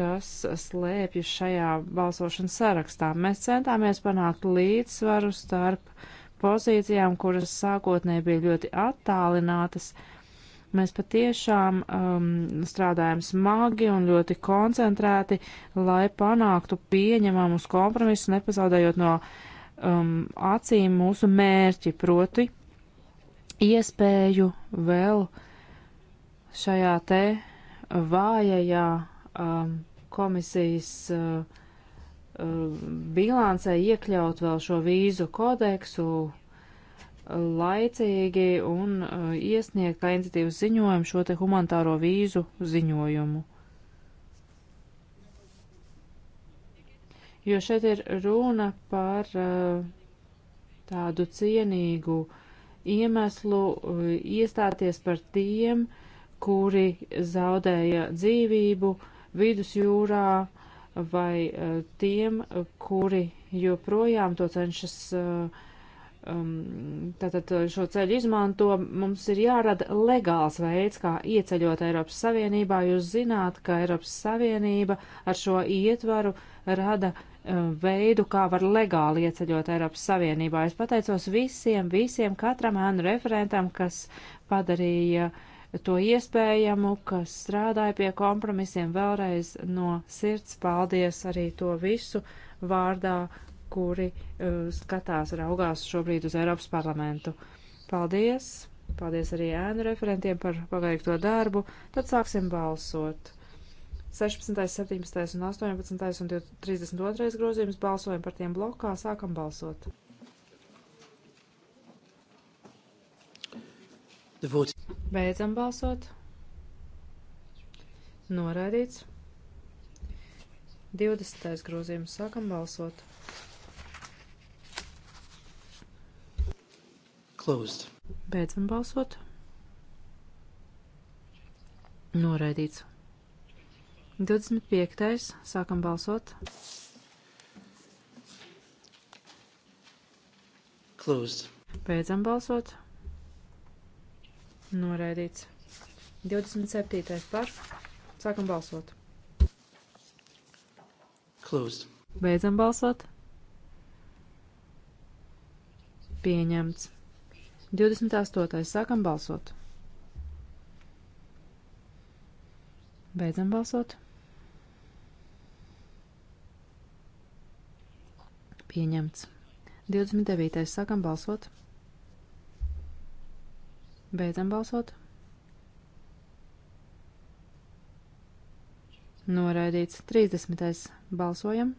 kas slēpjas šajā balsošanas sarakstā. Mēs centāmies panākt līdzsvaru starp pozīcijām, kuras sākotnēji bija ļoti attālinātas. Mēs patiešām um, strādājam smagi un ļoti koncentrēti, lai panāktu pieņemamus kompromisus, nepazaudējot no um, acīm mūsu mērķi, proti iespēju vēl šajā te vājajā um, komisijas uh, bilancē iekļaut vēl šo vīzu kodeksu laicīgi un uh, iesniegt kā iniciatīvas ziņojumu šo te humanitāro vīzu ziņojumu. Jo šeit ir runa par uh, tādu cienīgu iemeslu uh, iestāties par tiem, kuri zaudēja dzīvību vidusjūrā, vai eh, tiem, kuri joprojām to cenšas eh, um, tātad šo ceļu izmanto, mums ir jārada legāls veids, kā ieceļot Eiropas Savienībā. Jūs zināt, ka Eiropas Savienība ar šo ietvaru rada eh, veidu, kā var legāli ieceļot Eiropas Savienībā. Es pateicos visiem, visiem, katram ēnu referentam, kas padarīja uh, to iespējamu, kas strādāja pie kompromisiem. Vēlreiz no sirds paldies arī to visu vārdā, kuri uh, skatās, raugās šobrīd uz Eiropas parlamentu. Paldies! Paldies arī ēnu referentiem par paveikto darbu. Tad sāksim balsot. 16., 17., un 18. un 32. grozījums balsojam par tiem blokā. Sākam balsot! Beidzam balsot. Noraidīts. 20. grozījums. Sākam balsot. Closed. Beidzam balsot. Noraidīts. 25. Sākam balsot. Closed. Beidzam balsot. Noraidīts. 27. par. Sākam balsot. Closed. Beidzam balsot. Pieņemts. 28. sākam balsot. Beidzam balsot. Pieņemts. 29. sākam balsot. Beidzam balsot. Noraidīts 30. Balsojam.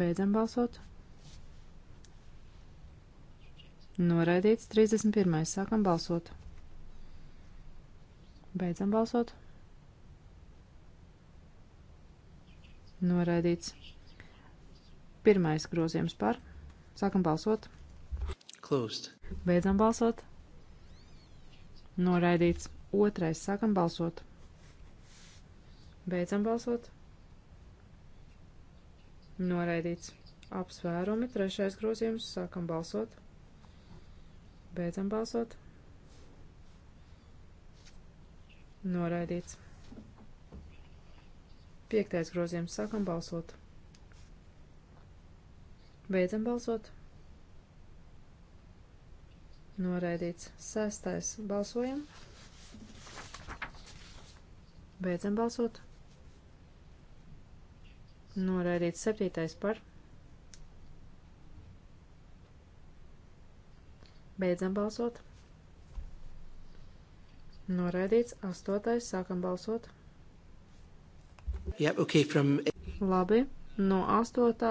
Beidzam balsot. Noraidīts 31. Sākam balsot. Beidzam balsot. Noraidīts. Pirmais grozījums par. Sākam balsot. Closed. Beidzam balsot. Noraidīts. Otrais. Sākam balsot. Beidzam balsot. Noraidīts. Apsvērumi. Trešais grozījums. Sākam balsot. Beidzam balsot. Noraidīts. Piektais grozījums. Sākam balsot. Beidzam balsot. Noraidīts. Sestais. Balsojam. Beidzam balsot. Noraidīts. Septītais par. Beidzam balsot. Noraidīts. Astotais. Sākam balsot. Yep, okay, from... Labi. No astotā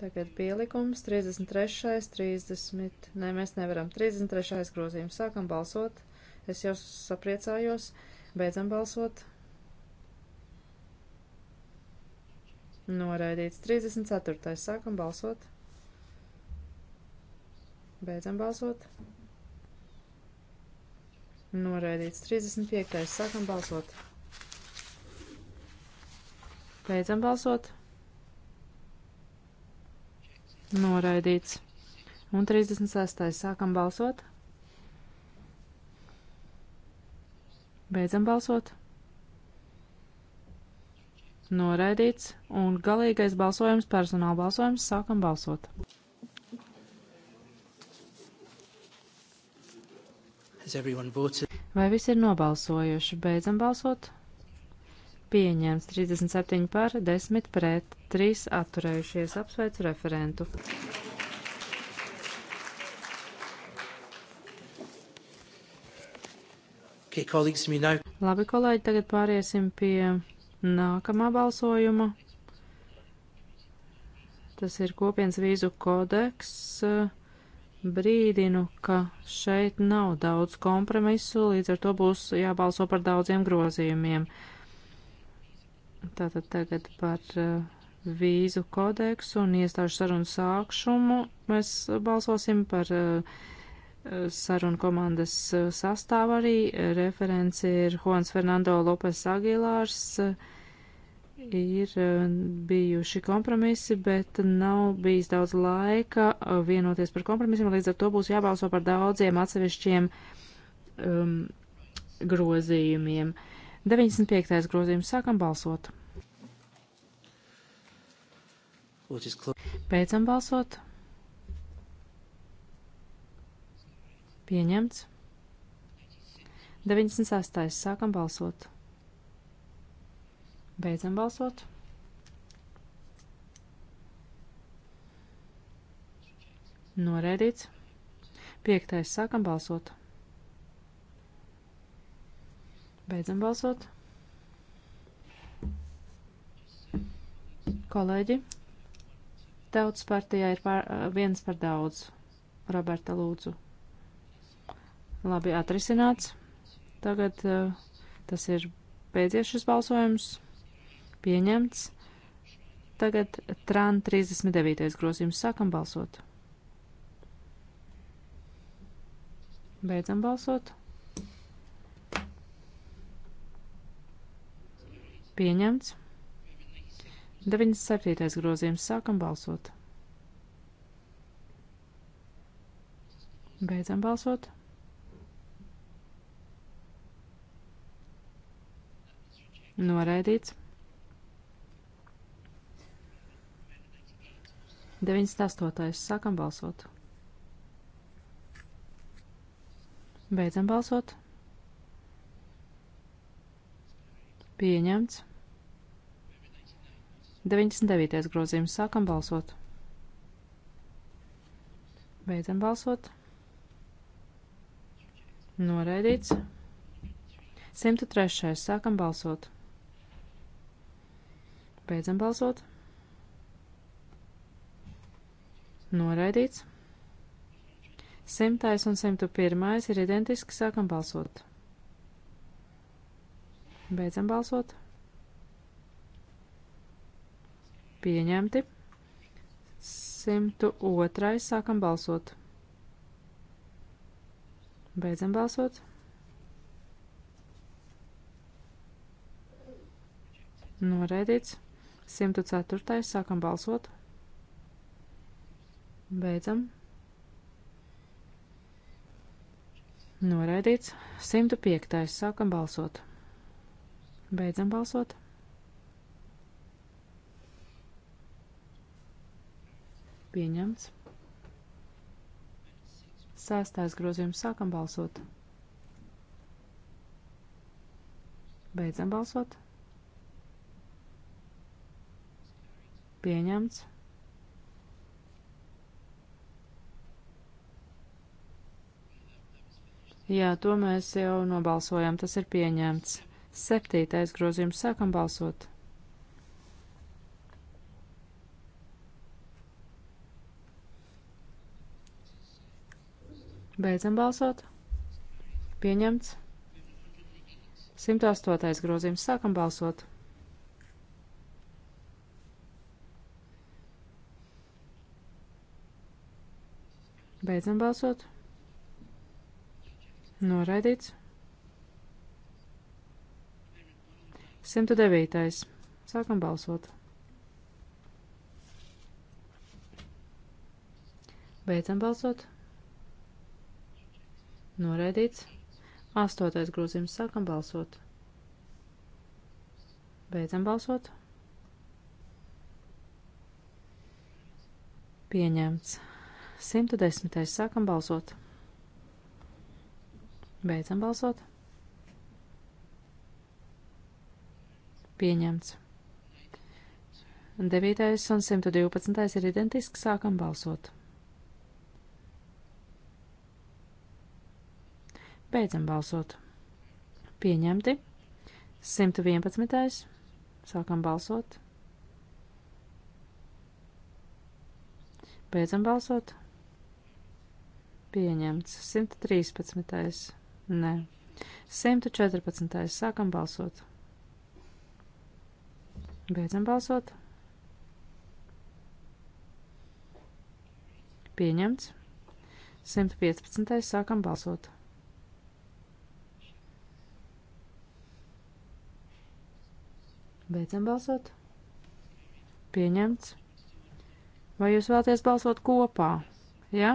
Tagad pielikums 33. 30. Nē, mēs nevaram. 33. grozījums. Sākam balsot. Es jau sapriecājos. Beidzam balsot. Noraidīts 34. Sākam balsot. Beidzam balsot. Noraidīts 35. Sākam balsot. Beidzam balsot. Noraidīts. Un 36. sākam balsot. Beidzam balsot. Noraidīts. Un galīgais balsojums, personāla balsojums, sākam balsot. Vai visi ir nobalsojuši? Beidzam balsot pieņemts 37 par 10 pret 3 atturējušies. Apsveicu referentu. Okay, Labi, kolēģi, tagad pāriesim pie nākamā balsojuma. Tas ir kopienas vīzu kodeks. Brīdinu, ka šeit nav daudz kompromisu, līdz ar to būs jābalso par daudziem grozījumiem. Uh, Tātad tagad par eh, vīzu kodeksu un iestāžu sarunu sākšumu mēs balsosim par eh, sarunu komandas eh, sastāvu arī. Referents ir Juans Fernando Lopes Agilārs. Ir bijuši kompromisi, bet nav bijis daudz laika vienoties par kompromisiem, līdz ar to būs jābalso par daudziem atsevišķiem um, grozījumiem. Uh, 95. grozījums sākam balsot. Beidzam balsot. Pieņemts. 96. sākam balsot. Beidzam balsot. Noraidīts. 5. sākam balsot. Beidzam balsot. Kolēģi, tautas partijā ir pār, eh, viens par daudz. Roberta lūdzu. Labi, atrisināts. Tagad uh, tas ir beidzies šis balsojums. Pieņemts. Tagad TRAN 39. grozījums sākam balsot. Beidzam balsot. Pieņemts. 97. grozījums. Sākam balsot. Beidzam balsot. Noraidīts. 98. Sākam balsot. Beidzam balsot. Pieņemts. 99. grozījums. Sākam balsot. Beidzam balsot. Noraidīts. 103. Sākam balsot. Beidzam balsot. Noraidīts. 100. un 101. ir identiski. Sākam balsot. Beidzam balsot. Pieņemti. 102. Sākam balsot. Beidzam balsot. Noraidīts. 104. Sākam balsot. Beidzam. Noraidīts. 105. Sākam balsot. Beidzam balsot. Pieņemts. Sēstājs grozījums sākam balsot. Beidzam balsot. Pieņemts. Jā, to mēs jau nobalsojam. Tas ir pieņemts. Septītais grozījums. Sākam balsot. Beidzam balsot. Pieņemts. 108. grozījums. Sākam balsot. Beidzam balsot. Noraidīts. 109. Sākam balsot. Beidzam balsot. Noraidīts. Astotais grozījums. Sākam balsot. Beidzam balsot. Pieņemts. 110. Sākam balsot. Beidzam balsot. Pieņemts. 9. un 112. ir identiski. Sākam balsot. Beidzam balsot. Pieņemti. 111. Sākam balsot. Beidzam balsot. Pieņemts. 113. Nē. 114. Sākam balsot. Beidzam balsot. Pieņemts. 115. sākam balsot. Beidzam balsot. Pieņemts. Vai jūs vēlaties balsot kopā? Ja?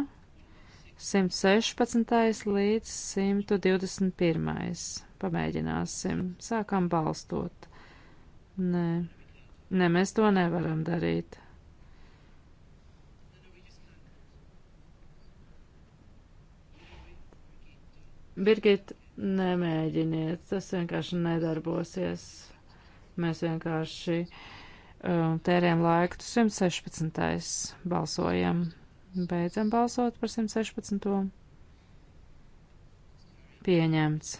116. līdz 121. Pamēģināsim. Sākam balstot. Nē. Nē, mēs to nevaram darīt. Birgit, nemēģiniet, tas vienkārši nedarbosies. Mēs vienkārši um, tērējam laiku. 116. balsojam. Beidzam balsot par 116. Pieņemts.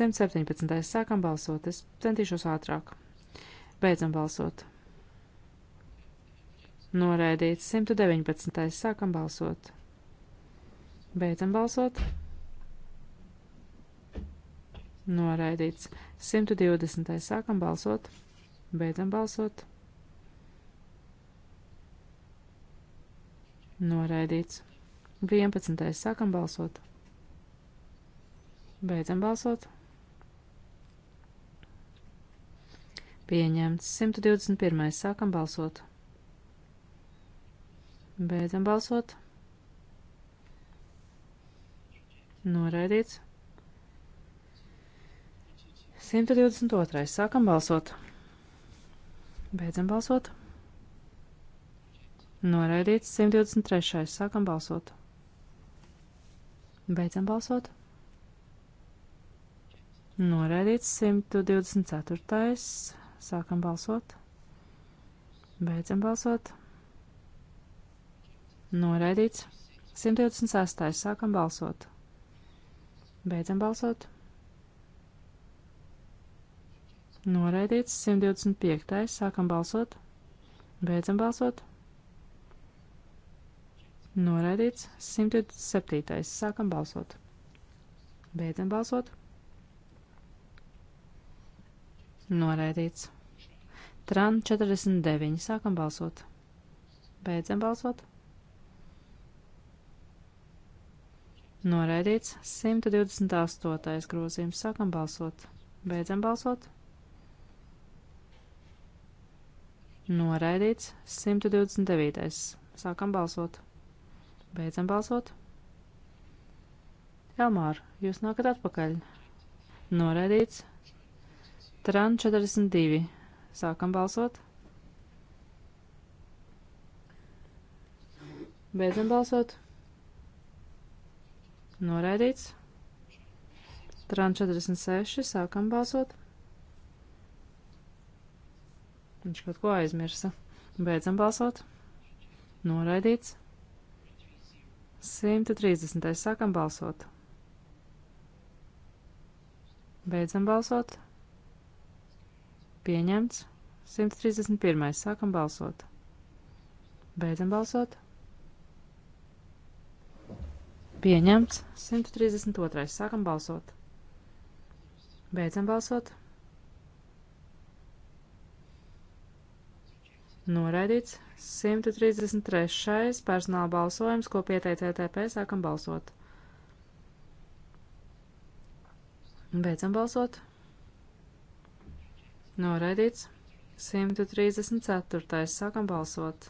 117. sākam balsot. Es centīšos ātrāk. Beidzam balsot. Noraidīts 119. Sākam balsot. Beidzam balsot. Noraidīts 120. Sākam balsot. Beidzam balsot. Noraidīts 11. Sākam balsot. Beidzam balsot. Pieņemts. 121. Sākam balsot. Beidzam balsot. Noraidīts. 122. Sākam balsot. Beidzam balsot. Noraidīts. 123. Sākam balsot. Beidzam balsot. Noraidīts 124. Sākam balsot. Beidzam balsot. Noraidīts. 126. Sākam balsot. Beidzam balsot. Noraidīts. 125. Sākam balsot. Beidzam balsot. Noraidīts. 127. Sākam balsot. Beidzam balsot. Noraidīts. Tran 49. Sākam balsot. Beidzam balsot. Noraidīts 128. grozījums. Sākam balsot. Beidzam balsot. Noraidīts 129. Sākam balsot. Beidzam balsot. Elmār, jūs nākat atpakaļ. Noraidīts Tran 42. Sākam balsot. Beidzam balsot. Noraidīts. Tran 46. Sākam balsot. Viņš kaut ko aizmirsa. Beidzam balsot. Noraidīts. 130. Sākam balsot. Beidzam balsot. Pieņemts. 131. Sākam balsot. Beidzam balsot. Pieņemts. 132. Sākam balsot. Beidzam balsot. Noraidīts. 133. personāla balsojums, ko pieteica ETP. Sākam balsot. Beidzam balsot. Noraidīts. 134. Sākam balsot.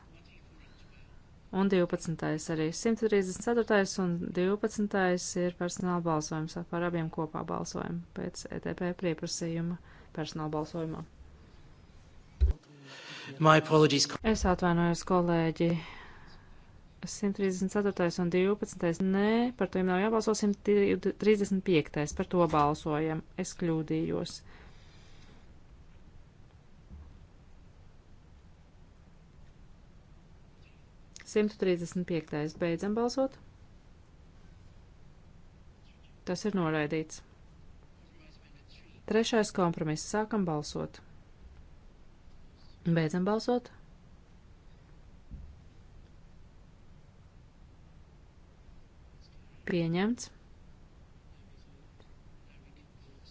Un 12. arī. 134. un 12. ir personāla balsojums. Par abiem kopā balsojam pēc ETP pieprasījuma personāla balsojumā. Es atvainojos, kolēģi. 134. un 12. nē, par to jau nav jābalso 135. par to balsojam. Es kļūdījos. 135. Beidzam balsot. Tas ir noraidīts. Trešais kompromiss. Sākam balsot. Beidzam balsot. Pieņemts.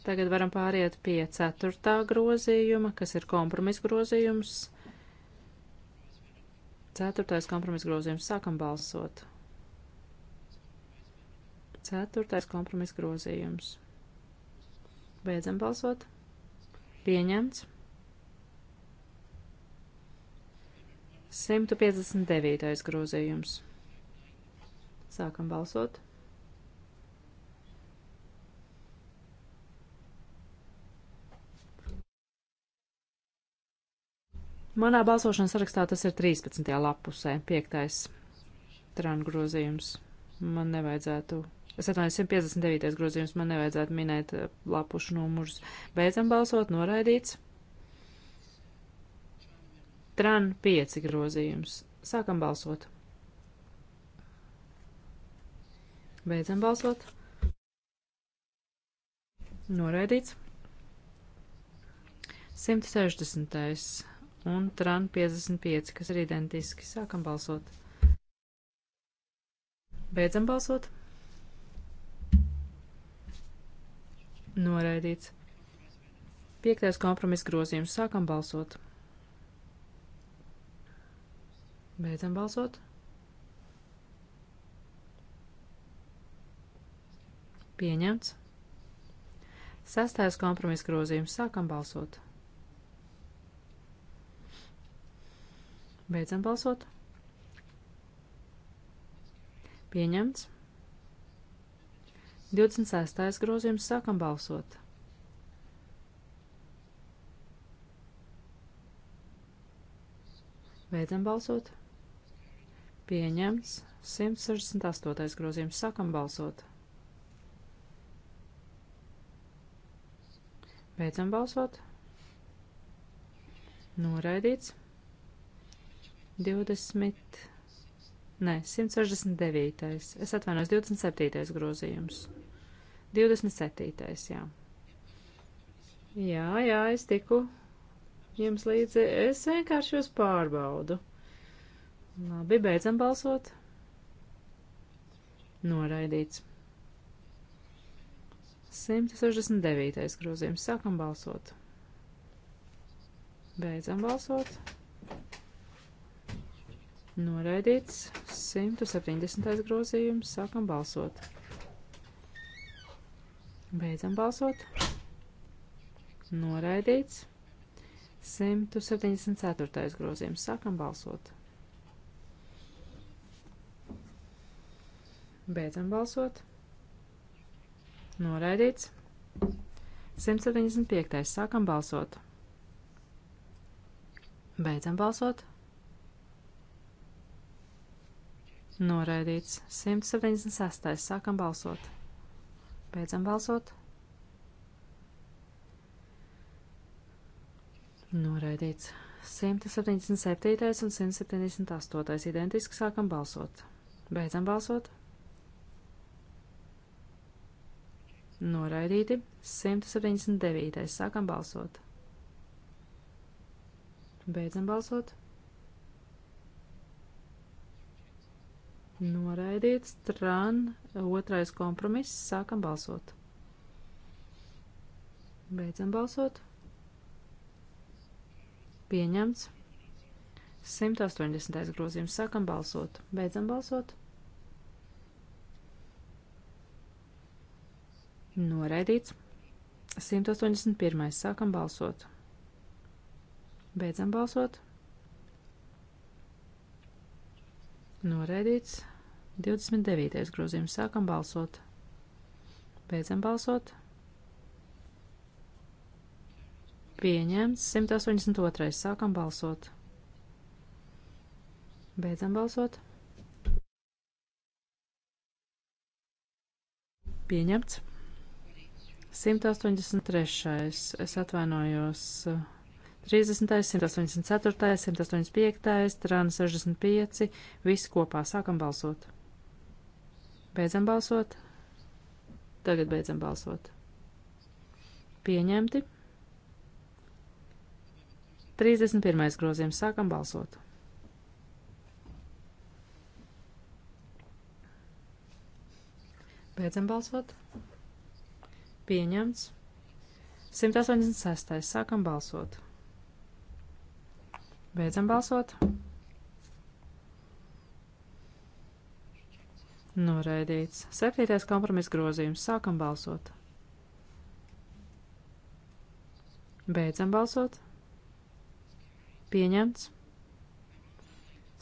Tagad varam pāriet pie ceturtā grozījuma, kas ir kompromiss grozījums. Ceturtais kompromiss grozījums. Sākam balsot. Ceturtais kompromiss grozījums. Beidzam balsot. Pieņemts. 159. grozījums. Sākam balsot. Manā balsošanas sarakstā tas ir 13. lapusē, 5. trānu grozījums. Man nevajadzētu Es atvainojos, 159. grozījums man nevajadzētu minēt eh, lapušu numurus. Beidzam balsot, noraidīts. Tran 5 grozījums. Sākam balsot. Beidzam balsot. Noraidīts. 160 un tran 55, kas ir identiski. Sākam balsot. Beidzam balsot. Noraidīts. Piektais kompromiss grozījums. Sākam balsot. Beidzam balsot. Pieņemts. Sastais kompromiss grozījums. Sākam balsot. Beidzam balsot. Pieņemts. 26. grozījums sākam balsot. Beidzam balsot. Pieņems 168. grozījums. Sākam balsot. Beidzam balsot. Noraidīts. 20, ne, 169. Es atvainojos, 27. grozījums. 27. jā. Jā, jā, es tiku jums līdzi. Es vienkārši jūs pārbaudu. Labi, beidzam balsot. Noraidīts. 169. grozījums. Sākam balsot. Beidzam balsot. Noraidīts 170. grozījums. Sākam balsot. Beidzam balsot. Noraidīts 174. grozījums. Sākam balsot. Beidzam balsot. Noraidīts 175. Sākam balsot. Beidzam balsot. Noraidīts. 176. Sākam balsot. Beidzam balsot. Noraidīts. 177. un 178. identiski sākam balsot. Beidzam balsot. Noraidīti. 179. sākam balsot. Beidzam balsot. noraidīts, tran, otrais kompromiss, sākam balsot. Beidzam balsot. Pieņemts. 180. grozījums, sākam balsot. Beidzam balsot. Noraidīts. 181. sākam balsot. Beidzam balsot. Noraidīts. 29. grozījums. Sākam balsot. Beidzam balsot. Pieņemts. 182. Sākam balsot. Beidzam balsot. Pieņemts. 183. Es atvainojos. 30, 184, 185, Trāna 65, visi kopā sākam balsot. Beidzam balsot. Tagad beidzam balsot. Pieņemti. 31. grozījums. Sākam balsot. Beidzam balsot. Pieņemts. 186. Sākam balsot. Beidzam balsot. Noraidīts. Septītais kompromiss grozījums. Sākam balsot. Beidzam balsot. Pieņemts.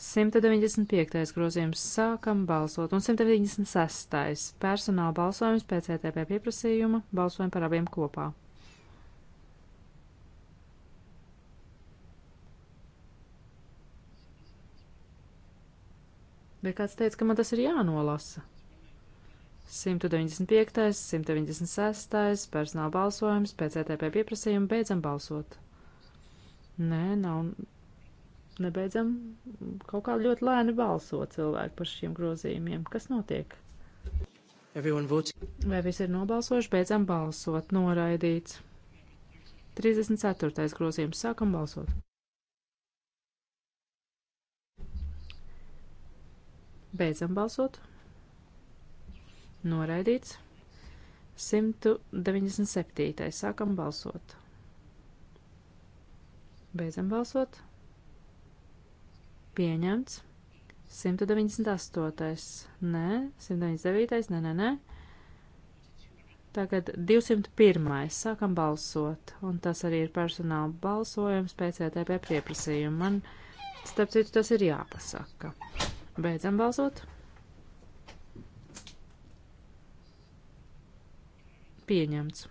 195. grozījums sākam balsot un 196. personāla balsojums pēc ETP pieprasījuma balsojam par abiem kopā. bet kāds teica, ka man tas ir jānolasa. 195. 196. personāla balsojums pēc ETP pieprasījuma beidzam balsot. Nē, nav nebeidzam kaut kā ļoti lēni balso cilvēki par šiem grozījumiem. Kas notiek? Vai visi ir nobalsojuši? Beidzam balsot. Noraidīts. 34. grozījums. Sākam balsot. Beidzam balsot. Noraidīts. 197. Sākam balsot. Beidzam balsot. Pieņemts. 198. Nē, 199. Nē, nē, nē. Tagad 201. sākam balsot, un tas arī ir personāla balsojums pēc ETP pieprasījuma. Man, starp citu, tas ir jāpasaka. Beidzam balsot. Pieņemts.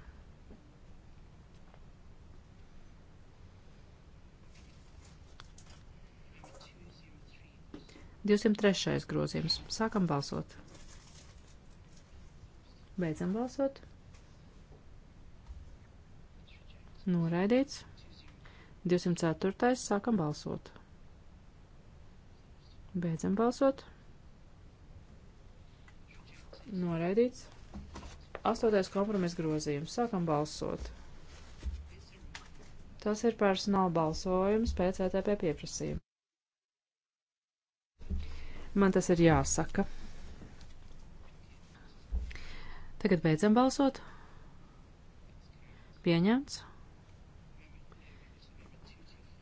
Divsimt trešais grozījums. Sākam balsot. Beidzam balsot. Noraidīts. 204. Sākam balsot. Beidzam balsot. Noraidīts. Astotais kompromiss grozījums. Sākam balsot. Tas ir personāla balsojums pēc ETP pieprasījuma. Man tas ir jāsaka. Tagad beidzam balsot. Pieņemts.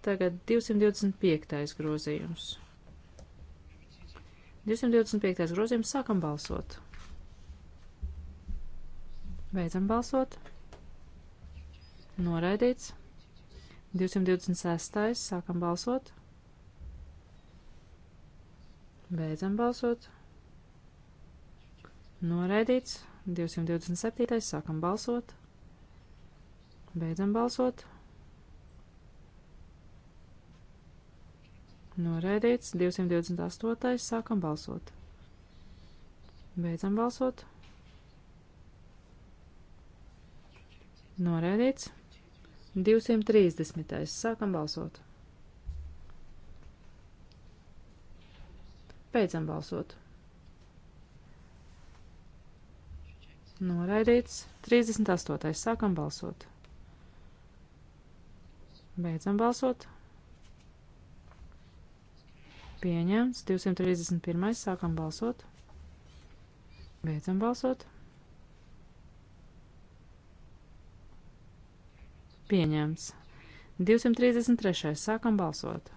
Tagad 225. grozījums. 225. grozījums sākam balsot. Beidzam balsot. Noraidīts. 226. sākam balsot. Beidzam balsot. Noraidīts. 227. sākam balsot. Beidzam balsot. Noraidīts 228. Sākam balsot. Beidzam balsot. Noraidīts 230. Sākam balsot. Beidzam balsot. Noraidīts 38. Sākam balsot. Beidzam balsot. Pieņemts. 231. Sākam balsot. Beidzam balsot. Pieņemts. 233. Sākam balsot.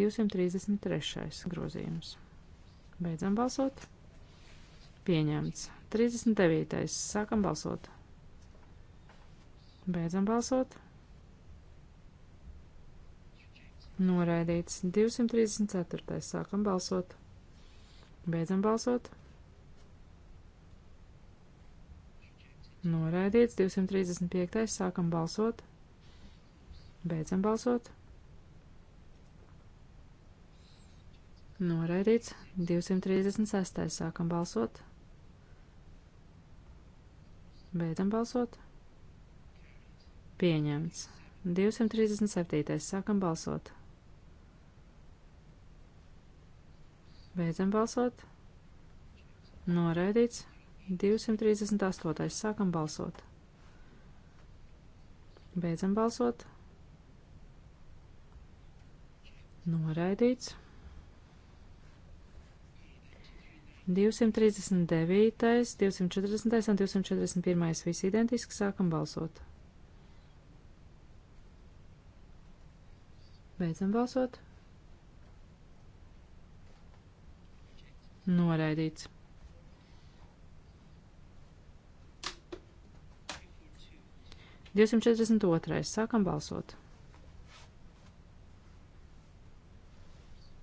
233. grozījums. Beidzam balsot. Pieņemts. 39. Sākam balsot. Beidzam balsot. Noraidīts 234. Sākam balsot. Beidzam balsot. Noraidīts 235. Sākam balsot. Beidzam balsot. Noraidīts 236. Sākam balsot. Beidzam balsot. Pieņemts. 237. Sākam balsot. Beidzam balsot. Noraidīts. 238. Sākam balsot. Beidzam balsot. Noraidīts. 239, 240 un 241 visi identiski sākam balsot. Beidzam balsot. noraidīts. 242. Sākam balsot.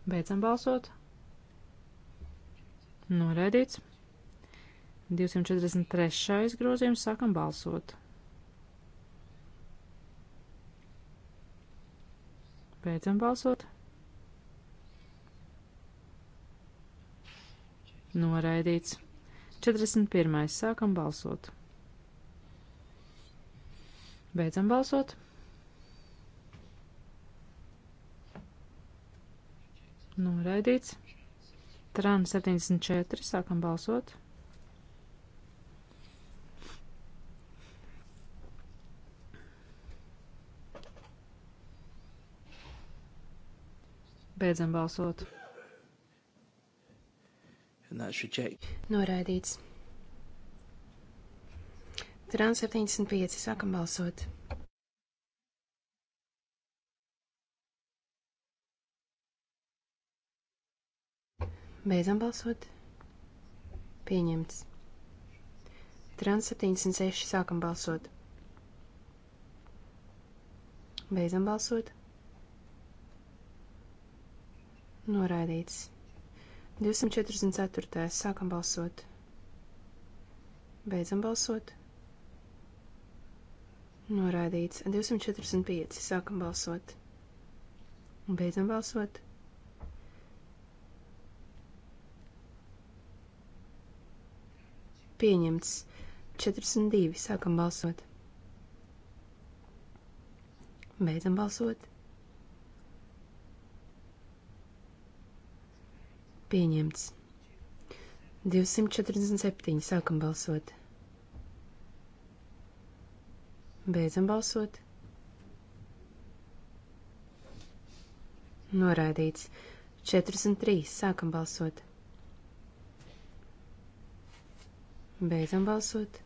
Beidzam balsot. Noraidīts. 243. grozījums. Sākam balsot. Beidzam balsot. noraidīts. 41. sākam balsot. Beidzam balsot. Noraidīts. Tran 74. Sākam balsot. Beidzam balsot and that's rejected. Noraidīts. Trans 75. Sākam balsot. Beidzam balsot. Pieņemts. Trans 76. Sākam balsot. Beidzam balsot. Noraidīts. 244. Sākam balsot. Beidzam balsot. Noraidīts. 245. Sākam balsot. Beidzam balsot. Pieņemts. 42. Sākam balsot. Beidzam balsot. Pieņemts. 247. Sākam balsot. Beidzam balsot. Noraidīts. 43. Sākam balsot. Beidzam balsot.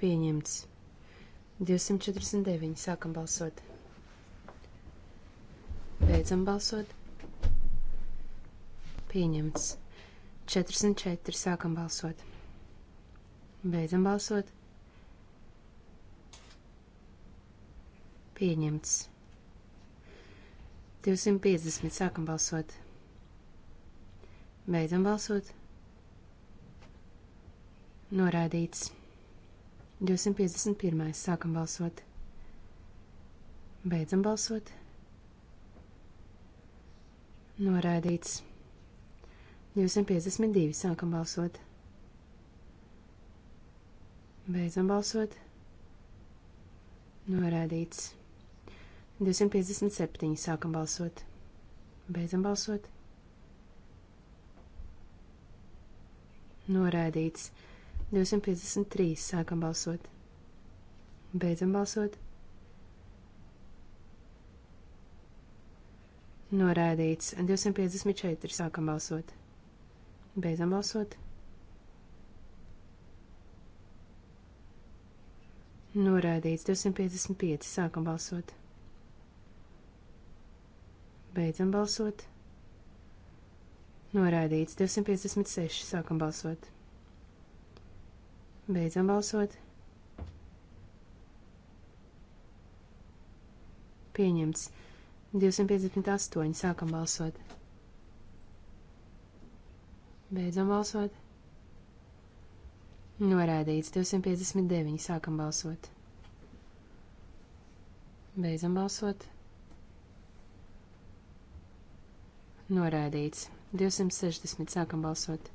Pieņemts. 249. Sākam balsot. Beidzam balsot. Pieņemts. 44. Sākam balsot. Beidzam balsot. Pieņemts. 250. Sākam balsot. Beidzam balsot. Norādīts. 251. Sākam balsot. Beidzam balsot. Norādīts. 252. Sākam balsot. Beidzam balsot. Norādīts. 257. Sākam balsot. Beidzam balsot. Norādīts. 253. Sākam balsot. Beidzam balsot. Norādīts. 254. Sākam balsot. Beidzam balsot. Norādīts 255. Sākam balsot. Beidzam balsot. Norādīts 256. Sākam balsot. Beidzam balsot. Pieņemts 258. Sākam balsot. Beidzam balsot. Norādīts 259. Sākam balsot. Beidzam balsot. Norādīts 260. Sākam balsot.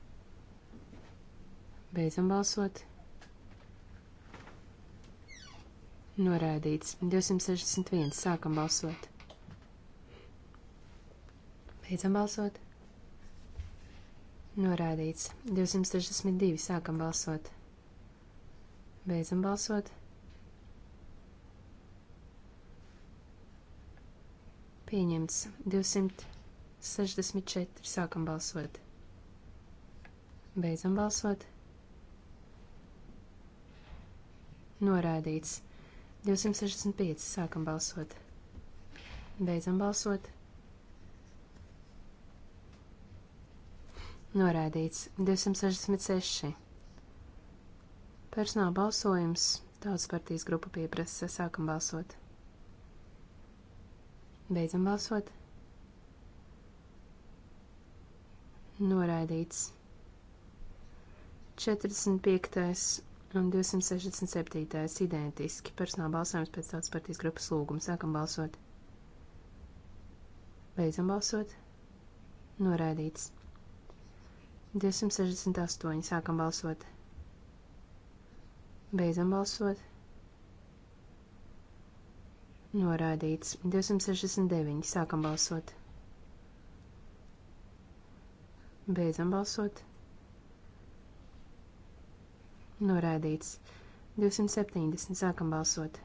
Beidzam balsot. Norādīts 261. Sākam balsot. Beidzam balsot. Norādīts. 262. Sākam balsot. Beidzam balsot. Pieņemts. 264. Sākam balsot. Beidzam balsot. Norādīts. 265. Sākam balsot. Beidzam balsot. Norādīts 266. Personāla balsojums tautas partijas grupa pieprasa. Sākam balsot. Beidzam balsot. Noraidīts. 45. un 267. identiski. Personāla balsojums pēc tautas partijas grupas lūguma. Sākam balsot. Beidzam balsot. Noraidīts. 268. Sākam balsot. Beidzam balsot. Norādīts. 269. Sākam balsot. Beidzam balsot. Norādīts. 270. Sākam balsot.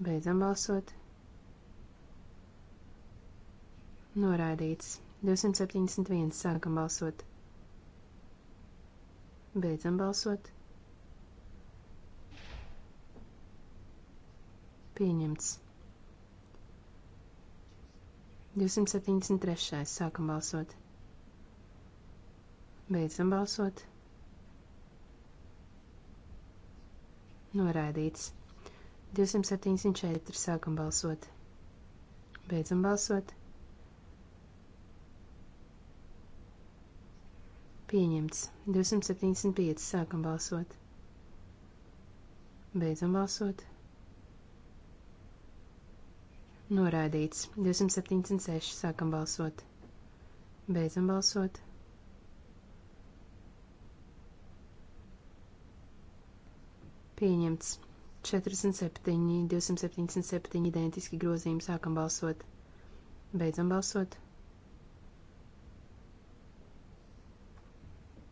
Beidzam balsot. Norādīts. 271. Sākam balsot. Beidzam balsot. Pieņemts. 273. Sākam balsot. Beidzam balsot. Noraidīts. 274. Sākam balsot. Beidzam balsot. Pieņemts. 275. Sākam balsot. Beidzam balsot. Noraidīts. 276. Sākam balsot. Beidzam balsot. Pieņemts. 47, 277 identiski grozījumi sākam balsot. Beidzam balsot.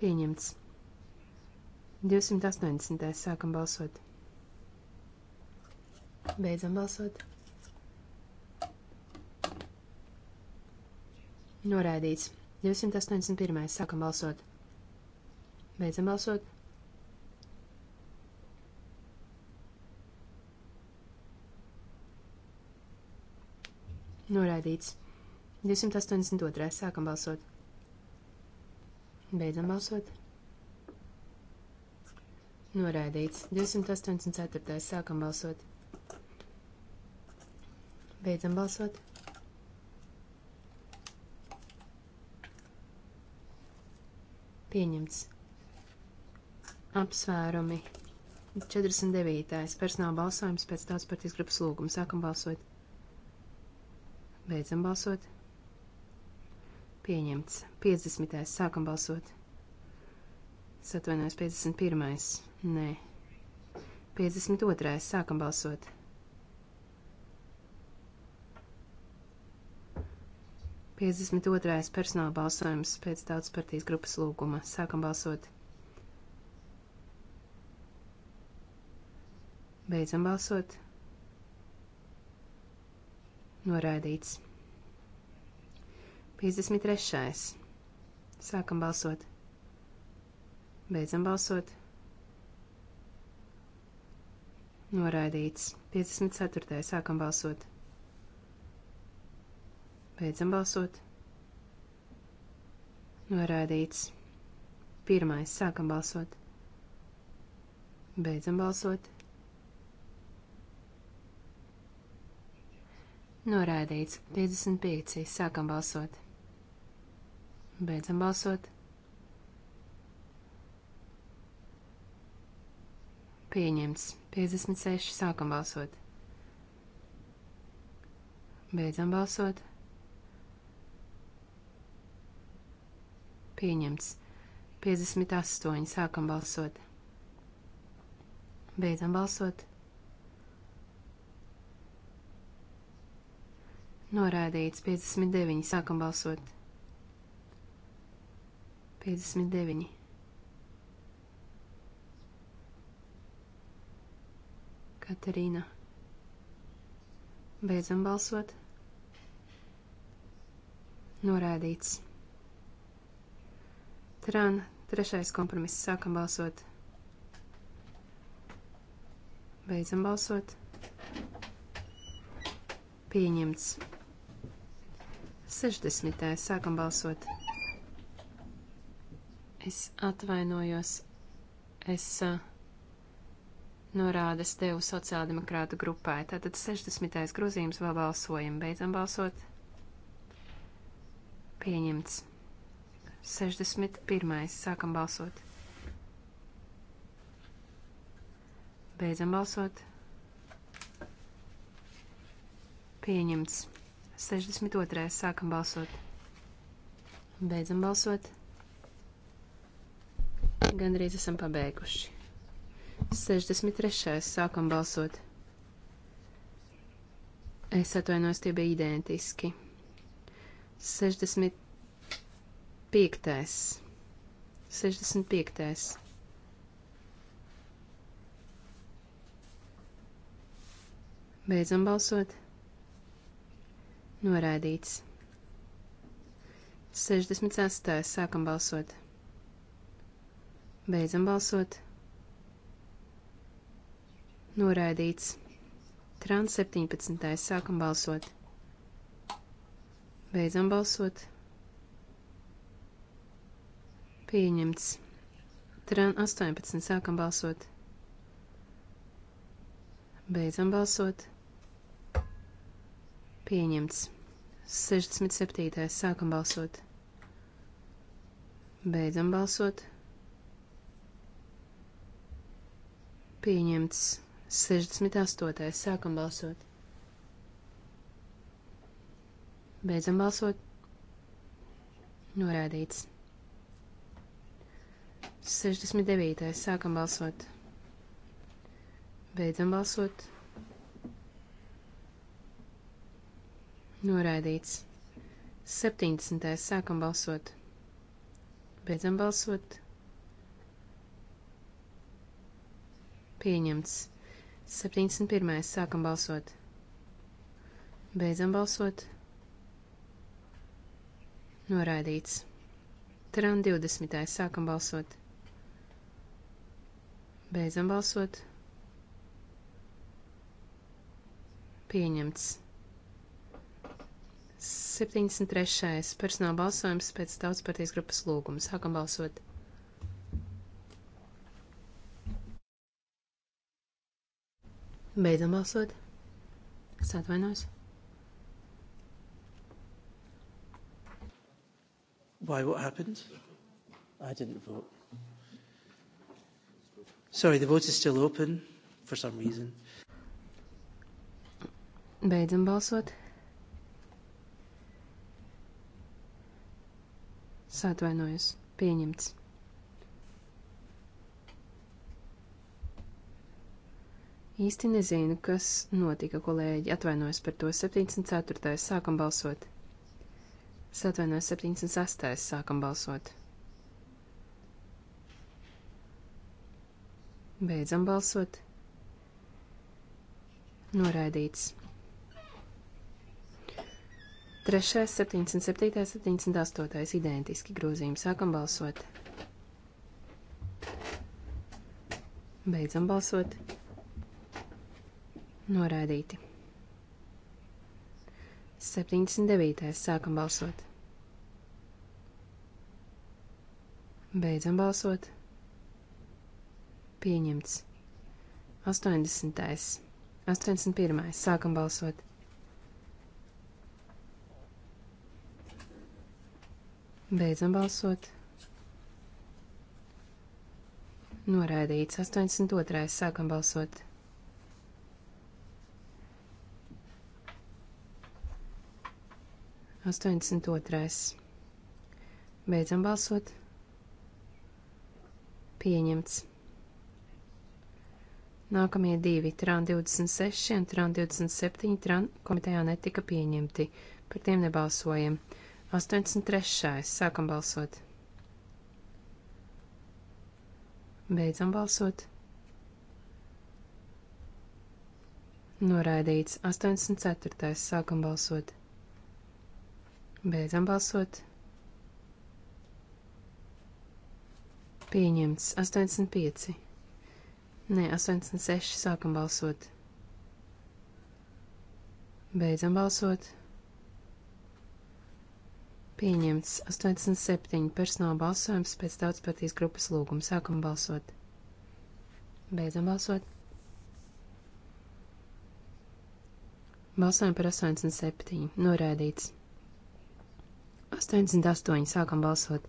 Pieņemts. 280. sākam balsot. Beidzam balsot. Noraidīts. 281. sākam balsot. Beidzam balsot. Noraidīts. 282. sākam balsot. Beidzam balsot. Noraidīts. 284. Sākam balsot. Beidzam balsot. Pieņemts. Apsvērumi. 49. Personāla balsojums pēc tautas partijas grupas lūguma. Sākam balsot. Beidzam balsot. Pieņemts. 50. Sākam balsot. Satvainojos 51. Nē. 52. Sākam balsot. Piecdesmit otrais personāla balsojums pēc tautas partijas grupas lūguma. Sākam balsot. Beidzam balsot. Noraidīts. 53. Sākam balsot. Beidzam balsot. Noraidīts. 54. Sākam balsot. Beidzam balsot. Noraidīts. Pirmais. Sākam balsot. Beidzam balsot. Noraidīts. 55. Sākam balsot. Beidzam balsot. Pieņemts. 56. Sākam balsot. Beidzam balsot. Pieņemts. 58. Sākam balsot. Beidzam balsot. Norādīts 59. Sākam balsot. 59. Katerīna. Beidzam balsot. Norādīts. Tran, trešais kompromiss. Sākam balsot. Beidzam balsot. Pieņemts. 60. Sākam balsot. Es atvainojos. Es uh, norādes devu sociāldemokrātu grupai. Tātad 60. grozījums vēl balsojam. Beidzam balsot. Pieņemts. 61. Sākam balsot. Beidzam balsot. Pieņemts. 62. Sākam balsot. Beidzam balsot. Gandrīz esam pabeiguši. 63. sākam balsot. Es atvainojos, tie bija identiski. 65. 65. Beidzam balsot. Noraidīts. 68. sākam balsot. Beidzam balsot. Noraidīts. Trans 17. Sākam balsot. Beidzam balsot. Pieņemts. Tran 18. Sākam balsot. Beidzam balsot. Pieņemts. 67. Sākam balsot. Beidzam balsot. Pieņemts 68. Sākam balsot. Beidzam balsot. Norādīts. 69. Sākam balsot. Beidzam balsot. Noraidīts. 70. Sākam balsot. Beidzam balsot. Pieņemts. 71. Sākam balsot. Beidzam balsot. Noraidīts. Tran 20. Sākam balsot. Beidzam balsot. Pieņemts. 73. personāla balsojums pēc tautas partijas grupas lūguma. Sākam balsot. Beidzam balsot. Es atvainojos. Why, what happened? I didn't vote. Sorry, the vote is still open for some reason. Beidzam balsot. Es atvainojos. Pieņemts. Īsti nezinu, kas notika, kolēģi. Atvainojos par to. 74. sākam balsot. Es atvainojos 76. sākam balsot. Beidzam balsot. Noraidīts. 3, 77, 78 identiski grozījumi. Sākam balsot. Beidzam balsot. Noraidīti. 79. Sākam balsot. Beidzam balsot. Pieņemts. 80. 81. Sākam balsot. Beidzam balsot. Noraidīts 82. Sākam balsot. 82. Beidzam balsot. Pieņemts. Nākamie divi, TRAN 26 un TRAN 27, TRAN komitejā netika pieņemti. Par tiem nebalsojam. 83. Sākam balsot. Beidzam balsot. Noraidīts. 84. Sākam balsot. Beidzam balsot. Pieņemts 85. Nē, 86. Sākam balsot. Beidzam balsot. Pieņemts 87. Personāla balsojums pēc daudzpartijas grupas lūguma. Sākam balsot. Beidzam balsot. Balsojam par 87. Noraidīts. 88. Sākam balsot.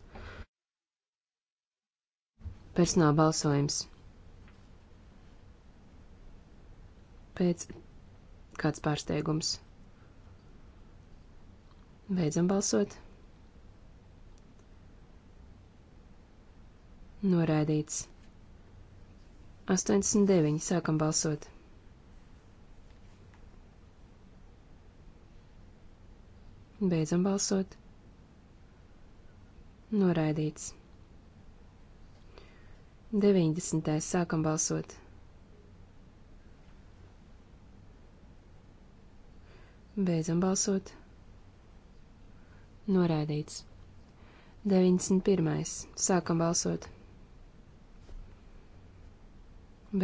Personāla balsojums. Pēc kāds pārsteigums. Beidzam balsot. Noraidīts. 89. Sākam balsot. Beidzam balsot. Noraidīts. 90. sākam balsot. Beidzam balsot. Noraidīts. 91. sākam balsot.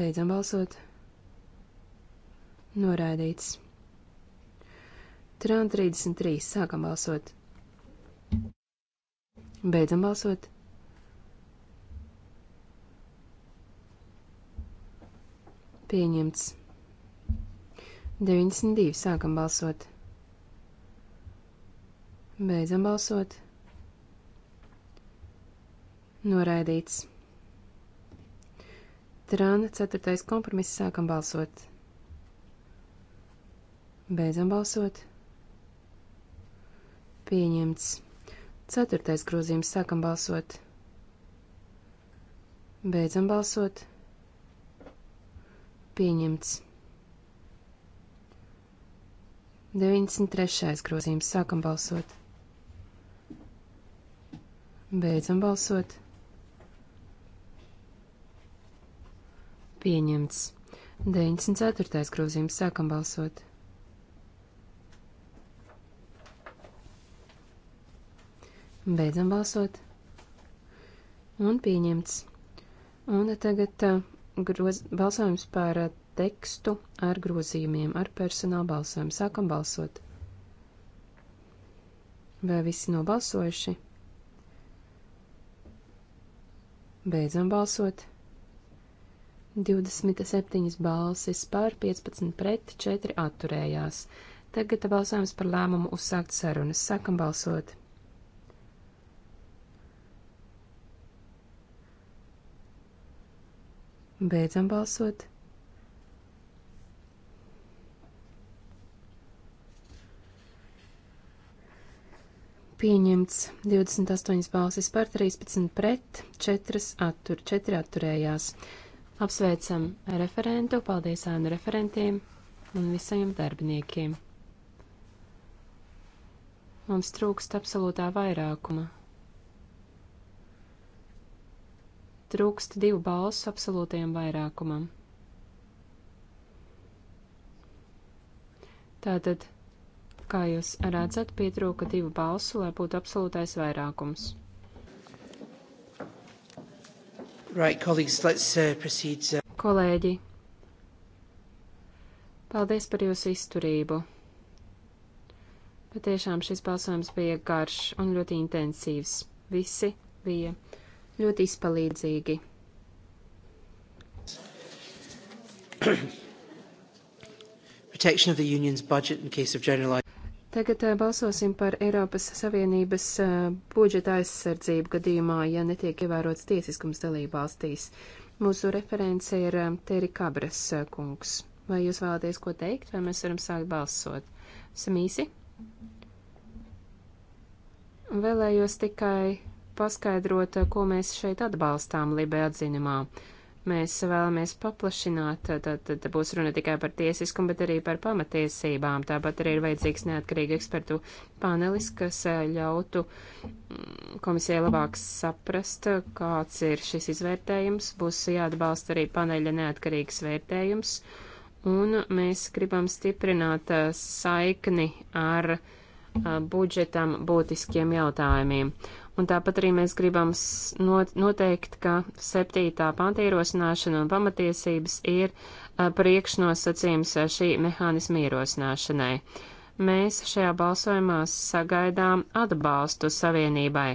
Beidzam balsot. Noraidīts. Tran 33. sākam balsot. Beidzam balsot. Pieņemts. 92. Sākam balsot. Beidzam balsot. Noraidīts. Trāna 4. kompromiss sākam balsot. Beidzam balsot. Pieņemts. Ceturtais grozījums. Sākam balsot. Beidzam balsot. Pieņemts. 93. grozījums. Sākam balsot. Beidzam balsot. Pieņemts. 94. grozījums. Sākam balsot. Beidzam balsot. Un pieņemts. Un tagad uh, groz, balsojums par uh, tekstu ar grozījumiem, ar personāla balsojumu. Sākam balsot. Vai visi nobalsojuši? Beidzam balsot. 27 balsis pār 15 pret 4 atturējās. Tagad balsojums par lēmumu uzsākt sarunas. Sākam balsot. Beidzam balsot. Pieņemts 28 balsis par 13 pret, 4, attur, 4 atturējās. Apsveicam referentu, paldies ēnu referentiem un visiem darbiniekiem. Mums trūkst absolūtā vairākuma. Trūkst divu balsu absolūtajam vairākumam. Tātad, kā jūs redzat, pietrūka divu balsu, lai būtu absolūtais vairākums. Right, colleagues, let's uh, proceed. Uh... Kolēģi, paldies par jūsu izturību. Patiešām šis balsojums bija garš un ļoti intensīvs. Visi bija ļoti izpalīdzīgi. Tagad eh, balsosim par Eiropas Savienības eh, budžeta aizsardzību gadījumā, ja netiek ievērots tiesiskums dalībvalstīs. Mūsu referents ir eh, Teri Kabras kungs. Vai jūs vēlaties ko teikt, vai mēs varam sākt balsot? Esam īsi? Vēlējos tikai paskaidrot, ko mēs šeit atbalstām Libe atzinumā. Mēs vēlamies paplašināt, tad, tad būs runa tikai par tiesiskumu, bet arī par pamatiesībām. Tāpat arī ir vajadzīgs neatkarīgi ekspertu panelis, kas eh, ļautu mm, komisijai labāk saprast, kāds ir šis izvērtējums. Būs jāatbalsta arī paneļa neatkarīgs vērtējums. Un mēs gribam stiprināt eh, saikni ar eh, budžetam būtiskiem jautājumiem. Un tāpat arī mēs gribam noteikt, ka septītā panta ierosināšana un pamatiesības ir priekšnosacījums šī mehānisma ierosināšanai. Mēs šajā balsojumā sagaidām atbalstu savienībai,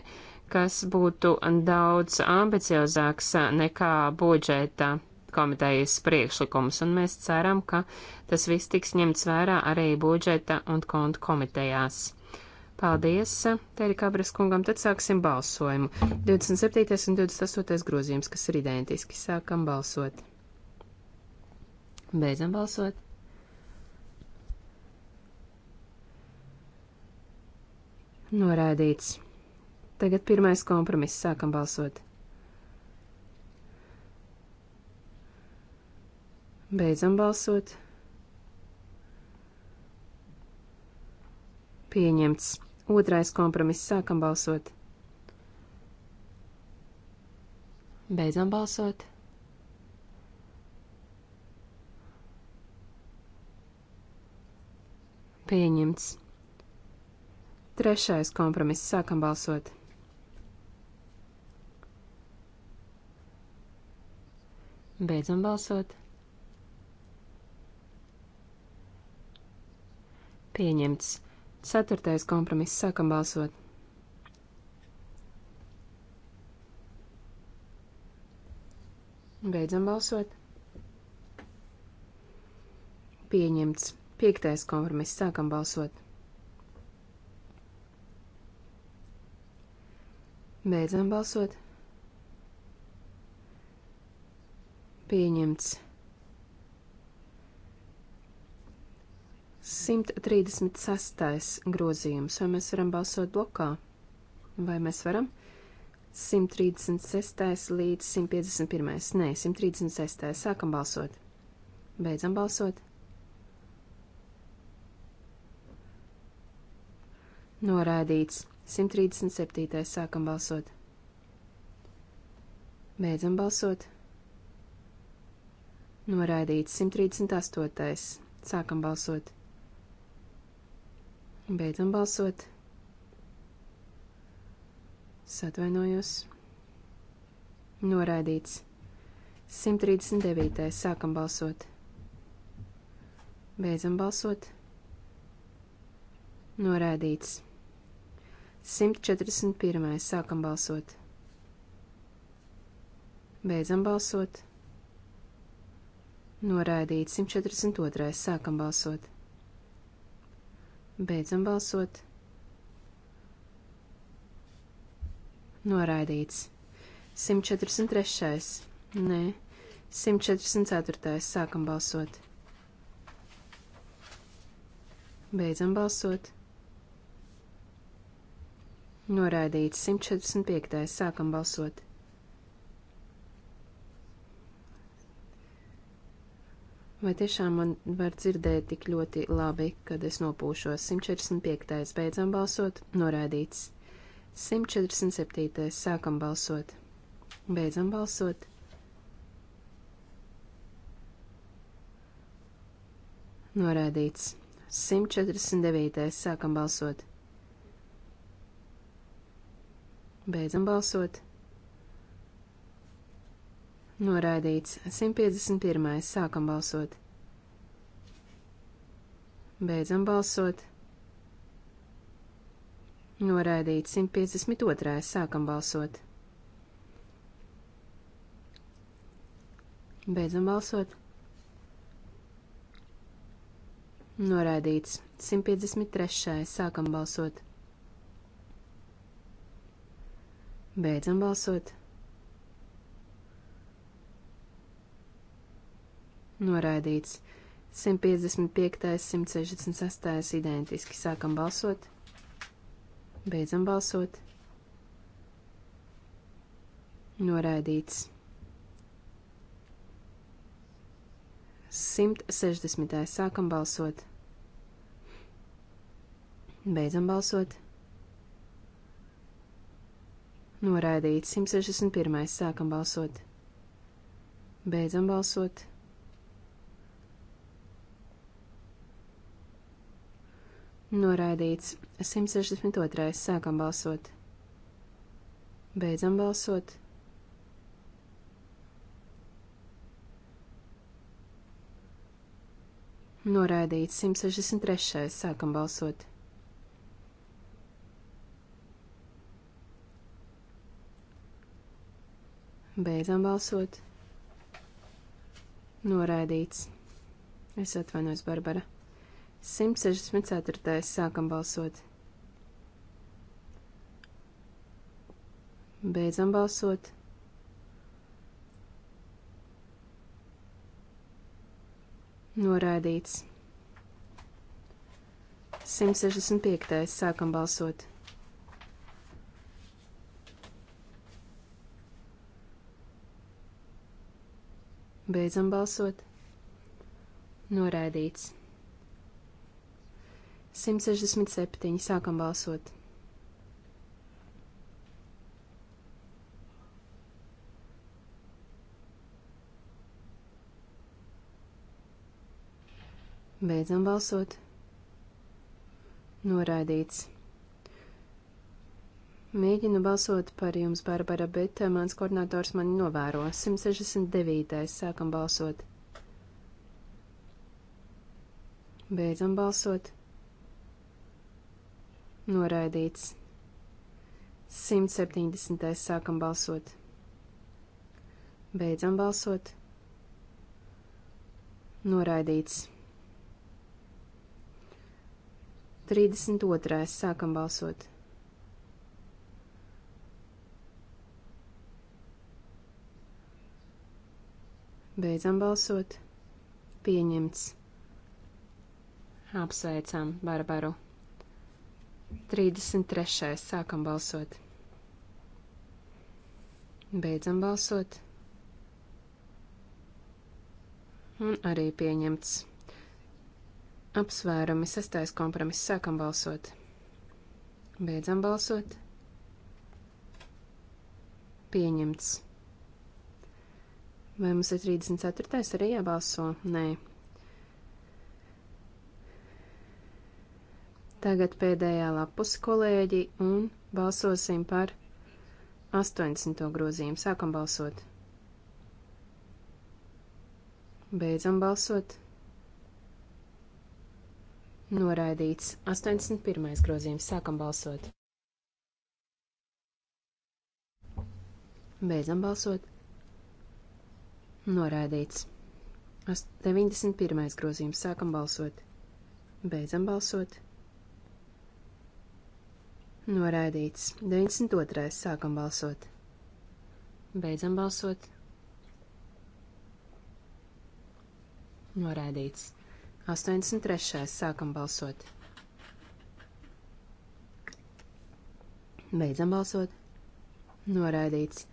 kas būtu daudz ambiciozāks nekā budžeta komitejas priekšlikums, un mēs ceram, ka tas viss tiks ņemts vērā arī budžeta un kontu komitejās. Paldies, Tēri Kabras kungam. Tad sāksim balsojumu. 27. un 28. grozījums, kas ir identiski. Sākam balsot. Beidzam balsot. Noraidīts. Tagad pirmais kompromiss. Sākam balsot. Beidzam balsot. Pieņemts. Otrais kompromiss. Sākam balsot. Beidzam balsot. Pieņemts. Trešais kompromiss. Sākam balsot. Beidzam balsot. Pieņemts. Ceturtais kompromiss. Sākam balsot. Beidzam balsot. Pieņemts. Piektais kompromiss. Sākam balsot. Beidzam balsot. Pieņemts. 136. grozījums. Vai mēs varam balsot blokā? Vai mēs varam? 136. līdz 151. Nē, 136. Sākam balsot. Beidzam balsot. Noraidīts. 137. sākam balsot. Beidzam balsot. Noraidīts. 138. sākam balsot. Beidzam balsot. Satvainojos. Noraidīts. 139. Sākam balsot. Beidzam balsot. Noraidīts. 141. Sākam balsot. Beidzam balsot. Noraidīts. 142. Sākam balsot. Beidzam balsot. Noraidīts. 143. Nē. 144. Sākam balsot. Beidzam balsot. Noraidīts 145. Sākam balsot. Vai tiešām man var dzirdēt tik ļoti labi, kad es nopūšos? 145. beidzam balsot, noraidīts. 147. sākam balsot, beidzam balsot. Noraidīts. 149. sākam balsot. Beidzam balsot. Noraidīts. 151. Sākam balsot. Beidzam balsot. Noraidīts. 152. Sākam balsot. Beidzam balsot. Noraidīts. 153. Sākam balsot. Beidzam balsot. Noraidīts. 155, 166 identiski. Sākam balsot. Beidzam balsot. Noraidīts. 160. Sākam balsot. Beidzam balsot. Noraidīts. 161. Sākam balsot. Beidzam balsot. Noraidīts. 162. Sākam balsot. Beidzam balsot. Noraidīts. 163. Sākam balsot. Beidzam balsot. Noraidīts. Es atvainojos, Barbara. 164. sākam balsot. Beidzam balsot. Noraidīts. 165. sākam balsot. Beidzam balsot. Noraidīts. 167. Sākam balsot. Beidzam balsot. Noraidīts. Mēģinu balsot par jums, Barbara, bet eh, mans koordinators mani novēro. 169. Sākam balsot. Beidzam balsot. Noraidīts. 170. sākam balsot. Beidzam balsot. Noraidīts. 32. sākam balsot. Beidzam balsot. Pieņemts. Apsveicam Barbaru. 33. Sākam balsot. Beidzam balsot. Un arī pieņemts. Apsvērumi sastais kompromiss. Sākam balsot. Beidzam balsot. Pieņemts. Vai mums ir 34. arī jābalso? Nē, Tagad pēdējā lapus, kolēģi, un balsosim par 80. grozījumu. Sākam balsot. Beidzam balsot. Noraidīts 81. grozījums. Sākam balsot. Beidzam balsot. Noraidīts. 91. grozījums. Sākam balsot. Beidzam balsot. Noraidīts. 92. Sākam balsot. Beidzam balsot. Noraidīts. 83. Sākam balsot. Beidzam balsot. Noraidīts.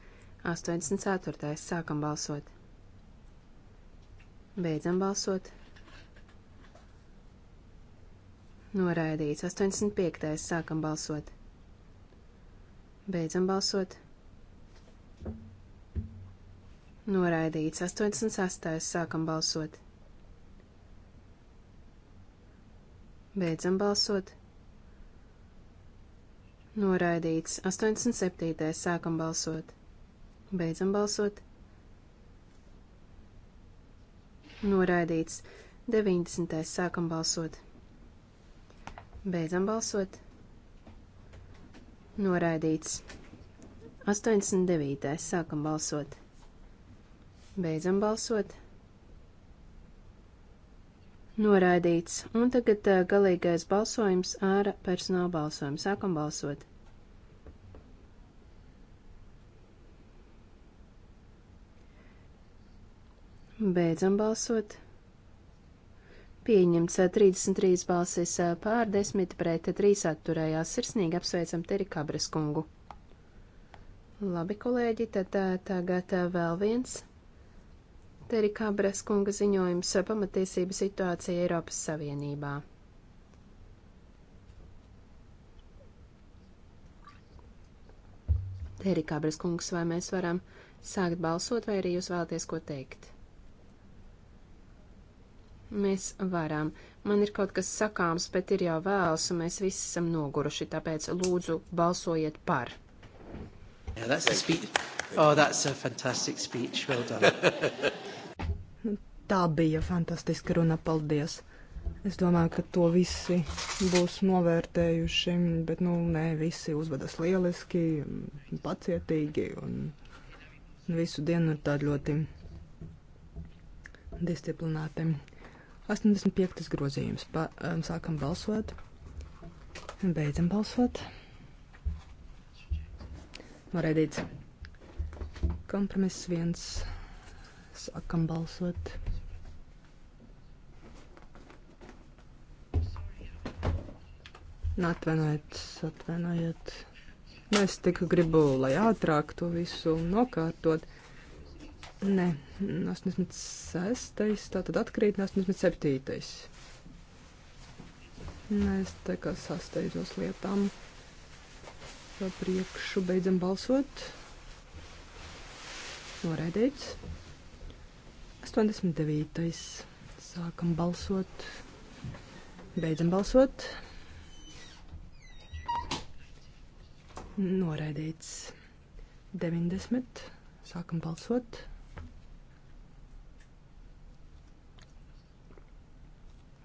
84. Sākam balsot. Beidzam balsot. Noraidīts. 85. Sākam balsot. Beidzam balsot. Noraidīts 86. Sākam balsot. Beidzam balsot. Noraidīts 87. Sākam balsot. Beidzam balsot. Noraidīts 90. Sākam balsot. Beidzam balsot. Noraidīts. 89. Sākam balsot. Beidzam balsot. Noraidīts. Un tagad galīgais balsojums ar personāla balsojumu. Sākam balsot. Beidzam balsot. Pieņemts 33 eh, balsis eh, pār 10 pret 3 eh, atturējās. Sirsnīgi apsveicam Teri Kabres kungu. Labi, kolēģi, tad tagad vēl viens Teri Kabres kunga ziņojums pamatiesība situācija Eiropas Savienībā. Teri Kabres kungs, vai mēs varam sākt balsot, vai arī jūs vēlaties ko teikt? Mēs varam. Man ir kaut kas sakāms, bet ir jau vēls, un mēs visi esam noguruši, tāpēc lūdzu balsojiet par. Yeah, that's a speech. Oh, that's a fantastic speech. Well done. Tā bija fantastiska runa, paldies. Es domāju, ka to visi būs novērtējuši, bet, nu, nē, visi uzvedas lieliski, pacietīgi, un visu dienu ir tā ļoti disciplināti. 85. grozījums. Pa, um, sākam balsot. Beidzam balsot. Noraidīts. Kompromiss viens. Sākam balsot. Atvainojiet, atvainojiet. Nu, es tik gribu, lai ātrāk to visu nokārtot. Nē, 86. Tā tad atkrīt 87. Nē, es te kā sasteidzos lietām. Pa priekšu beidzam balsot. Noraidīts. 89. Sākam balsot. Beidzam balsot. Noraidīts. 90. Sākam balsot.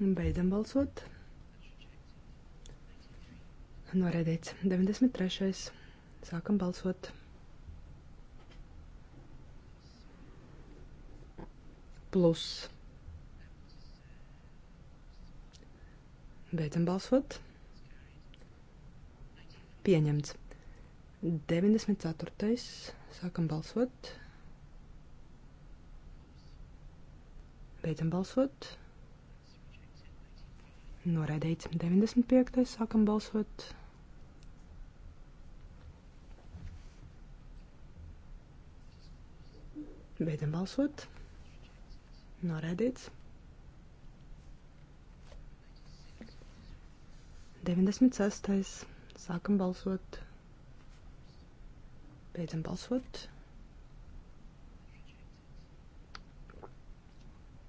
Beidzam balsot. Noraidīts 93. Sākam balsot. Plus. Beidzam balsot. Pieņemts. 94. Sākam balsot. Beidzam balsot. Noraidīts 95. Sākam balsot. Beidzam balsot. Noraidīts. 96. Sākam balsot. Beidzam balsot.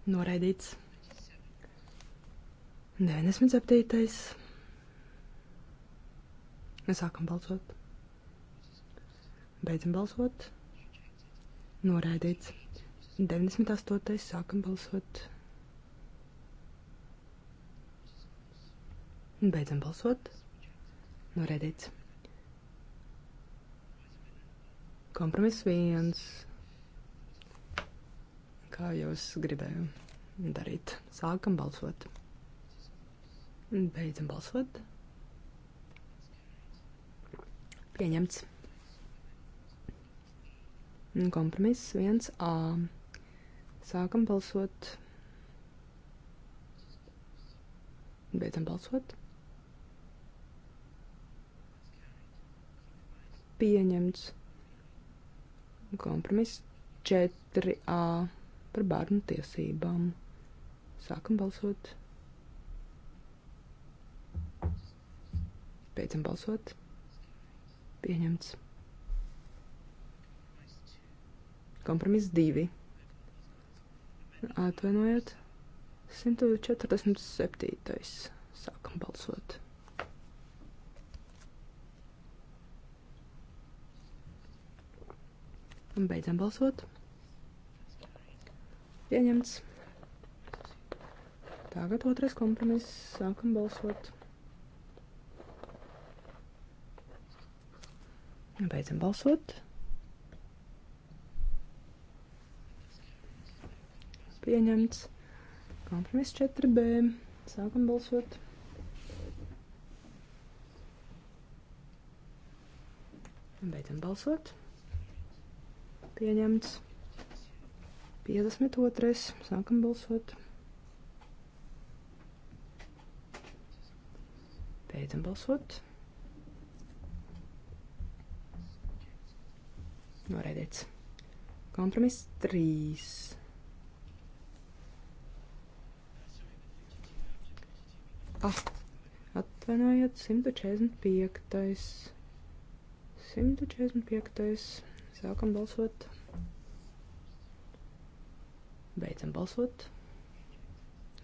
Noraidīts. 97. Sākam balsot. Beidzam balsot. Noraidīts. 98. Sākam balsot. Beidzam balsot. Noraidīts. Kompromiss viens. Kā jūs gribēju darīt. Sākam balsot. Beidzam balsot. Pieņemts. Kompromiss 1A. Sākam balsot. Beidzam balsot. Pieņemts. Kompromiss 4A par bērnu tiesībām. Sākam balsot. Beidzam balsot. Pieņemts. Kompromiss divi. Atvainojiet. 147. Sākam balsot. Un beidzam balsot. Pieņemts. Tagad otrais kompromiss. Sākam balsot. Beidzam balsot. Pieņemts. Kompromiss 4B. Sākam balsot. Beidzam balsot. Pieņemts. 52. Sākam balsot. Beidzam balsot. Noraidīts. Kompromiss 3. Ah, atvainojiet, 145. 145. Sākam balsot. Beidzam balsot.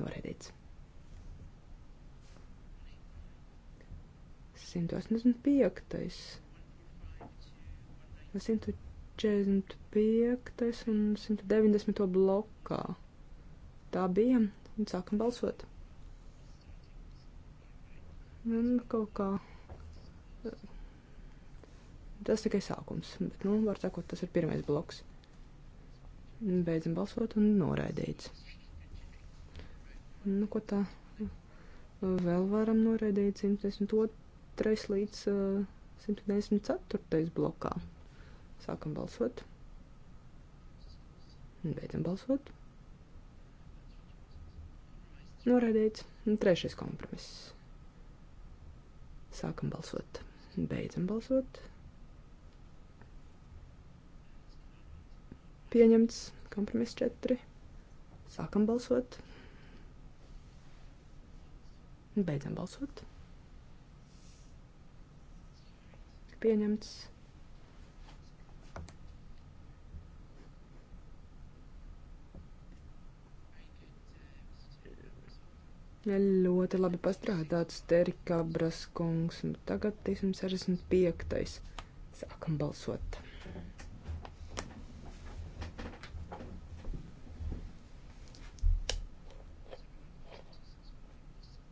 Noraidīts. 185. 145. 45. un 190. blokā. Tā bija. Un sākam balsot. Un kaut kā. Tas tikai sākums, bet, nu, var sakot, tas ir pirmais bloks. Beidzam balsot un noraidīts. Nu, ko tā vēl varam noraidīt 192. līdz uh, eh, 194. blokā. Sākam balsot. Un beidzam balsot. Noraidīts. Un trešais kompromiss. Sākam balsot. Un beidzam balsot. Pieņemts. Kompromiss 4. Sākam balsot. Un beidzam balsot. Pieņemts. Ļoti labi pastrādāts Terika Braskungs. Nu, tagad 265. Sākam balsot.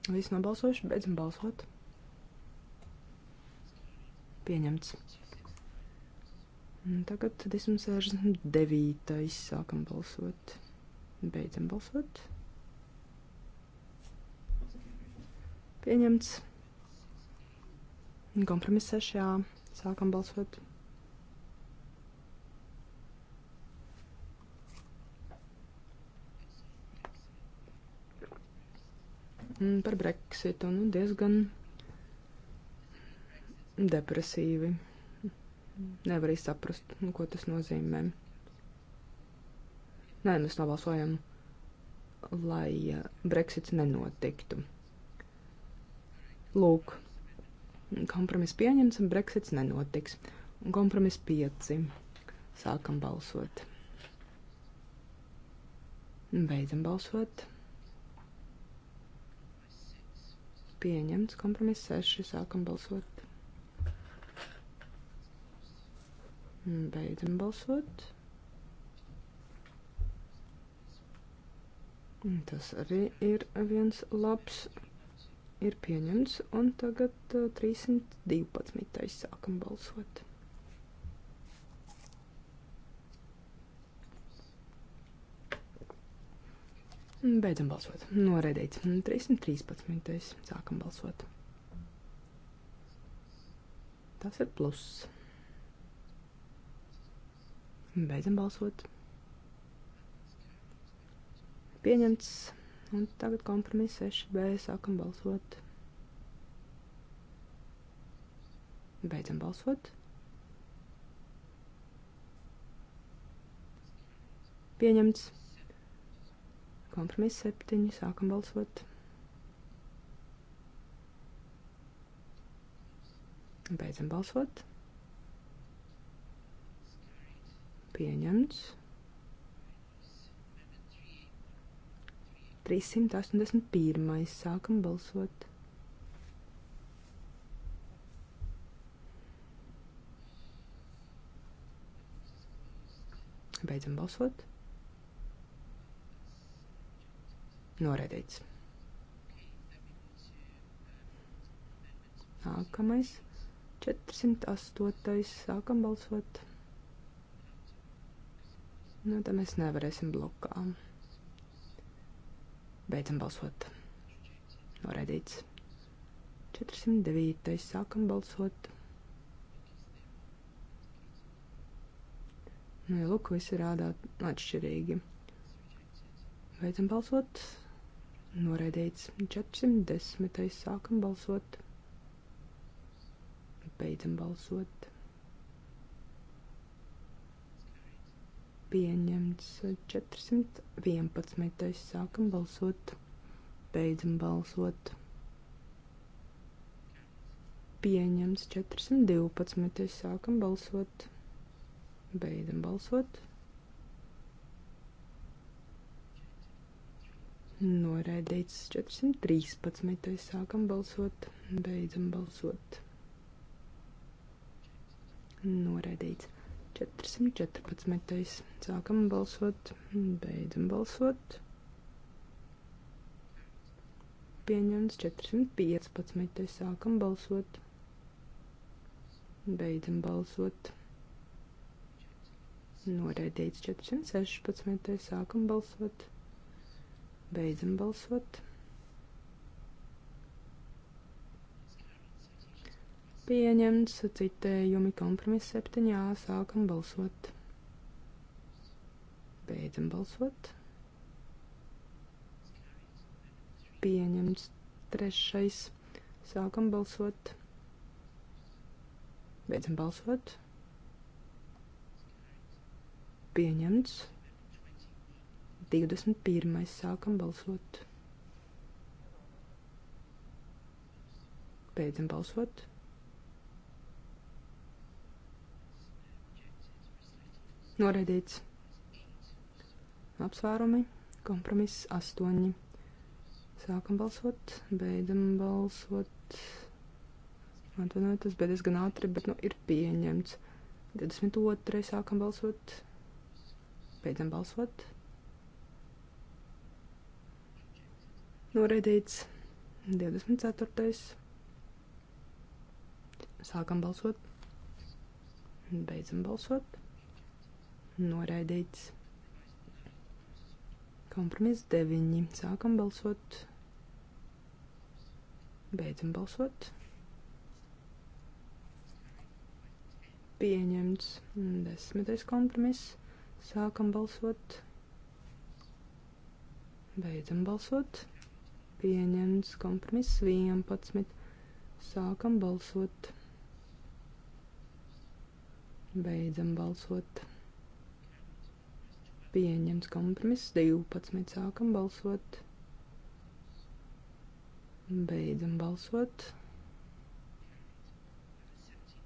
Visi nobalsojuši, beidzam balsot. Pieņemts. Un tagad 269. sākam balsot. Beidzam balsot. Pieņemts. Kompromiss sešajā. Sākam balsot. Par Brexitu nu, diezgan depresīvi. Nevar īsti saprast, nu, ko tas nozīmē. Nē, mēs nobalsojam, lai eh, Brexits nenotiktu. Lūk, kompromiss pieņems un Brexits nenotiks. Un kompromiss 5. Sākam balsot. Beidzam balsot. Pieņemts kompromiss 6. Sākam balsot. Beidzam balsot. Tas arī ir viens labs ir pieņemts, un tagad 312. Uh, sākam balsot. Beidzam balsot. Noraidīts. 313. Sākam balsot. Tas ir pluss. Beidzam balsot. Pieņemts. Un tagad kompromiss 6B. Sākam balsot. Beidzam balsot. Pieņemts. Kompromiss 7. Sākam balsot. Beidzam balsot. Pieņemts. 381. Sākam balsot. Beidzam balsot. Noraidīts. Nākamais 408. Sākam balsot. Nu, tā mēs nevarēsim blokām. Beidzam balsot. Noraidīts. 409. Sākam balsot. Nu, ja lūk, visi rādā atšķirīgi. Beidzam balsot. Noraidīts. 410. Sākam balsot. Beidzam balsot. pieņemts 411. Sākam balsot, beidzam balsot. Pieņemts 412. Sākam balsot, beidzam balsot. Noraidīts 413. Sākam balsot, beidzam balsot. Noraidīts 414. Sākam balsot, beidzam balsot. Pieņemts 415. Sākam balsot, beidzam balsot. Noraidīts 416. Sākam balsot, beidzam balsot. pieņemts, citējumi kompromiss septiņā, sākam balsot. Beidzam balsot. Pieņemts trešais, sākam balsot. Beidzam balsot. Pieņemts. 21. sākam balsot. Beidzam balsot. Noraidīts. Apsvērumi. Kompromiss 8. Sākam balsot, beidzam balsot. Atvainojiet, tas bija diezgan ātri, bet nu ir pieņemts. 22. sākam balsot, beidzam balsot. Noraidīts 24. Sākam balsot, beidzam balsot noraidīts. Kompromiss 9. Sākam balsot. Beidzam balsot. Pieņemts. Desmitais kompromiss. Sākam balsot. Beidzam balsot. Pieņemts kompromiss 11. Sākam balsot. Beidzam balsot pieņems kompromiss 12. Sākam balsot. Beidzam balsot.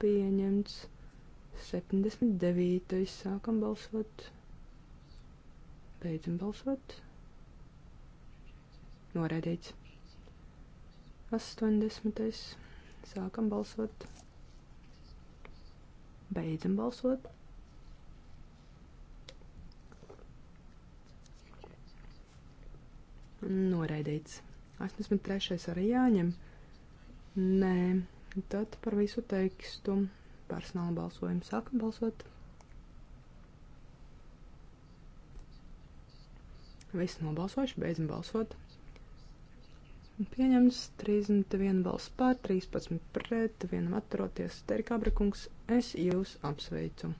Pieņemts 79. Sākam balsot. Beidzam balsot. Noraidīts. 80. Sākam balsot. Beidzam balsot Noraidīts. 83. arī jāņem. Nē, tad par visu tekstu personāla balsojumu sākam balsot. Visi nobalsojuši, beidzam balsot. Pieņemts 31 balss pār, 13 pret, vienam atturoties. Terika Abrakungs, es jūs apsveicu.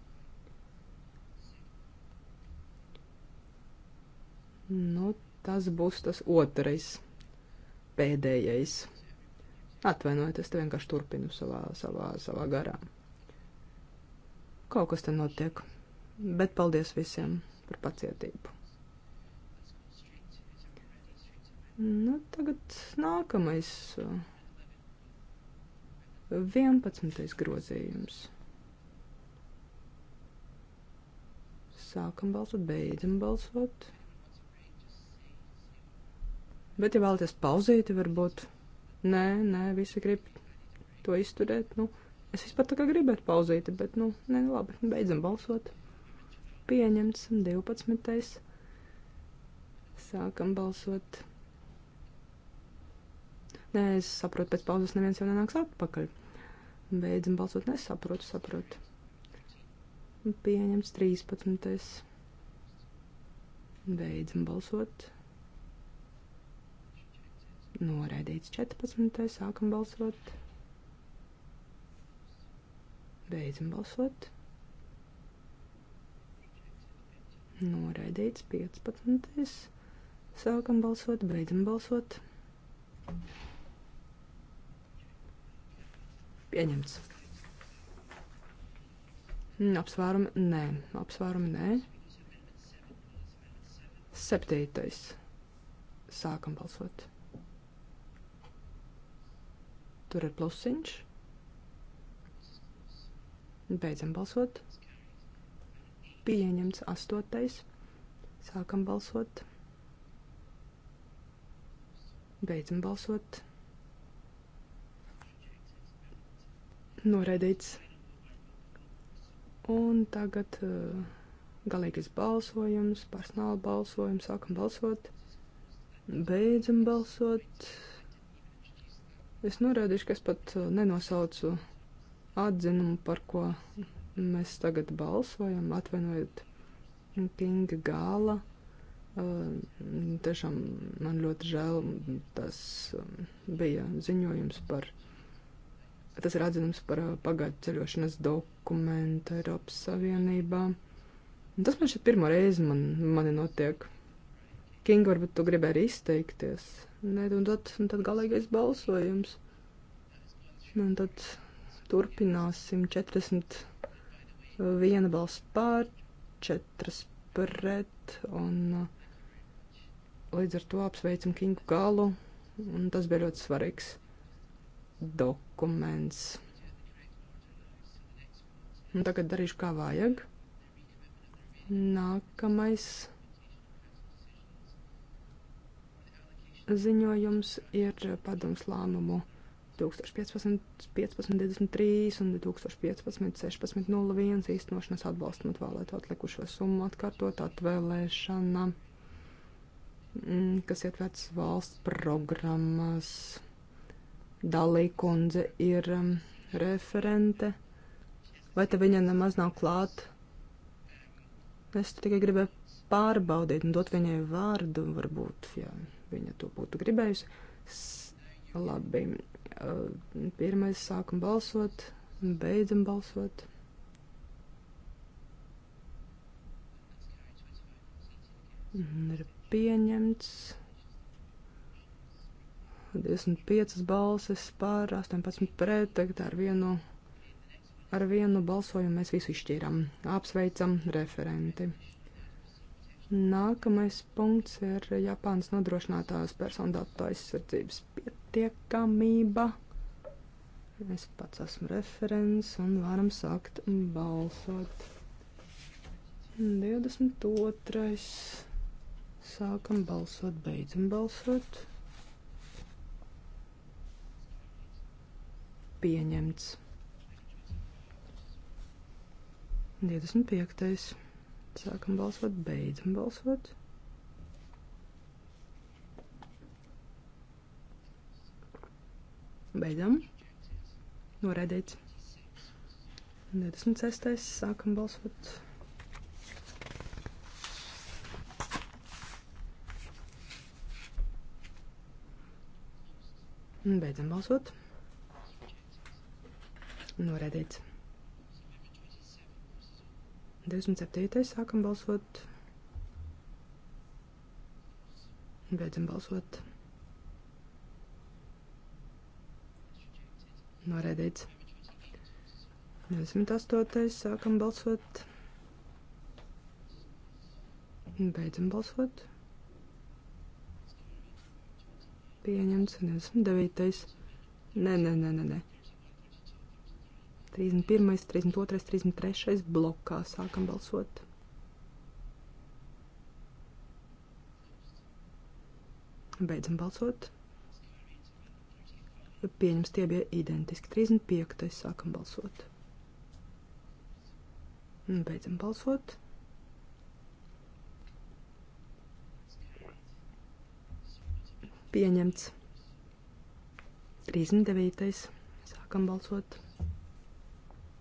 Nu, Tas būs tas otrais, pēdējais. Atvainojiet, es te vienkārši turpinu savā, savā, savā garā. Kaut kas te notiek, bet paldies visiem par pacietību. Nu, tagad nākamais. 11. grozījums. Sākam balsot, beidzam balsot. Bet, ja vēlaties pauzīt, varbūt nē, nē, visi grib to izturēt. Nu, es vispār tā kā gribētu pauzīt, bet, nu, nē, nu labi, beidzam balsot. Pieņemts 12. Sākam balsot. Nē, es saprotu, pēc pauzes neviens jau nenāks atpakaļ. Beidzam balsot, nesaprotu, saprotu. Pieņemts 13. Beidzam balsot. Noraidīts 14. Sākam balsot. Beidzam balsot. Noraidīts 15. Sākam balsot. Beidzam balsot. Pieņemts. Mm, Apsvērumi nē. Apsvērumi nē. Septītais. Sākam balsot. Tur ir plusiņš. Beidzam balsot. Pieņemts astotais. Sākam balsot. Beidzam balsot. Noraidīts. Un tagad uh, galīgais balsojums, personāla balsojums. Sākam balsot. Beidzam balsot. Es norādīšu, ka es pat uh, nenosaucu atzinumu, par ko mēs tagad balsojam, atvainojiet, Kinga gala. Uh, tiešām man ļoti žēl, tas um, bija ziņojums par, tas ir atzinums par uh, pagaidu ceļošanas dokumentu Eiropas Savienībā. Tas man šeit pirmo reizi man, mani notiek. Kinga, varbūt tu gribēji arī izteikties? Nē, un tad, un tad galīgais balsojums. Nu, un tad turpināsim 41 balss pār, 4 pret, un līdz ar to apsveicam Kingu galu, un tas bija ļoti svarīgs dokuments. Un tagad darīšu kā vajag. Nākamais. ziņojums ir padoms lēmumu 2015-23 un 2015-16-01 īstenošanas atbalstam atvēlēt atlikušo summu atkārtot atvēlēšana, mm, kas ietverts valsts programmas. Dalī kundze ir um, referente. Vai te viņa nemaz nav klāt? Es tikai gribēju pārbaudīt un dot viņai vārdu, varbūt, jā. Ja viņa to būtu gribējusi. Labi, uh, pirmais sākam balsot, beidzam balsot. Ir pieņemts 25 balses par 18 pret, tagad ar vienu, ar vienu balsojumu mēs visu izšķīram. Apsveicam referenti. Nākamais punkts ir Japānas nodrošinātās personu datu aizsardzības pietiekamība. Es pats esmu referents un varam sākt balsot. 22. Sākam balsot, beidzam balsot. Pieņemts. 25. Sākam balsot, beidzam balsot. Beidzam. Noraidīts. 26. Sākam balsot. Beidzam balsot. Noraidīts. 27. sākam balsot. Beidzam balsot. Noraidīts. 28. sākam balsot. Beidzam balsot. Pieņemts 29. Nē, nē, nē, nē. nē. 31, 32, 33 blokā. Sākam balsot. Beidzam balsot. Pieņems tie bija identiski. 35. Sākam balsot. Beidzam balsot. Pieņemts. 39. Sākam balsot.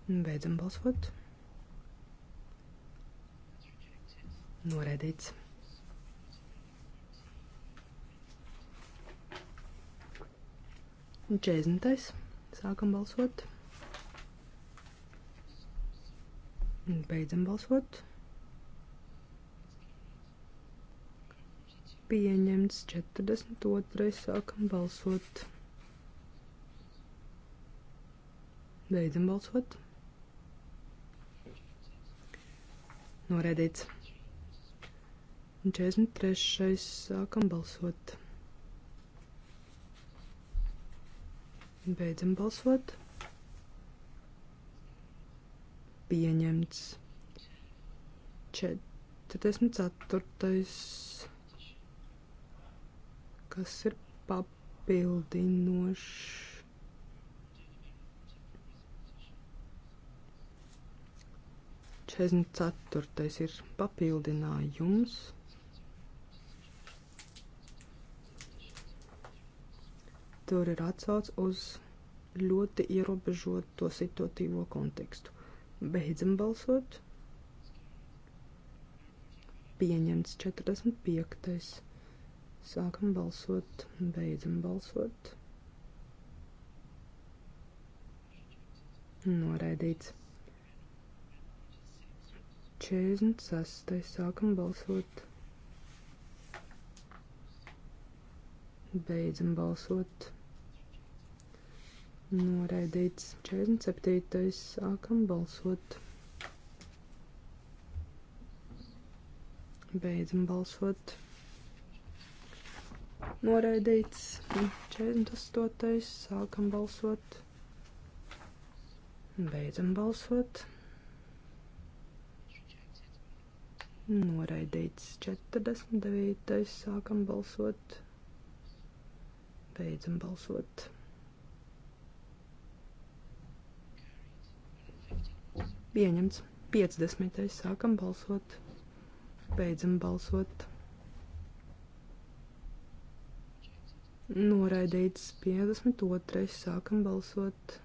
Beidzam balsot. Noraidīts. Un 40. Sākam balsot. Un beidzam balsot. Pieņemts 42. Sākam balsot. Beidzam balsot. Noraidīts. 43. sākam balsot. Beidzam balsot. Pieņemts. 44. Kas ir papildinošs? 44. ir papildinājums. Tur ir atsauc uz ļoti ierobežoto situatīvo kontekstu. Beidzam balsot. Pieņemts 45. Sākam balsot, beidzam balsot. Noraidīts. 46. Sākam balsot. Beidzam balsot. Noraidīts 47. Sākam balsot. Beidzam balsot. Noraidīts 48. Sākam balsot. Beidzam balsot. Noraidīts 49. Sākam balsot. Beidzam balsot. Pieņemts 50. Sākam balsot. Beidzam balsot. Noraidīts 52. Sākam balsot.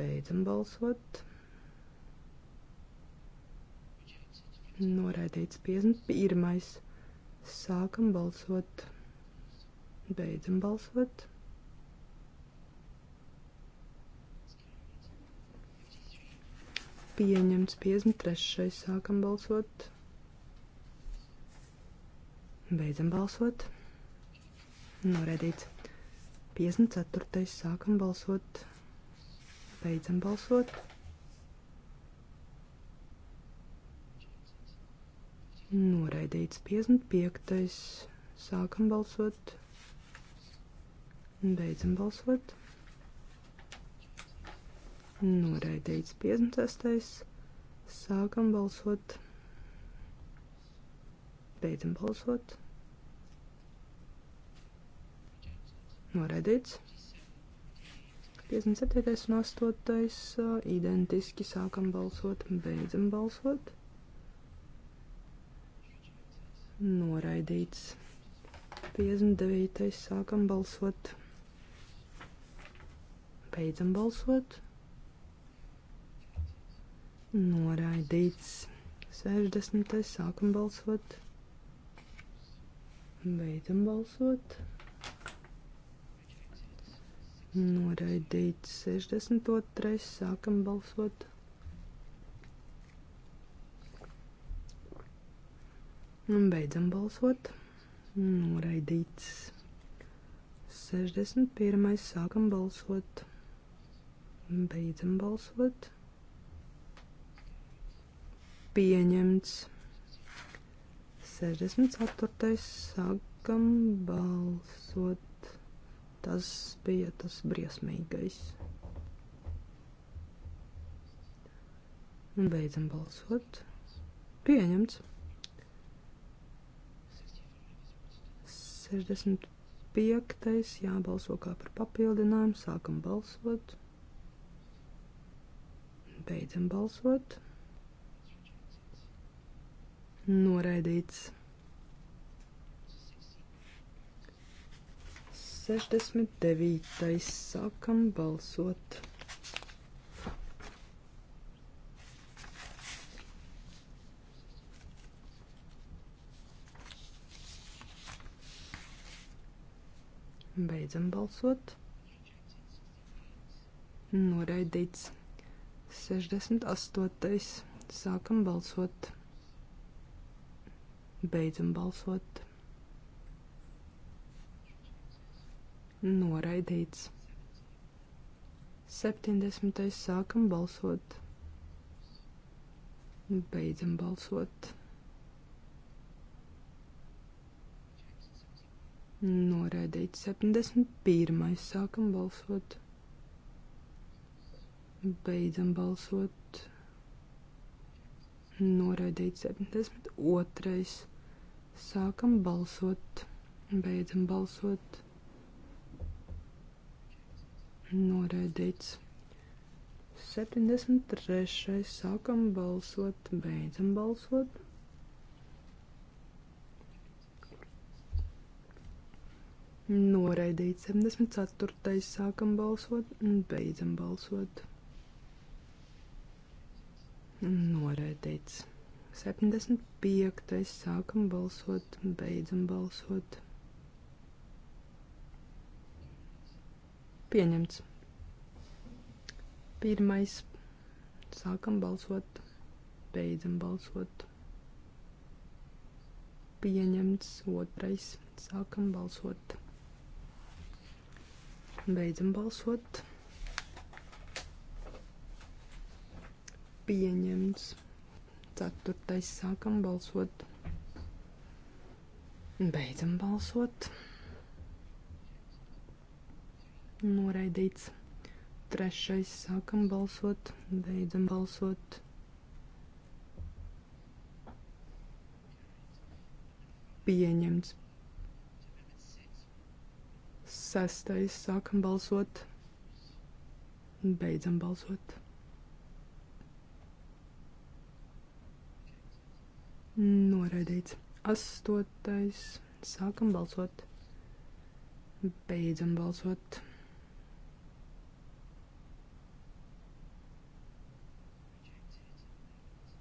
Beidzam balsot. noraidīts 51. Sākam balsot, beidzam balsot. Pieņemts 53. Sākam balsot, beidzam balsot. Noraidīts 54. Sākam balsot, beidzam balsot Noraidīts 55. Sākam balsot. Beidzam balsot. Noraidīts 56. Sākam balsot. Beidzam balsot. Noraidīts. 57. un 8. Uh, identiski sākam balsot, beidzam balsot. Noraidīts. 59. Sākam balsot. Beidzam balsot. Noraidīts. 60. Sākam balsot. Beidzam balsot. Noraidīts 62. Sākam balsot. Un nu, beidzam balsot. Noraidīts. 61. Sākam balsot. Beidzam balsot. Pieņemts. 64. Sākam balsot. Tas bija tas briesmīgais. Un beidzam balsot. Pieņemts. 65. jābalso kā par papildinājumu. Sākam balsot. Beidzam balsot. Noraidīts. 69. sākam balsot. Beidzam balsot. Noraidīts. 68. Sākam balsot. Beidzam balsot. Noraidīts. 70. Sākam balsot. Beidzam balsot. Noraidīts 71. Sākam balsot. Beidzam balsot. Noraidīts 72. Sākam balsot. Beidzam balsot. Noraidīts 73. Sākam balsot. Beidzam balsot Noraidīt 74. sākam balsot un beidzam balsot. Noraidīts. 75. sākam balsot un beidzam balsot. Pieņemts. Pirmais. Sākam balsot, beidzam balsot. Pieņemts otrais. Sākam balsot Beidzam balsot. Pieņemts. Ceturtais sākam balsot. Beidzam balsot. Noraidīts. Trešais sākam balsot. Beidzam balsot. Pieņemts Sestais sākam balsot. Beidzam balsot. Noraidīts. Astotais sākam balsot. Beidzam balsot.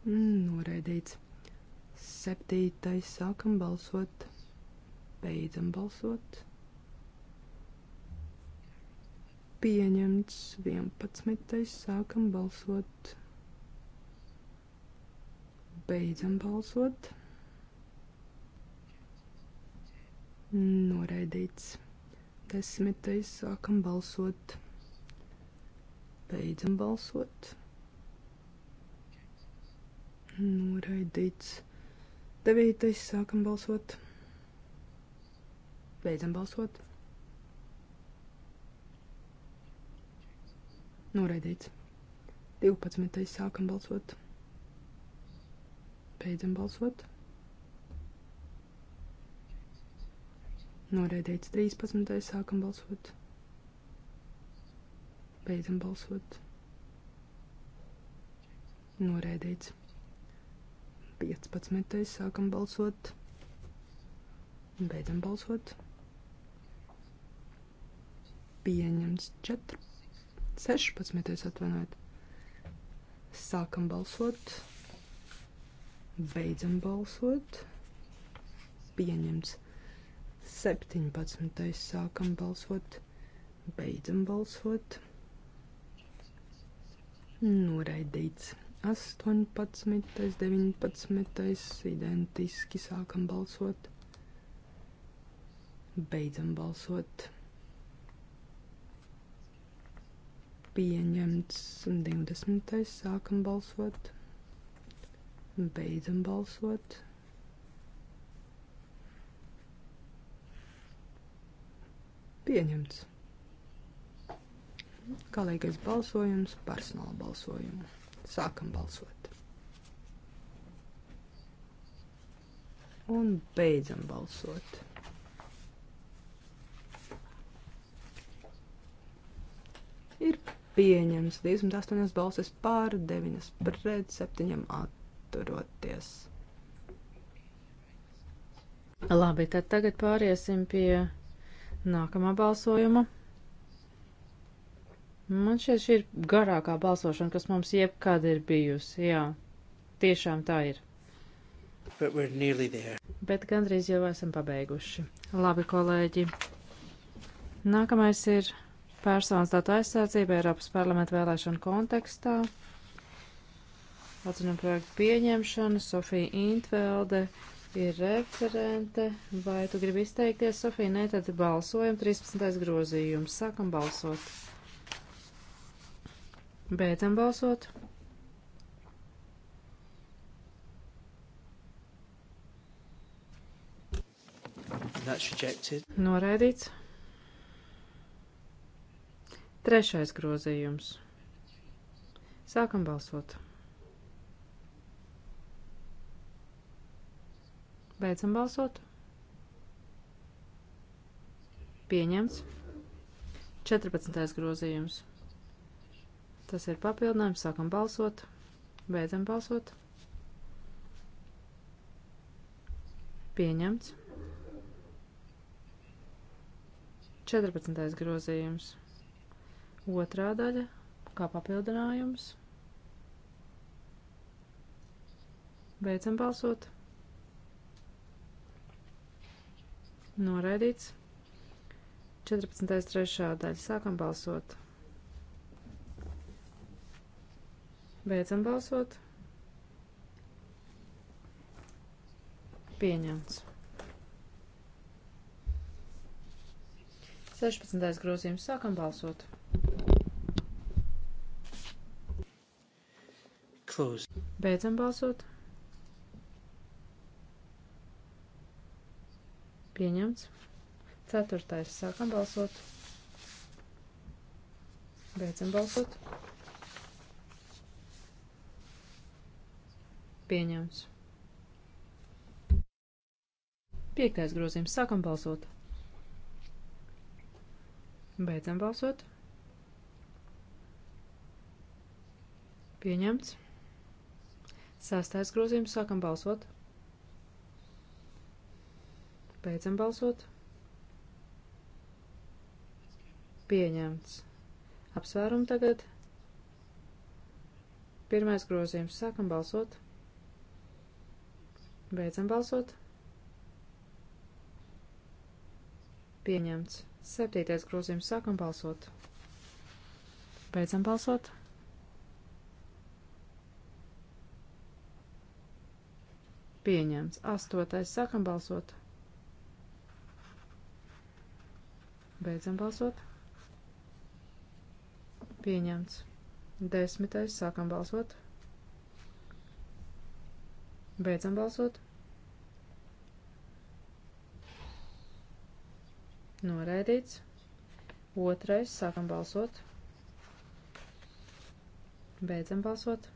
Noraidīts. Septītais sākam balsot. Beidzam balsot. pieņemts 11. sākam balsot. Beidzam balsot. Noraidīts. 10. sākam balsot. Beidzam balsot. Noraidīts. 9. sākam balsot. Beidzam balsot. Noraidīts. 12. sākam balsot. Beidzam balsot. Noraidīts 13. sākam balsot. Beidzam balsot. Noraidīts 15. sākam balsot. Beidzam balsot. Pieņemts 14. 16. atvainojiet. Sākam balsot. Beidzam balsot. Pieņemts. 17. sākam balsot. Beidzam balsot. Noraidīts. 18, 19, identiski sākam balsot. Beidzam balsot. pieņemts 20. sākam balsot, beidzam balsot. Pieņemts. Galīgais balsojums - personāla balsojumu. Sākam balsot. Un beidzam balsot. Ir pieņems 28 balsis pār, 9 pret, 7 atturoties. Labi, tad tagad pāriesim pie nākamā balsojuma. Man šķiet, šī ir garākā balsošana, kas mums jebkad ir bijusi. Jā, tiešām tā ir. Bet gandrīz jau esam pabeiguši. Labi, kolēģi. Nākamais ir Personas datu aizsardzība Eiropas parlamenta vēlēšanu kontekstā. Atzinuma projektu pieņemšana. Sofija Intvelde ir referente. Vai tu gribi izteikties, Sofija? Nē, tad balsojam. 13. grozījums. Sākam balsot. Beidzam balsot. Noraidīts. Trešais grozījums. Sākam balsot. Beidzam balsot. Pieņemts. 14. grozījums. Tas ir papildinājums. Sākam balsot. Beidzam balsot. Pieņemts. 14. grozījums. Otrā daļa kā papildinājums. Beidzam balsot. Noraidīts. 14. trešā daļa. Sākam balsot. Beidzam balsot. Pieņemts. 16. grozījums. Sākam balsot. Balsot. Close. Beidzam balsot. Pieņemts. Ceturtais. Sākam balsot. Beidzam balsot. Pieņemts. Piektais grozījums. Sākam balsot. Beidzam balsot. Pieņemts. Sastais grozījums. Sākam balsot. Beidzam balsot. Pieņemts. Apsvērumu tagad. Pirmais grozījums. Sākam balsot. Beidzam balsot. Pieņemts. Septītais grozījums. Sākam balsot. Beidzam balsot. pieņemts. Astotais sākam balsot. Beidzam balsot. Pieņemts. Desmitais sākam balsot. Beidzam balsot. Noraidīts. Otrais sākam balsot. Beidzam balsot.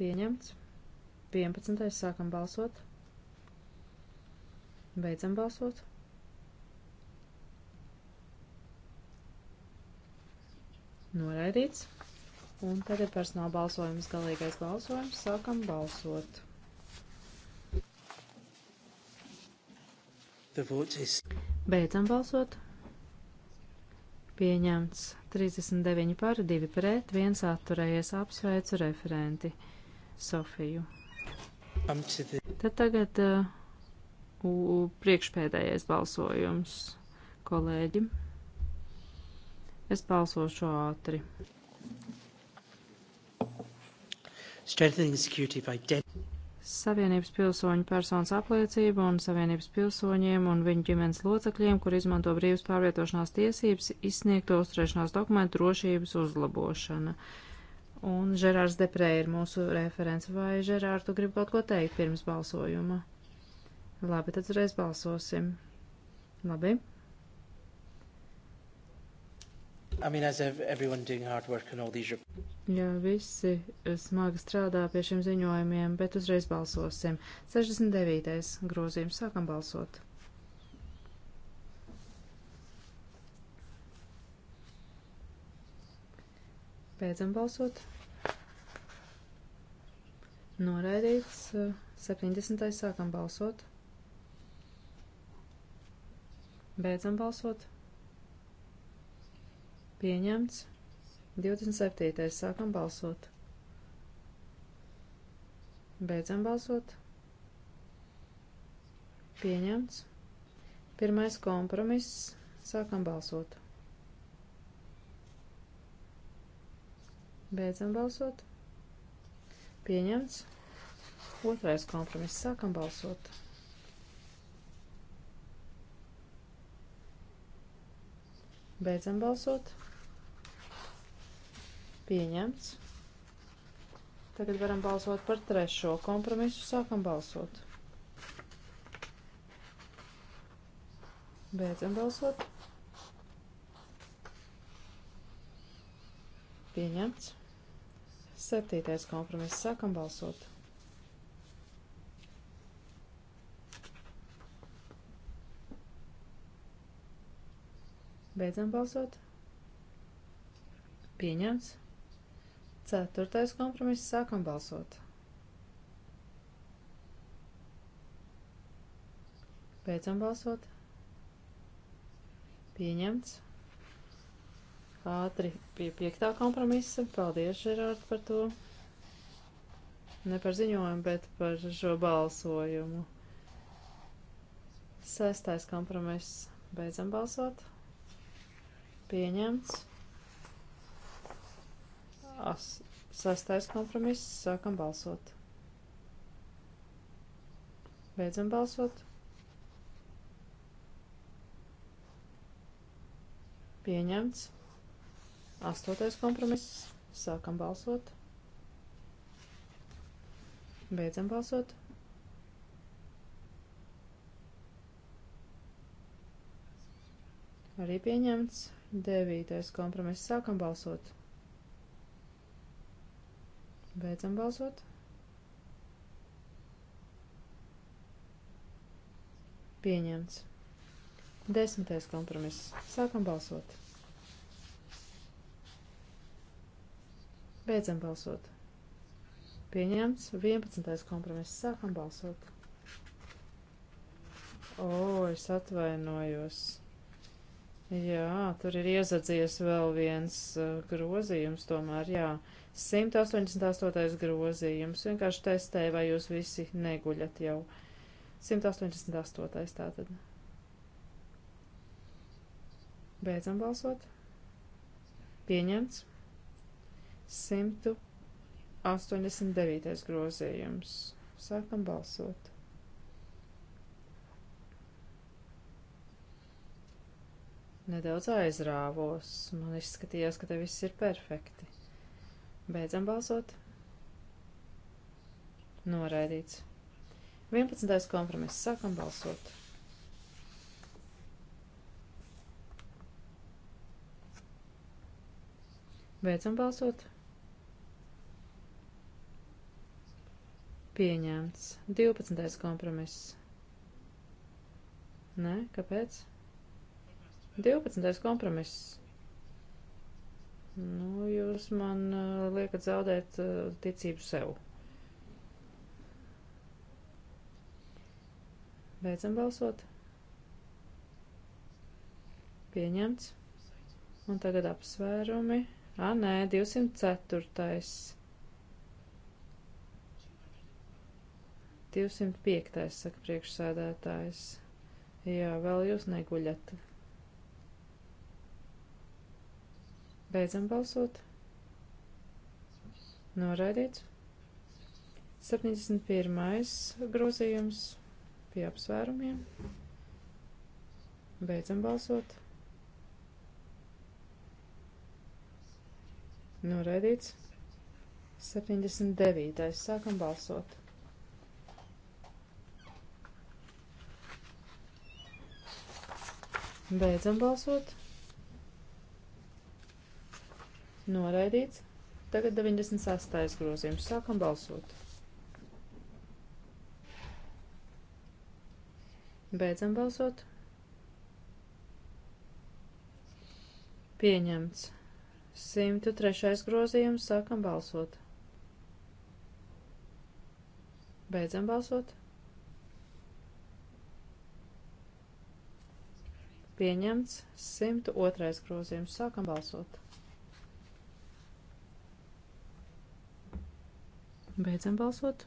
Pieņemts. 11. Sākam balsot. Beidzam balsot. Noraidīts. Un tad ir personāla balsojums, galīgais balsojums. Sākam balsot. Is... Beidzam balsot. Pieņemts 39 par 2 pret, 1 atturējies apsveicu referenti. Sofiju. Tad tagad uh, priekšpēdējais balsojums, kolēģi. Es balsošu ātri. Strengthening security by dead. Savienības pilsoņu personas apliecību un Savienības pilsoņiem un viņu ģimenes locekļiem, kur izmanto brīvas pārvietošanās tiesības, izsniegto uzturēšanās dokumentu drošības uzlabošana. Uh, Un Žerārs Deprē ir mūsu referents. Vai Žerārs, tu gribi kaut ko teikt pirms balsojuma? Labi, tad uzreiz balsosim. Labi. I mean, as everyone doing hard work and all these... Jā, visi smagi strādā pie šiem ziņojumiem, bet uzreiz balsosim. 69. grozījums. Sākam balsot. Beidzam balsot. Noraidīts. 70. sākam balsot. Beidzam balsot. Pieņemts. 27. sākam balsot. Beidzam balsot. Pieņemts. Pirmais kompromiss. Sākam balsot. Beidzam balsot. Pieņemts. Otrais kompromiss. Sākam balsot. Beidzam balsot. Pieņemts. Tagad varam balsot par trešo kompromisu. Sākam balsot. Beidzam balsot. Pieņemts. Septītais kompromiss. Sākam balsot. Beidzam balsot. Pieņemts. Ceturtais kompromiss. Sākam balsot. Beidzam balsot. Pieņemts ātri pie piektā kompromisa. Paldies, Žerārd, par to. Ne par ziņojumu, bet par šo balsojumu. Sestais kompromiss. Beidzam balsot. Pieņemts. As, sestais kompromiss. Sākam balsot. Beidzam balsot. Pieņemts. Astotais kompromiss. Sākam balsot. Beidzam balsot. Arī pieņemts. Devītais kompromiss. Sākam balsot. Beidzam balsot. Pieņemts. Desmitais kompromiss. Sākam balsot. Beidzam balsot. Pieņemts 11. kompromiss. Sākam balsot. O, es atvainojos. Jā, tur ir iezadzies vēl viens uh, grozījums, tomēr, jā. 188. grozījums. Vienkārši testēju, vai jūs visi neguļat jau. 188. tātad. Beidzam balsot. Pieņemts. 189. grozījums. Sākam balsot. Nedaudz aizrāvos. Man izskatījās, ka te viss ir perfekti. Beidzam balsot. Noraidīts. 11. kompromiss. Sākam balsot. Beidzam balsot. Pieņemts. 12. kompromiss. Nē, kāpēc? 12. kompromiss. Nu, jūs man uh, liekat zaudēt uh, ticību sev. Beidzam balsot. Pieņemts. Un tagad apsvērumi. Ā, nē, 204. 205. saka priekšsēdētājs. Jā, vēl jūs neguļat. Beidzam balsot. Noraidīts. 71. grozījums pie apsvērumiem. Beidzam balsot. Noraidīts. 79. sākam balsot. Beidzam balsot. Noraidīts. Tagad 98. grozījums. Sākam balsot. Beidzam balsot. Pieņemts. 103. grozījums. Sākam balsot. Beidzam balsot. Pieņemts 102. grozījums. Sākam balsot. Beidzam balsot.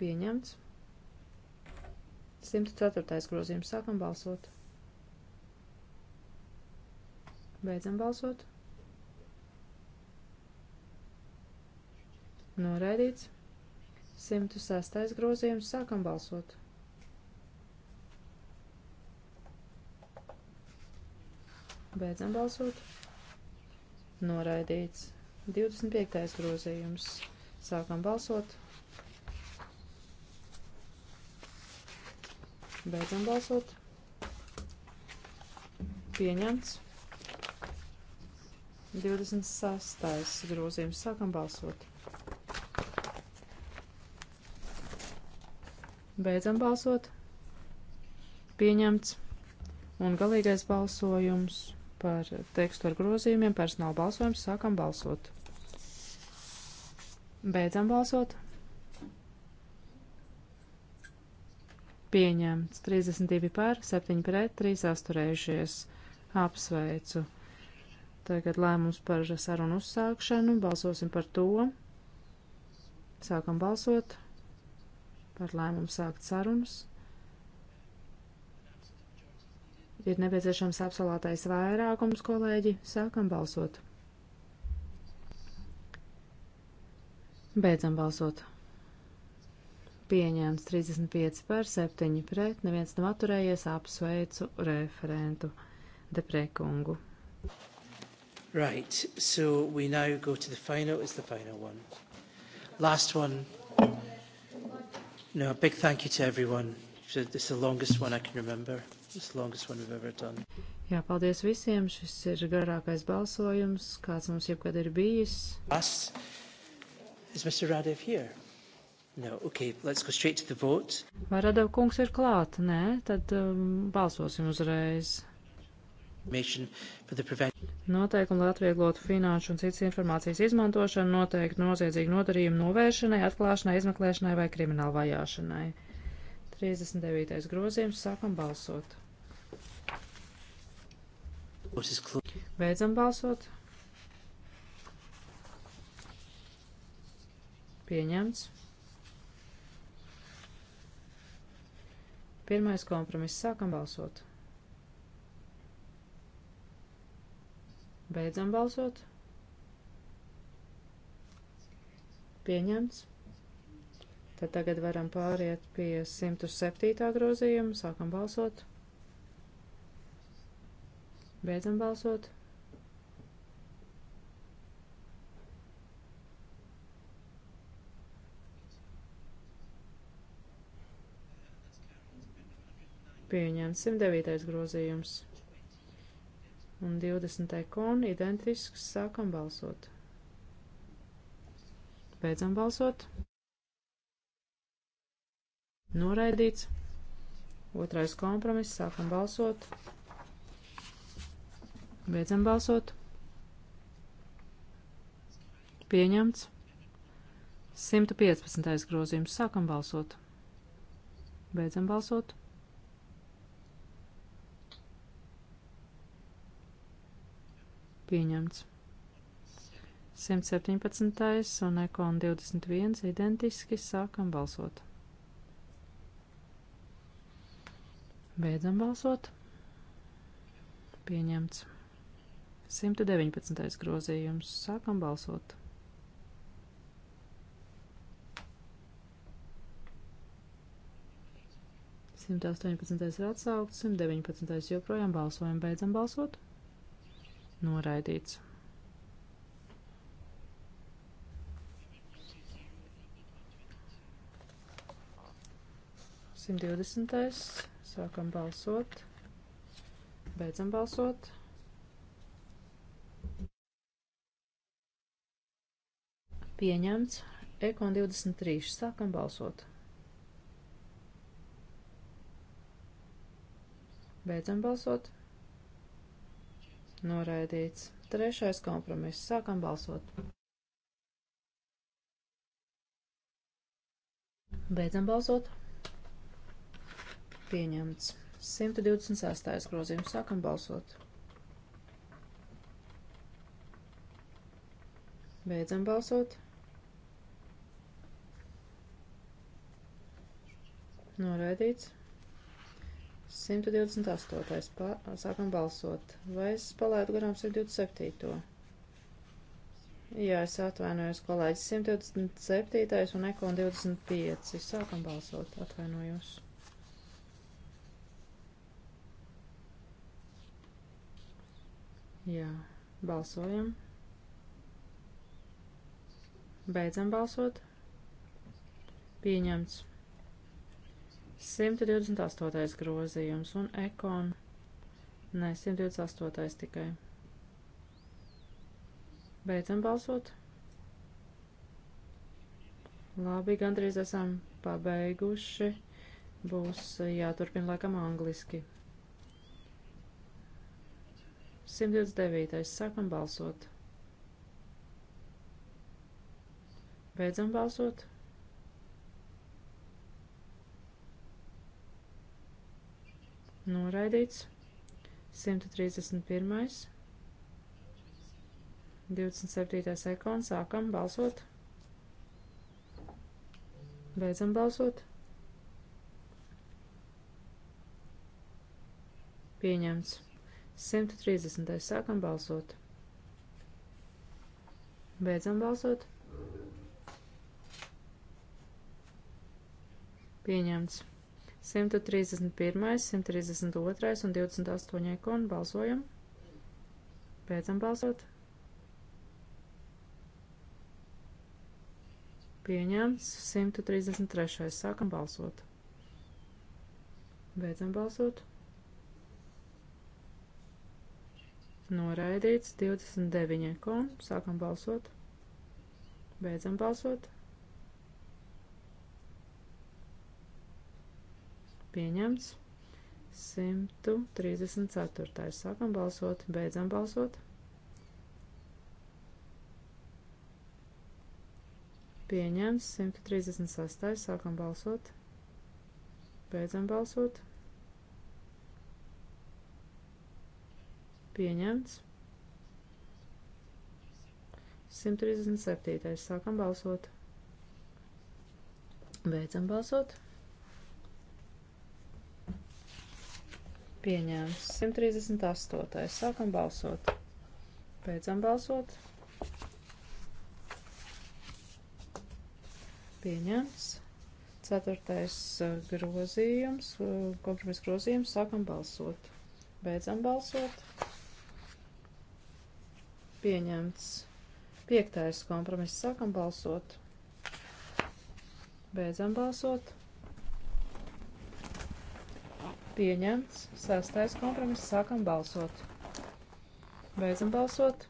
Pieņemts. 104. grozījums. Sākam balsot. Beidzam balsot. Noraidīts. 106. grozījums. Sākam balsot. Beidzam balsot. Noraidīts. 25. grozījums. Sākam balsot. Beidzam balsot. Pieņemts. 26. grozījums. Sākam balsot. Beidzam balsot. Pieņemts. Un galīgais balsojums par tekstu ar grozījumiem. Personāla balsojums. Sākam balsot. Beidzam balsot. Pieņemts. 32 par, 7 pret, 3 asturējušies. Apsveicu. Tagad lēmums par sarunu uzsākšanu. Balsosim par to. Sākam balsot par lēmumu sākt sarunas. Ir nepieciešams absolūtais vairākums, kolēģi. Sākam balsot. Beidzam balsot. Pieņēmts 35 par 7 pret, neviens nav atturējies, apsveicu referentu deprekungu. Right, so we now go to the final, it's the final one. Last one. No, a big thank you to everyone. It's the longest one I can remember. Jā, paldies visiem. Šis ir garākais balsojums, kāds mums jebkad ir bijis. Us. Is Mr. Radev here? No, okay, let's go straight to the vote. Vai Radev kungs ir klāt? Nē, tad um, balsosim uzreiz. Noteikumi, lai atvieglotu finanšu un citas informācijas izmantošanu, noteikti noziedzīgu nodarījumu novēršanai, atklāšanai, izmeklēšanai vai kriminālu vajāšanai. 39. grozījums sākam balsot. Beidzam balsot. Pieņemts. Pirmais kompromiss. Sākam balsot. Beidzam balsot. Pieņemts. Tad tagad varam pāriet pie 107. grozījuma. Sākam balsot. Beidzam balsot. Pieņemts 109. grozījums un 20. kon identisks sākam balsot. Beidzam balsot. Noraidīts. Otrais kompromiss. Sākam balsot. Beidzam balsot. Pieņemts. 115. grozījums. Sākam balsot. Beidzam balsot. Pieņemts. 117. un ekon 21 identiski. Sākam balsot. Beidzam balsot. Pieņemts. 119. grozījums. Sākam balsot. Simt astoņpadsmitais ir atsaukts, simt deviņpadsmitais joprojām balsojam, beidzam balsot. Noraidīts. Simt divdesmitais, sākam balsot, beidzam balsot. Pieņemts. Ekon 23. Sākam balsot. Beidzam balsot. Noraidīts. Trešais kompromiss. Sākam balsot. Beidzam balsot. Pieņemts. 126. grozījums. Sākam balsot. Beidzam balsot. Noraidīts. 128. Pa, sākam balsot. Vai es palaidu garām 127. Jā, es atvainojos, kolēģis. 127. un ekon 25. Sākam balsot. Atvainojos. Jā, balsojam. Beidzam balsot. Pieņemts. 128. grozījums un ekon. Nē, 128. tikai. Beidzam balsot. Labi, gandrīz esam pabeiguši. Būs jāturpina laikam angliski. 129. Sākam balsot. Beidzam balsot. noraidīts. 131. 27. ekon, sākam balsot. Beidzam balsot. Pieņemts. 130. sākam balsot. Beidzam balsot. Pieņemts. 131, 132 un 28 ikonu balsojam. Beidzam balsot. Pieņemts 133. Sākam balsot. Beidzam balsot. Noraidīts 29. Kom. Sākam balsot. Beidzam balsot. pieņemts. 134. Sākam balsot, beidzam balsot. Pieņemts 136. Sākam balsot. Beidzam balsot. Pieņemts. 137. Sākam balsot. Beidzam balsot. Pieņēmts. 138. Sākam balsot. Beidzam balsot. Pieņemts. Ceturtais uh, grozījums, uh, kompromiss grozījums, sākam balsot. Beidzam balsot. Pieņemts. Piektais kompromiss, sākam balsot. Beidzam balsot. Pieņemts. Sestais kompromiss. Sākam balsot. Beidzam balsot.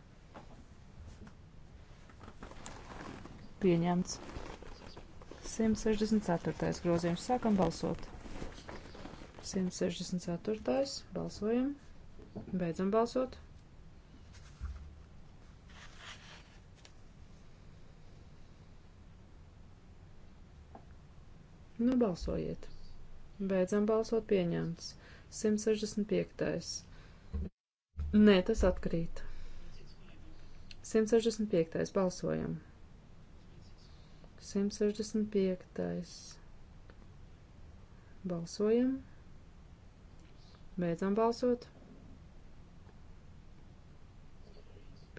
Pieņemts. 164. grozījums. Sākam balsot. 164. Balsojam. Beidzam balsot. Nobalsojiet. Nu, Beidzam balsot pieņemts. 165. Nē, tas atkrīt. 165. balsojam. 165. Balsojam. Beidzam balsot.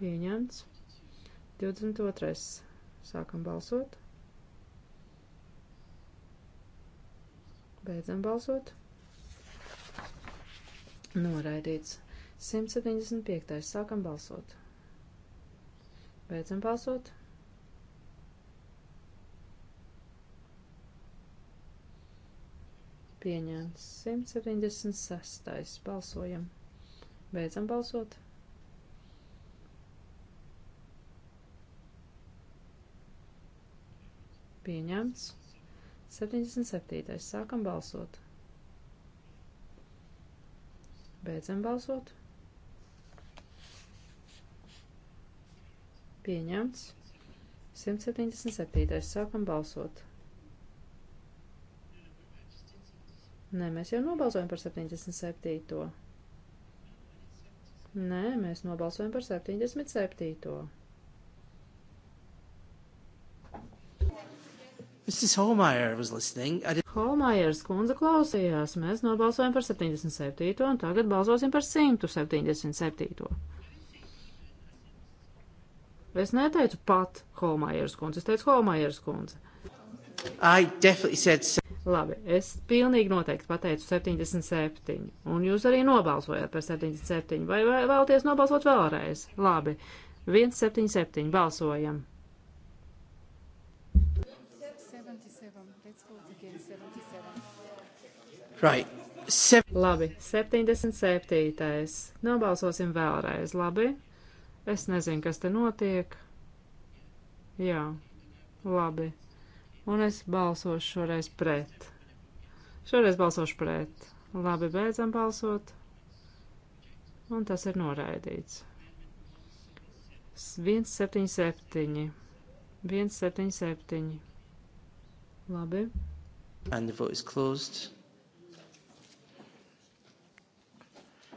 Pieņemts. 22. Sākam balsot. Beidzam balsot. Noraidīts. 175. Sākam balsot. Beidzam balsot. Pieņemts. 176. Balsojam. Beidzam balsot. Pieņemts. 77. Sākam balsot. Beidzam balsot. Pieņemts. 177. Sākam balsot. Nē, mēs jau nobalsojam par 77. Nē, mēs nobalsojam par 77. Mrs. Holmeyer was listening. Holmeyers kundze klausījās. Mēs nobalsojam par 77. un tagad balsosim par 177. Es neteicu pat Holmeyers kundze, es teicu Holmeyers kundze. I definitely said... Labi, es pilnīgi noteikti pateicu 77, un jūs arī nobalsojāt par 77, vai, vai vēlaties nobalsot vēlreiz? Labi, 177, balsojam. Right. Se labi, 77. Nobalsosim vēlreiz, labi? Es nezinu, kas te notiek. Jā, labi. Un es balsošu šoreiz pret. Šoreiz balsošu pret. Labi, beidzam balsot. Un tas ir noraidīts. 177. 177. Labi. And the vote is closed.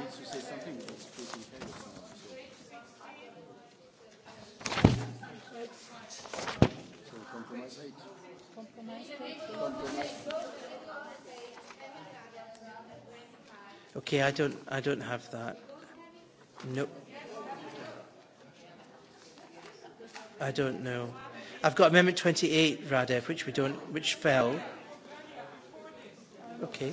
needs to say something because it's facing Paris now. So. so compromise eight. Compromise eight. Compromise. Okay, I don't, I don't have that. Nope. I don't know. I've got Amendment 28, Radev, which we don't, which fell. Okay.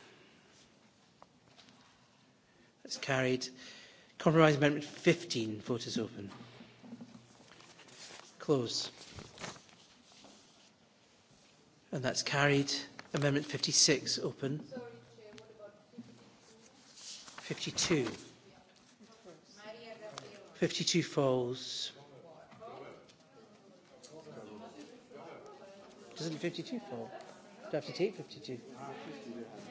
It's carried. Compromise Amendment 15. Vote is open. Close. And that's carried. Amendment 56. Open. Sorry, Chair, what about 52? 52. 52 falls. Doesn't 52 fall? Do I have to take 52? Ah, 50, yeah.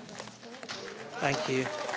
Thank you.